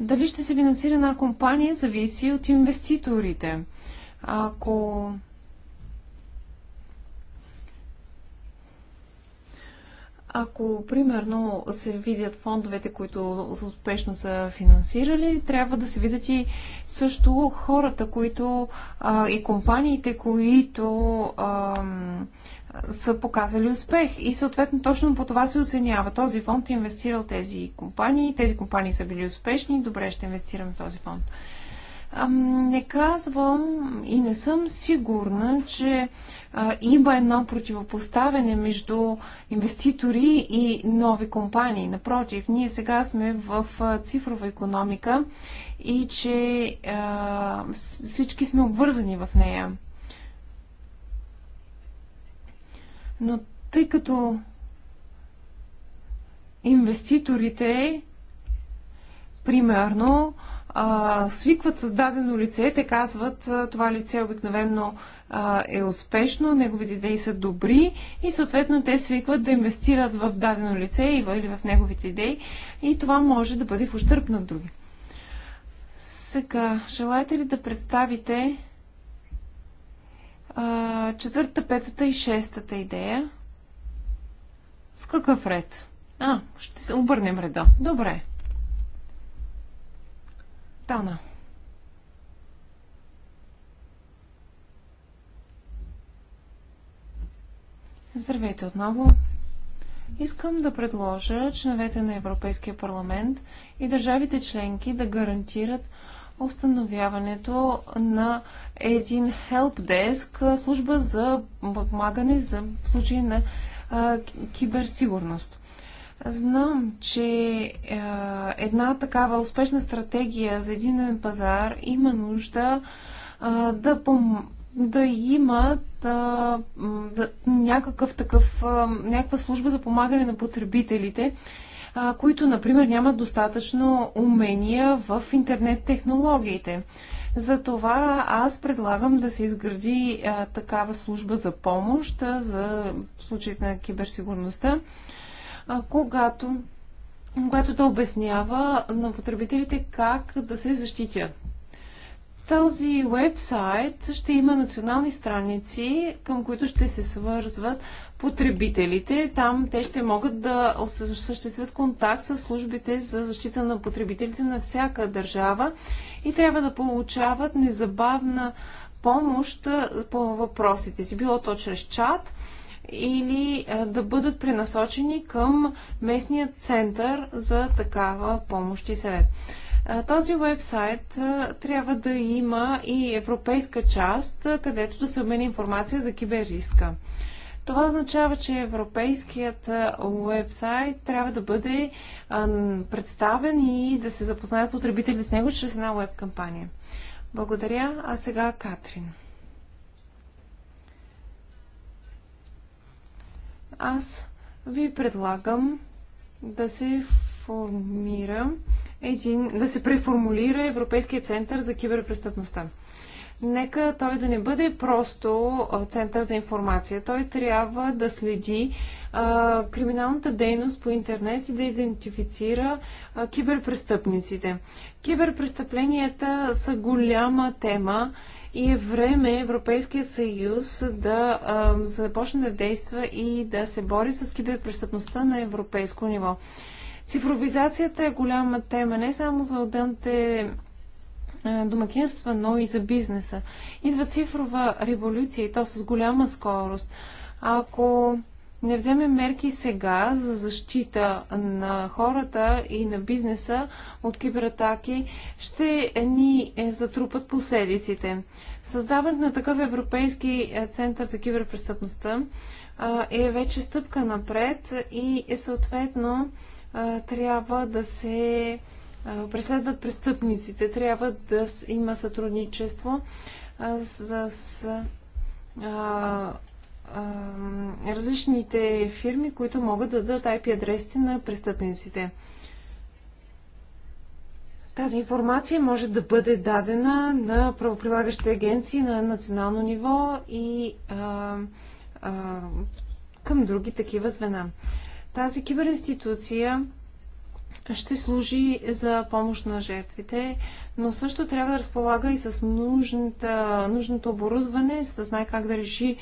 Дали ще се финансира една компания, зависи от инвеститорите. Ако ако, примерно, се видят фондовете, които успешно са финансирали, трябва да се видят и също хората, които а, и компаниите, които а, са показали успех. И съответно точно по това се оценява. Този фонд е инвестирал тези компании, тези компании са били успешни, добре ще инвестираме в този фонд не казвам и не съм сигурна, че има едно противопоставяне между инвеститори и нови компании. Напротив, ние сега сме в цифрова економика и че всички сме обвързани в нея. Но тъй като инвеститорите, примерно, а, свикват с дадено лице, те казват, това лице обикновено а, е успешно, неговите идеи са добри и съответно те свикват да инвестират в дадено лице или в неговите идеи и това може да бъде в ущърп на други. Сега, желаете ли да представите а, четвъртата, петата и шестата идея? В какъв ред? А, ще се обърнем реда. Добре стана. Здравейте отново. Искам да предложа членовете на Европейския парламент и държавите членки да гарантират установяването на един desk служба за подмагане за случаи на а, киберсигурност. Знам, че е, една такава успешна стратегия за единен пазар има нужда е, да, пом... да имат е, да, някакъв такъв, някаква служба за помагане на потребителите, които, например, нямат достатъчно умения в интернет технологиите. Затова аз предлагам да се изгради а, такава служба за помощ а, за случаите на киберсигурността, когато, когато да обяснява на потребителите как да се защитят. Този вебсайт ще има национални страници, към които ще се свързват потребителите. Там те ще могат да осъществят контакт с службите за защита на потребителите на всяка държава и трябва да получават незабавна помощ по въпросите си, било то чрез чат или да бъдат пренасочени към местния център за такава помощ и съвет. Този вебсайт трябва да има и европейска част, където да се обмени информация за киберриска. Това означава, че европейският уебсайт трябва да бъде представен и да се запознаят потребители с него чрез една веб кампания. Благодаря. А сега Катрин. аз ви предлагам да се формира един, да се преформулира Европейския център за киберпрестъпността. Нека той да не бъде просто център за информация. Той трябва да следи а, криминалната дейност по интернет и да идентифицира а, киберпрестъпниците. Киберпрестъпленията са голяма тема и е време Европейският съюз да а, започне да действа и да се бори с киберпрестъпността на европейско ниво. Цифровизацията е голяма тема не само за отделните домакинства, но и за бизнеса. Идва цифрова революция и то с голяма скорост. Ако не вземе мерки сега за защита на хората и на бизнеса от кибератаки, ще ни е, затрупат последиците. Създаването на такъв Европейски е, център за киберпрестъпността е вече стъпка напред и е, съответно трябва да се преследват престъпниците, трябва да има сътрудничество с различните фирми, които могат да дадат IP адресите на престъпниците. Тази информация може да бъде дадена на правоприлагащите агенции на национално ниво и а, а, към други такива звена. Тази киберинституция ще служи за помощ на жертвите, но също трябва да разполага и с нужната, нужното оборудване, за да знае как да реши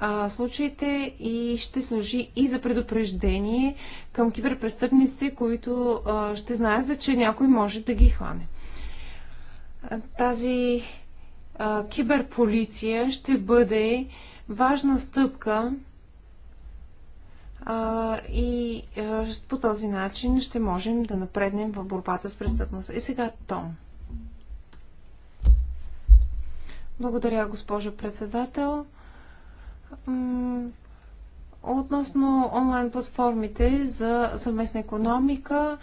а, случаите и ще служи и за предупреждение към киберпрестъпниците, които а, ще знаят, че някой може да ги хване. Тази а, киберполиция ще бъде важна стъпка а, и а, по този начин ще можем да напреднем в борбата с престъпността. И сега Том. Благодаря, госпожо председател. Относно онлайн платформите за съвместна економика,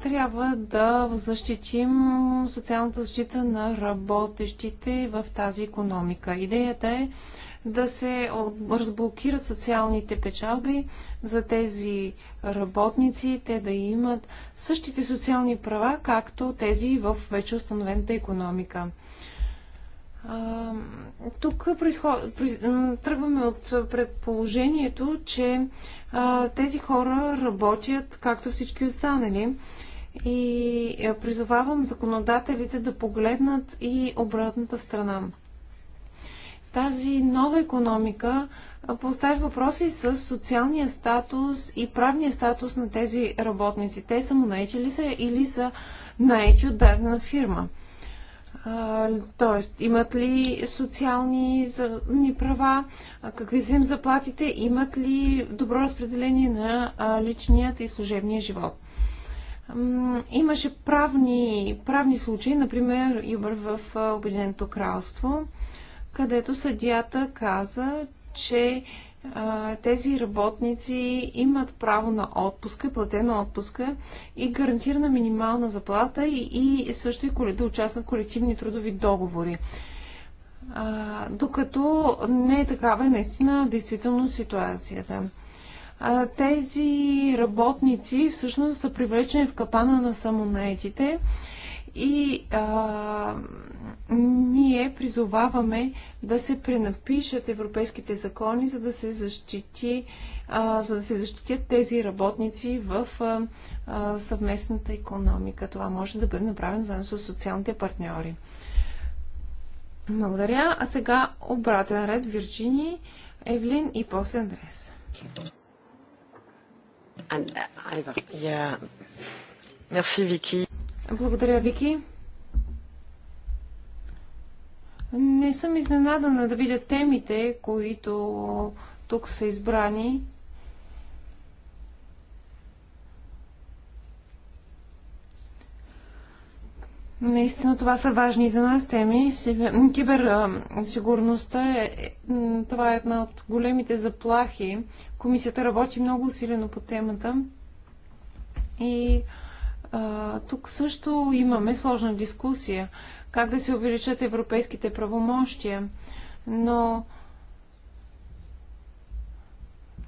трябва да защитим социалната защита на работещите в тази економика. Идеята е да се разблокират социалните печалби за тези работници, те да имат същите социални права, както тези в вече установената економика тук произход... тръгваме от предположението, че а, тези хора работят както всички останали. И призовавам законодателите да погледнат и обратната страна. Тази нова економика поставя въпроси с социалния статус и правния статус на тези работници. Те са му наети ли са или са наети от дадена фирма? Тоест, имат ли социални права, какви са им заплатите, имат ли добро разпределение на личният и служебния живот. Имаше правни, правни случаи, например, Юбър в Обединеното кралство, където съдията каза, че тези работници имат право на отпуска, платена отпуска и гарантирана минимална заплата и, и също и да участват в колективни трудови договори. А, докато не е такава е наистина действително ситуацията. А, тези работници всъщност са привлечени в капана на самонаетите. А, и а, ние призоваваме да се пренапишат европейските закони, за да се защити а, за да се защитят тези работници в а, а, съвместната економика. Това може да бъде направено заедно с социалните партньори. Благодаря. А сега обратен ред Вирджини, Евлин и после Андрес. Uh, Merci Вики. Благодаря, Вики. Не съм изненадана да видя темите, които тук са избрани. Наистина това са важни за нас теми. Киберсигурността е, е това е една от големите заплахи. Комисията работи много усилено по темата и а, тук също имаме сложна дискусия как да се увеличат европейските правомощия, но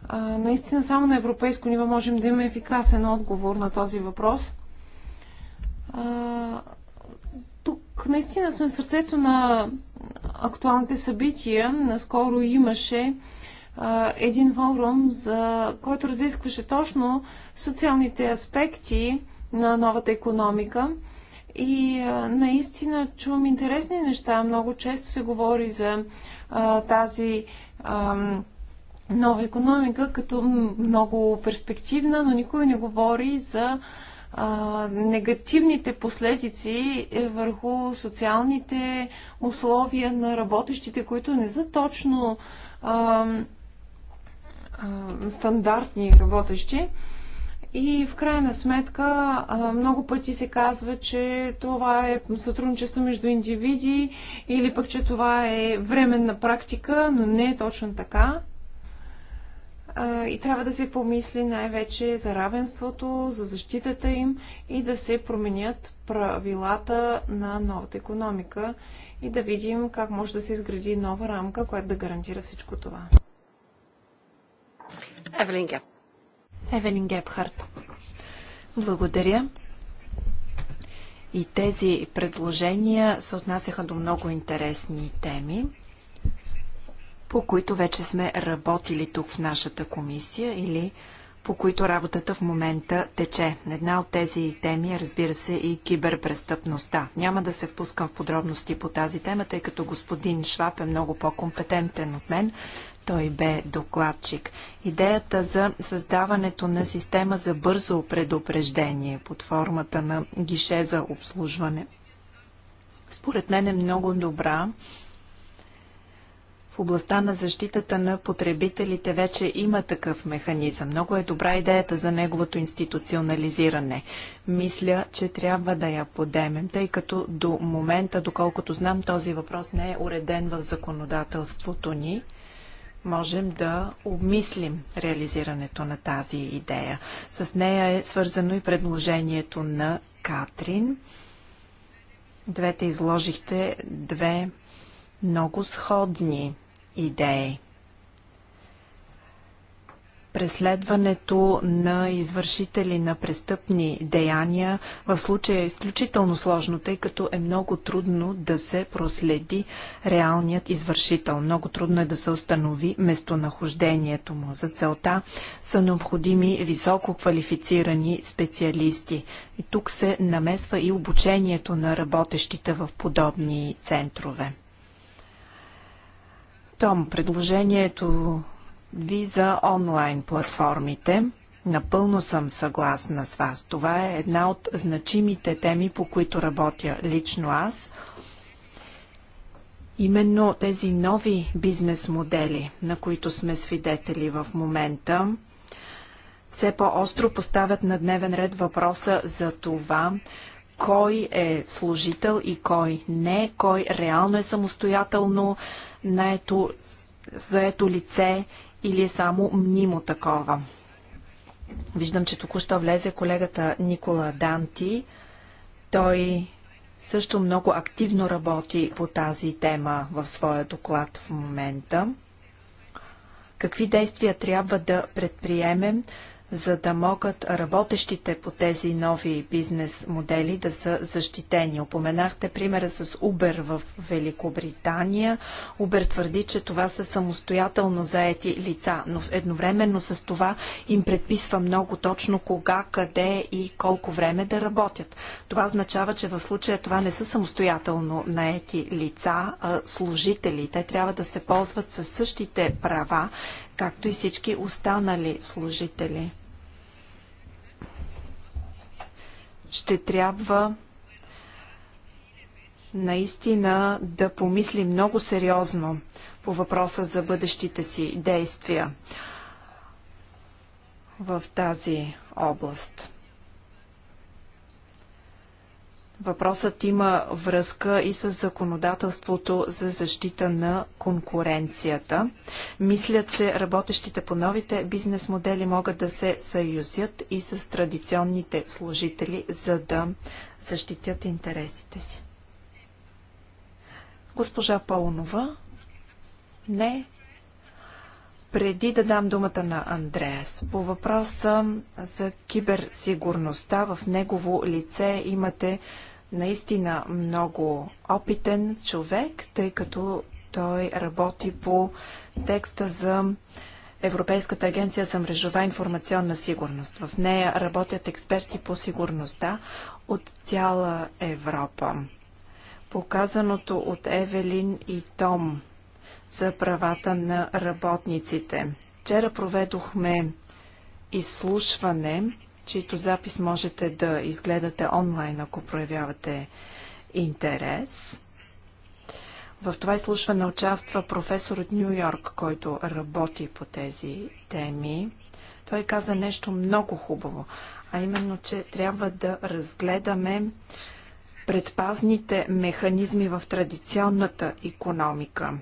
а, наистина само на европейско ниво можем да имаме ефикасен отговор на този въпрос. А, тук наистина сме в сърцето на актуалните събития. Наскоро имаше а, един форум, за който разискваше точно социалните аспекти на новата економика. И а, наистина чувам интересни неща. Много често се говори за а, тази а, нова економика като много перспективна, но никой не говори за а, негативните последици е, върху социалните условия на работещите, които не са точно а, а, стандартни работещи. И в крайна сметка много пъти се казва, че това е сътрудничество между индивиди или пък, че това е временна практика, но не е точно така. И трябва да се помисли най-вече за равенството, за защитата им и да се променят правилата на новата економика и да видим как може да се изгради нова рамка, която да гарантира всичко това. Евелин Геп. Евелин Гепхарт. Благодаря. И тези предложения се отнасяха до много интересни теми, по които вече сме работили тук в нашата комисия или по които работата в момента тече. Една от тези теми е, разбира се, и киберпрестъпността. Няма да се впускам в подробности по тази тема, тъй като господин Шваб е много по-компетентен от мен, той бе докладчик. Идеята за създаването на система за бързо предупреждение под формата на гише за обслужване. Според мен е много добра. В областта на защитата на потребителите вече има такъв механизъм. Много е добра идеята за неговото институционализиране. Мисля, че трябва да я подемем, тъй като до момента, доколкото знам, този въпрос не е уреден в законодателството ни можем да обмислим реализирането на тази идея. С нея е свързано и предложението на Катрин. Двете изложихте две много сходни идеи преследването на извършители на престъпни деяния в случая е изключително сложно, тъй като е много трудно да се проследи реалният извършител. Много трудно е да се установи местонахождението му. За целта са необходими високо квалифицирани специалисти. И тук се намесва и обучението на работещите в подобни центрове. Том, предложението ви за онлайн платформите. Напълно съм съгласна с вас. Това е една от значимите теми, по които работя лично аз. Именно тези нови бизнес модели, на които сме свидетели в момента, все по-остро поставят на дневен ред въпроса за това, кой е служител и кой не, кой реално е самостоятелно наето заето лице или е само мнимо такова. Виждам, че току-що влезе колегата Никола Данти. Той също много активно работи по тази тема в своя доклад в момента. Какви действия трябва да предприемем, за да могат работещите по тези нови бизнес модели да са защитени. Опоменахте примера с Uber в Великобритания. Uber твърди, че това са самостоятелно заети лица, но едновременно с това им предписва много точно кога, къде и колко време да работят. Това означава, че в случая това не са самостоятелно наети лица, а служители. Те трябва да се ползват със същите права, както и всички останали служители. Ще трябва наистина да помисли много сериозно по въпроса за бъдещите си действия в тази област. Въпросът има връзка и с законодателството за защита на конкуренцията. Мисля, че работещите по новите бизнес модели могат да се съюзят и с традиционните служители, за да защитят интересите си. Госпожа Полнова? Не. Преди да дам думата на Андреас, по въпроса за киберсигурността в негово лице имате наистина много опитен човек, тъй като той работи по текста за Европейската агенция за мрежова информационна сигурност. В нея работят експерти по сигурността от цяла Европа. Показаното от Евелин и Том за правата на работниците. Вчера проведохме изслушване чието запис можете да изгледате онлайн, ако проявявате интерес. В това изслушване участва професор от Нью Йорк, който работи по тези теми. Той каза нещо много хубаво, а именно, че трябва да разгледаме предпазните механизми в традиционната економика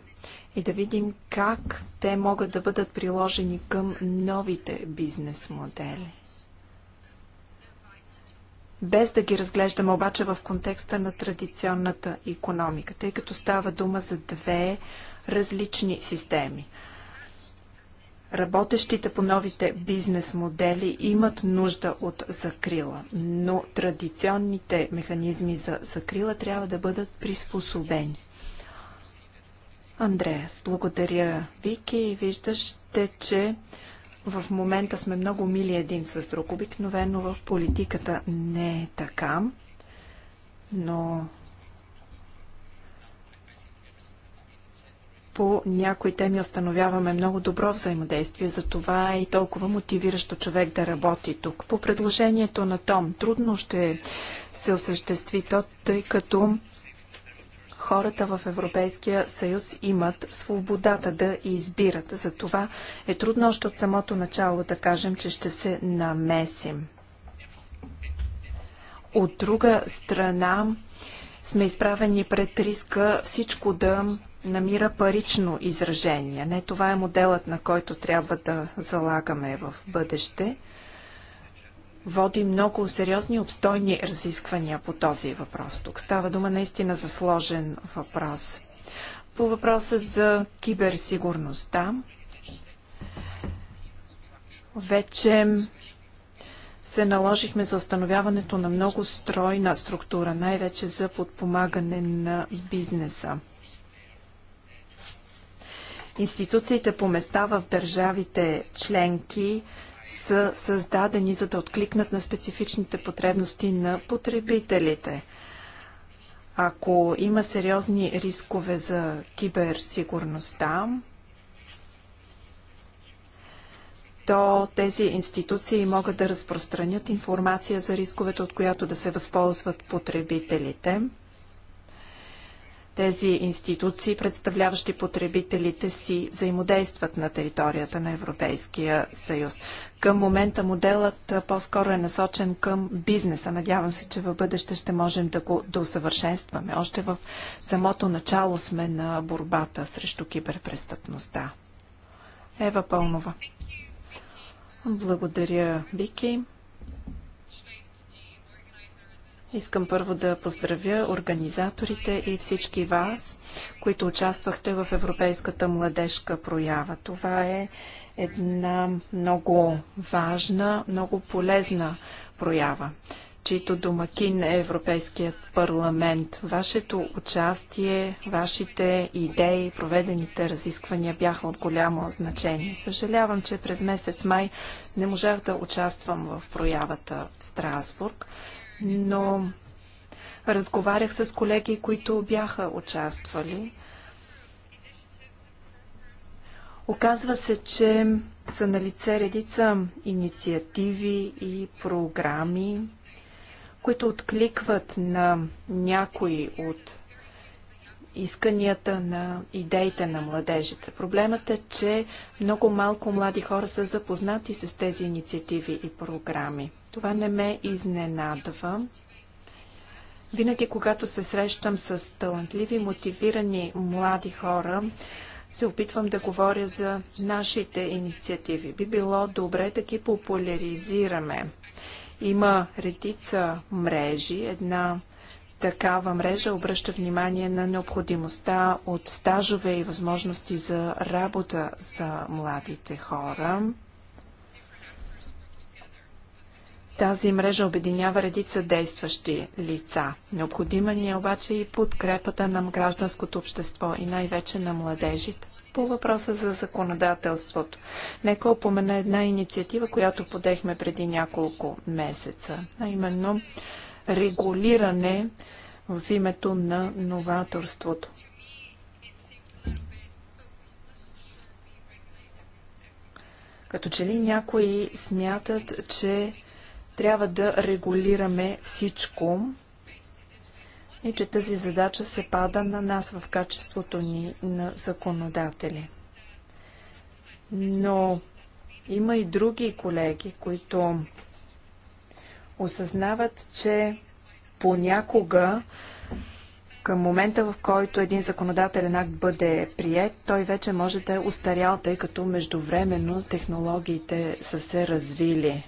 и да видим как те могат да бъдат приложени към новите бизнес модели без да ги разглеждаме обаче в контекста на традиционната економика, тъй като става дума за две различни системи. Работещите по новите бизнес модели имат нужда от закрила, но традиционните механизми за закрила трябва да бъдат приспособени. Андреас, благодаря Вики. виждаш, че в момента сме много мили един с друг. Обикновено в политиката не е така, но по някои теми установяваме много добро взаимодействие, затова е и толкова мотивиращо човек да работи тук. По предложението на Том трудно ще се осъществи то, тъй като хората в Европейския съюз имат свободата да избират. За това е трудно още от самото начало да кажем, че ще се намесим. От друга страна сме изправени пред риска всичко да намира парично изражение. Не това е моделът, на който трябва да залагаме в бъдеще води много сериозни обстойни разисквания по този въпрос. Тук става дума наистина за сложен въпрос. По въпроса за киберсигурността, вече се наложихме за установяването на много стройна структура, най-вече за подпомагане на бизнеса. Институциите по места в държавите членки са създадени за да откликнат на специфичните потребности на потребителите. Ако има сериозни рискове за киберсигурността, то тези институции могат да разпространят информация за рисковете, от която да се възползват потребителите – тези институции, представляващи потребителите си, взаимодействат на територията на Европейския съюз. Към момента моделът по-скоро е насочен към бизнеса. Надявам се, че в бъдеще ще можем да го да усъвършенстваме. Още в самото начало сме на борбата срещу киберпрестъпността. Ева Пълнова. Благодаря, Вики. Искам първо да поздравя организаторите и всички вас, които участвахте в Европейската младежка проява. Това е една много важна, много полезна проява, чието домакин е Европейският парламент. Вашето участие, вашите идеи, проведените разисквания бяха от голямо значение. Съжалявам, че през месец май не можах да участвам в проявата в Страсбург но разговарях с колеги, които бяха участвали. Оказва се, че са на лице редица инициативи и програми, които откликват на някои от исканията на идеите на младежите. Проблемът е, че много малко млади хора са запознати с тези инициативи и програми. Това не ме изненадва. Винаги, когато се срещам с талантливи, мотивирани млади хора, се опитвам да говоря за нашите инициативи. Би било добре да ги популяризираме. Има редица мрежи, една такава мрежа обръща внимание на необходимостта от стажове и възможности за работа за младите хора. Тази мрежа обединява редица действащи лица. Необходима ни е обаче и подкрепата на гражданското общество и най-вече на младежите. По въпроса за законодателството, нека опомена една инициатива, която подехме преди няколко месеца, а именно регулиране в името на новаторството. Като че ли някои смятат, че трябва да регулираме всичко и че тази задача се пада на нас в качеството ни на законодатели. Но има и други колеги, които осъзнават, че понякога към момента, в който един законодателен акт бъде прият, той вече може да е устарял, тъй като междувременно технологиите са се развили.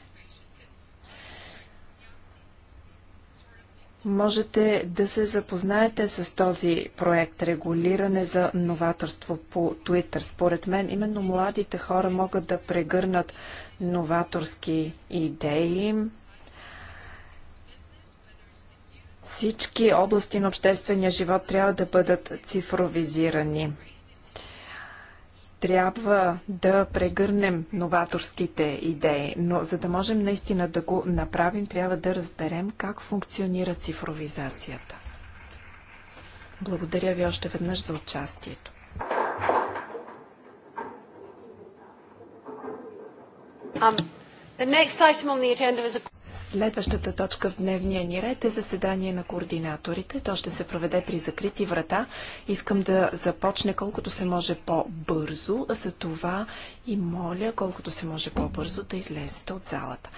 Можете да се запознаете с този проект Регулиране за новаторство по Twitter. Според мен, именно младите хора могат да прегърнат новаторски идеи, Всички области на обществения живот трябва да бъдат цифровизирани. Трябва да прегърнем новаторските идеи, но за да можем наистина да го направим, трябва да разберем как функционира цифровизацията. Благодаря ви още веднъж за участието. Um, the next item on the agenda is a Следващата точка в дневния ни ред е заседание на координаторите. То ще се проведе при закрити врата. Искам да започне колкото се може по-бързо, за това и моля колкото се може по-бързо да излезете от залата.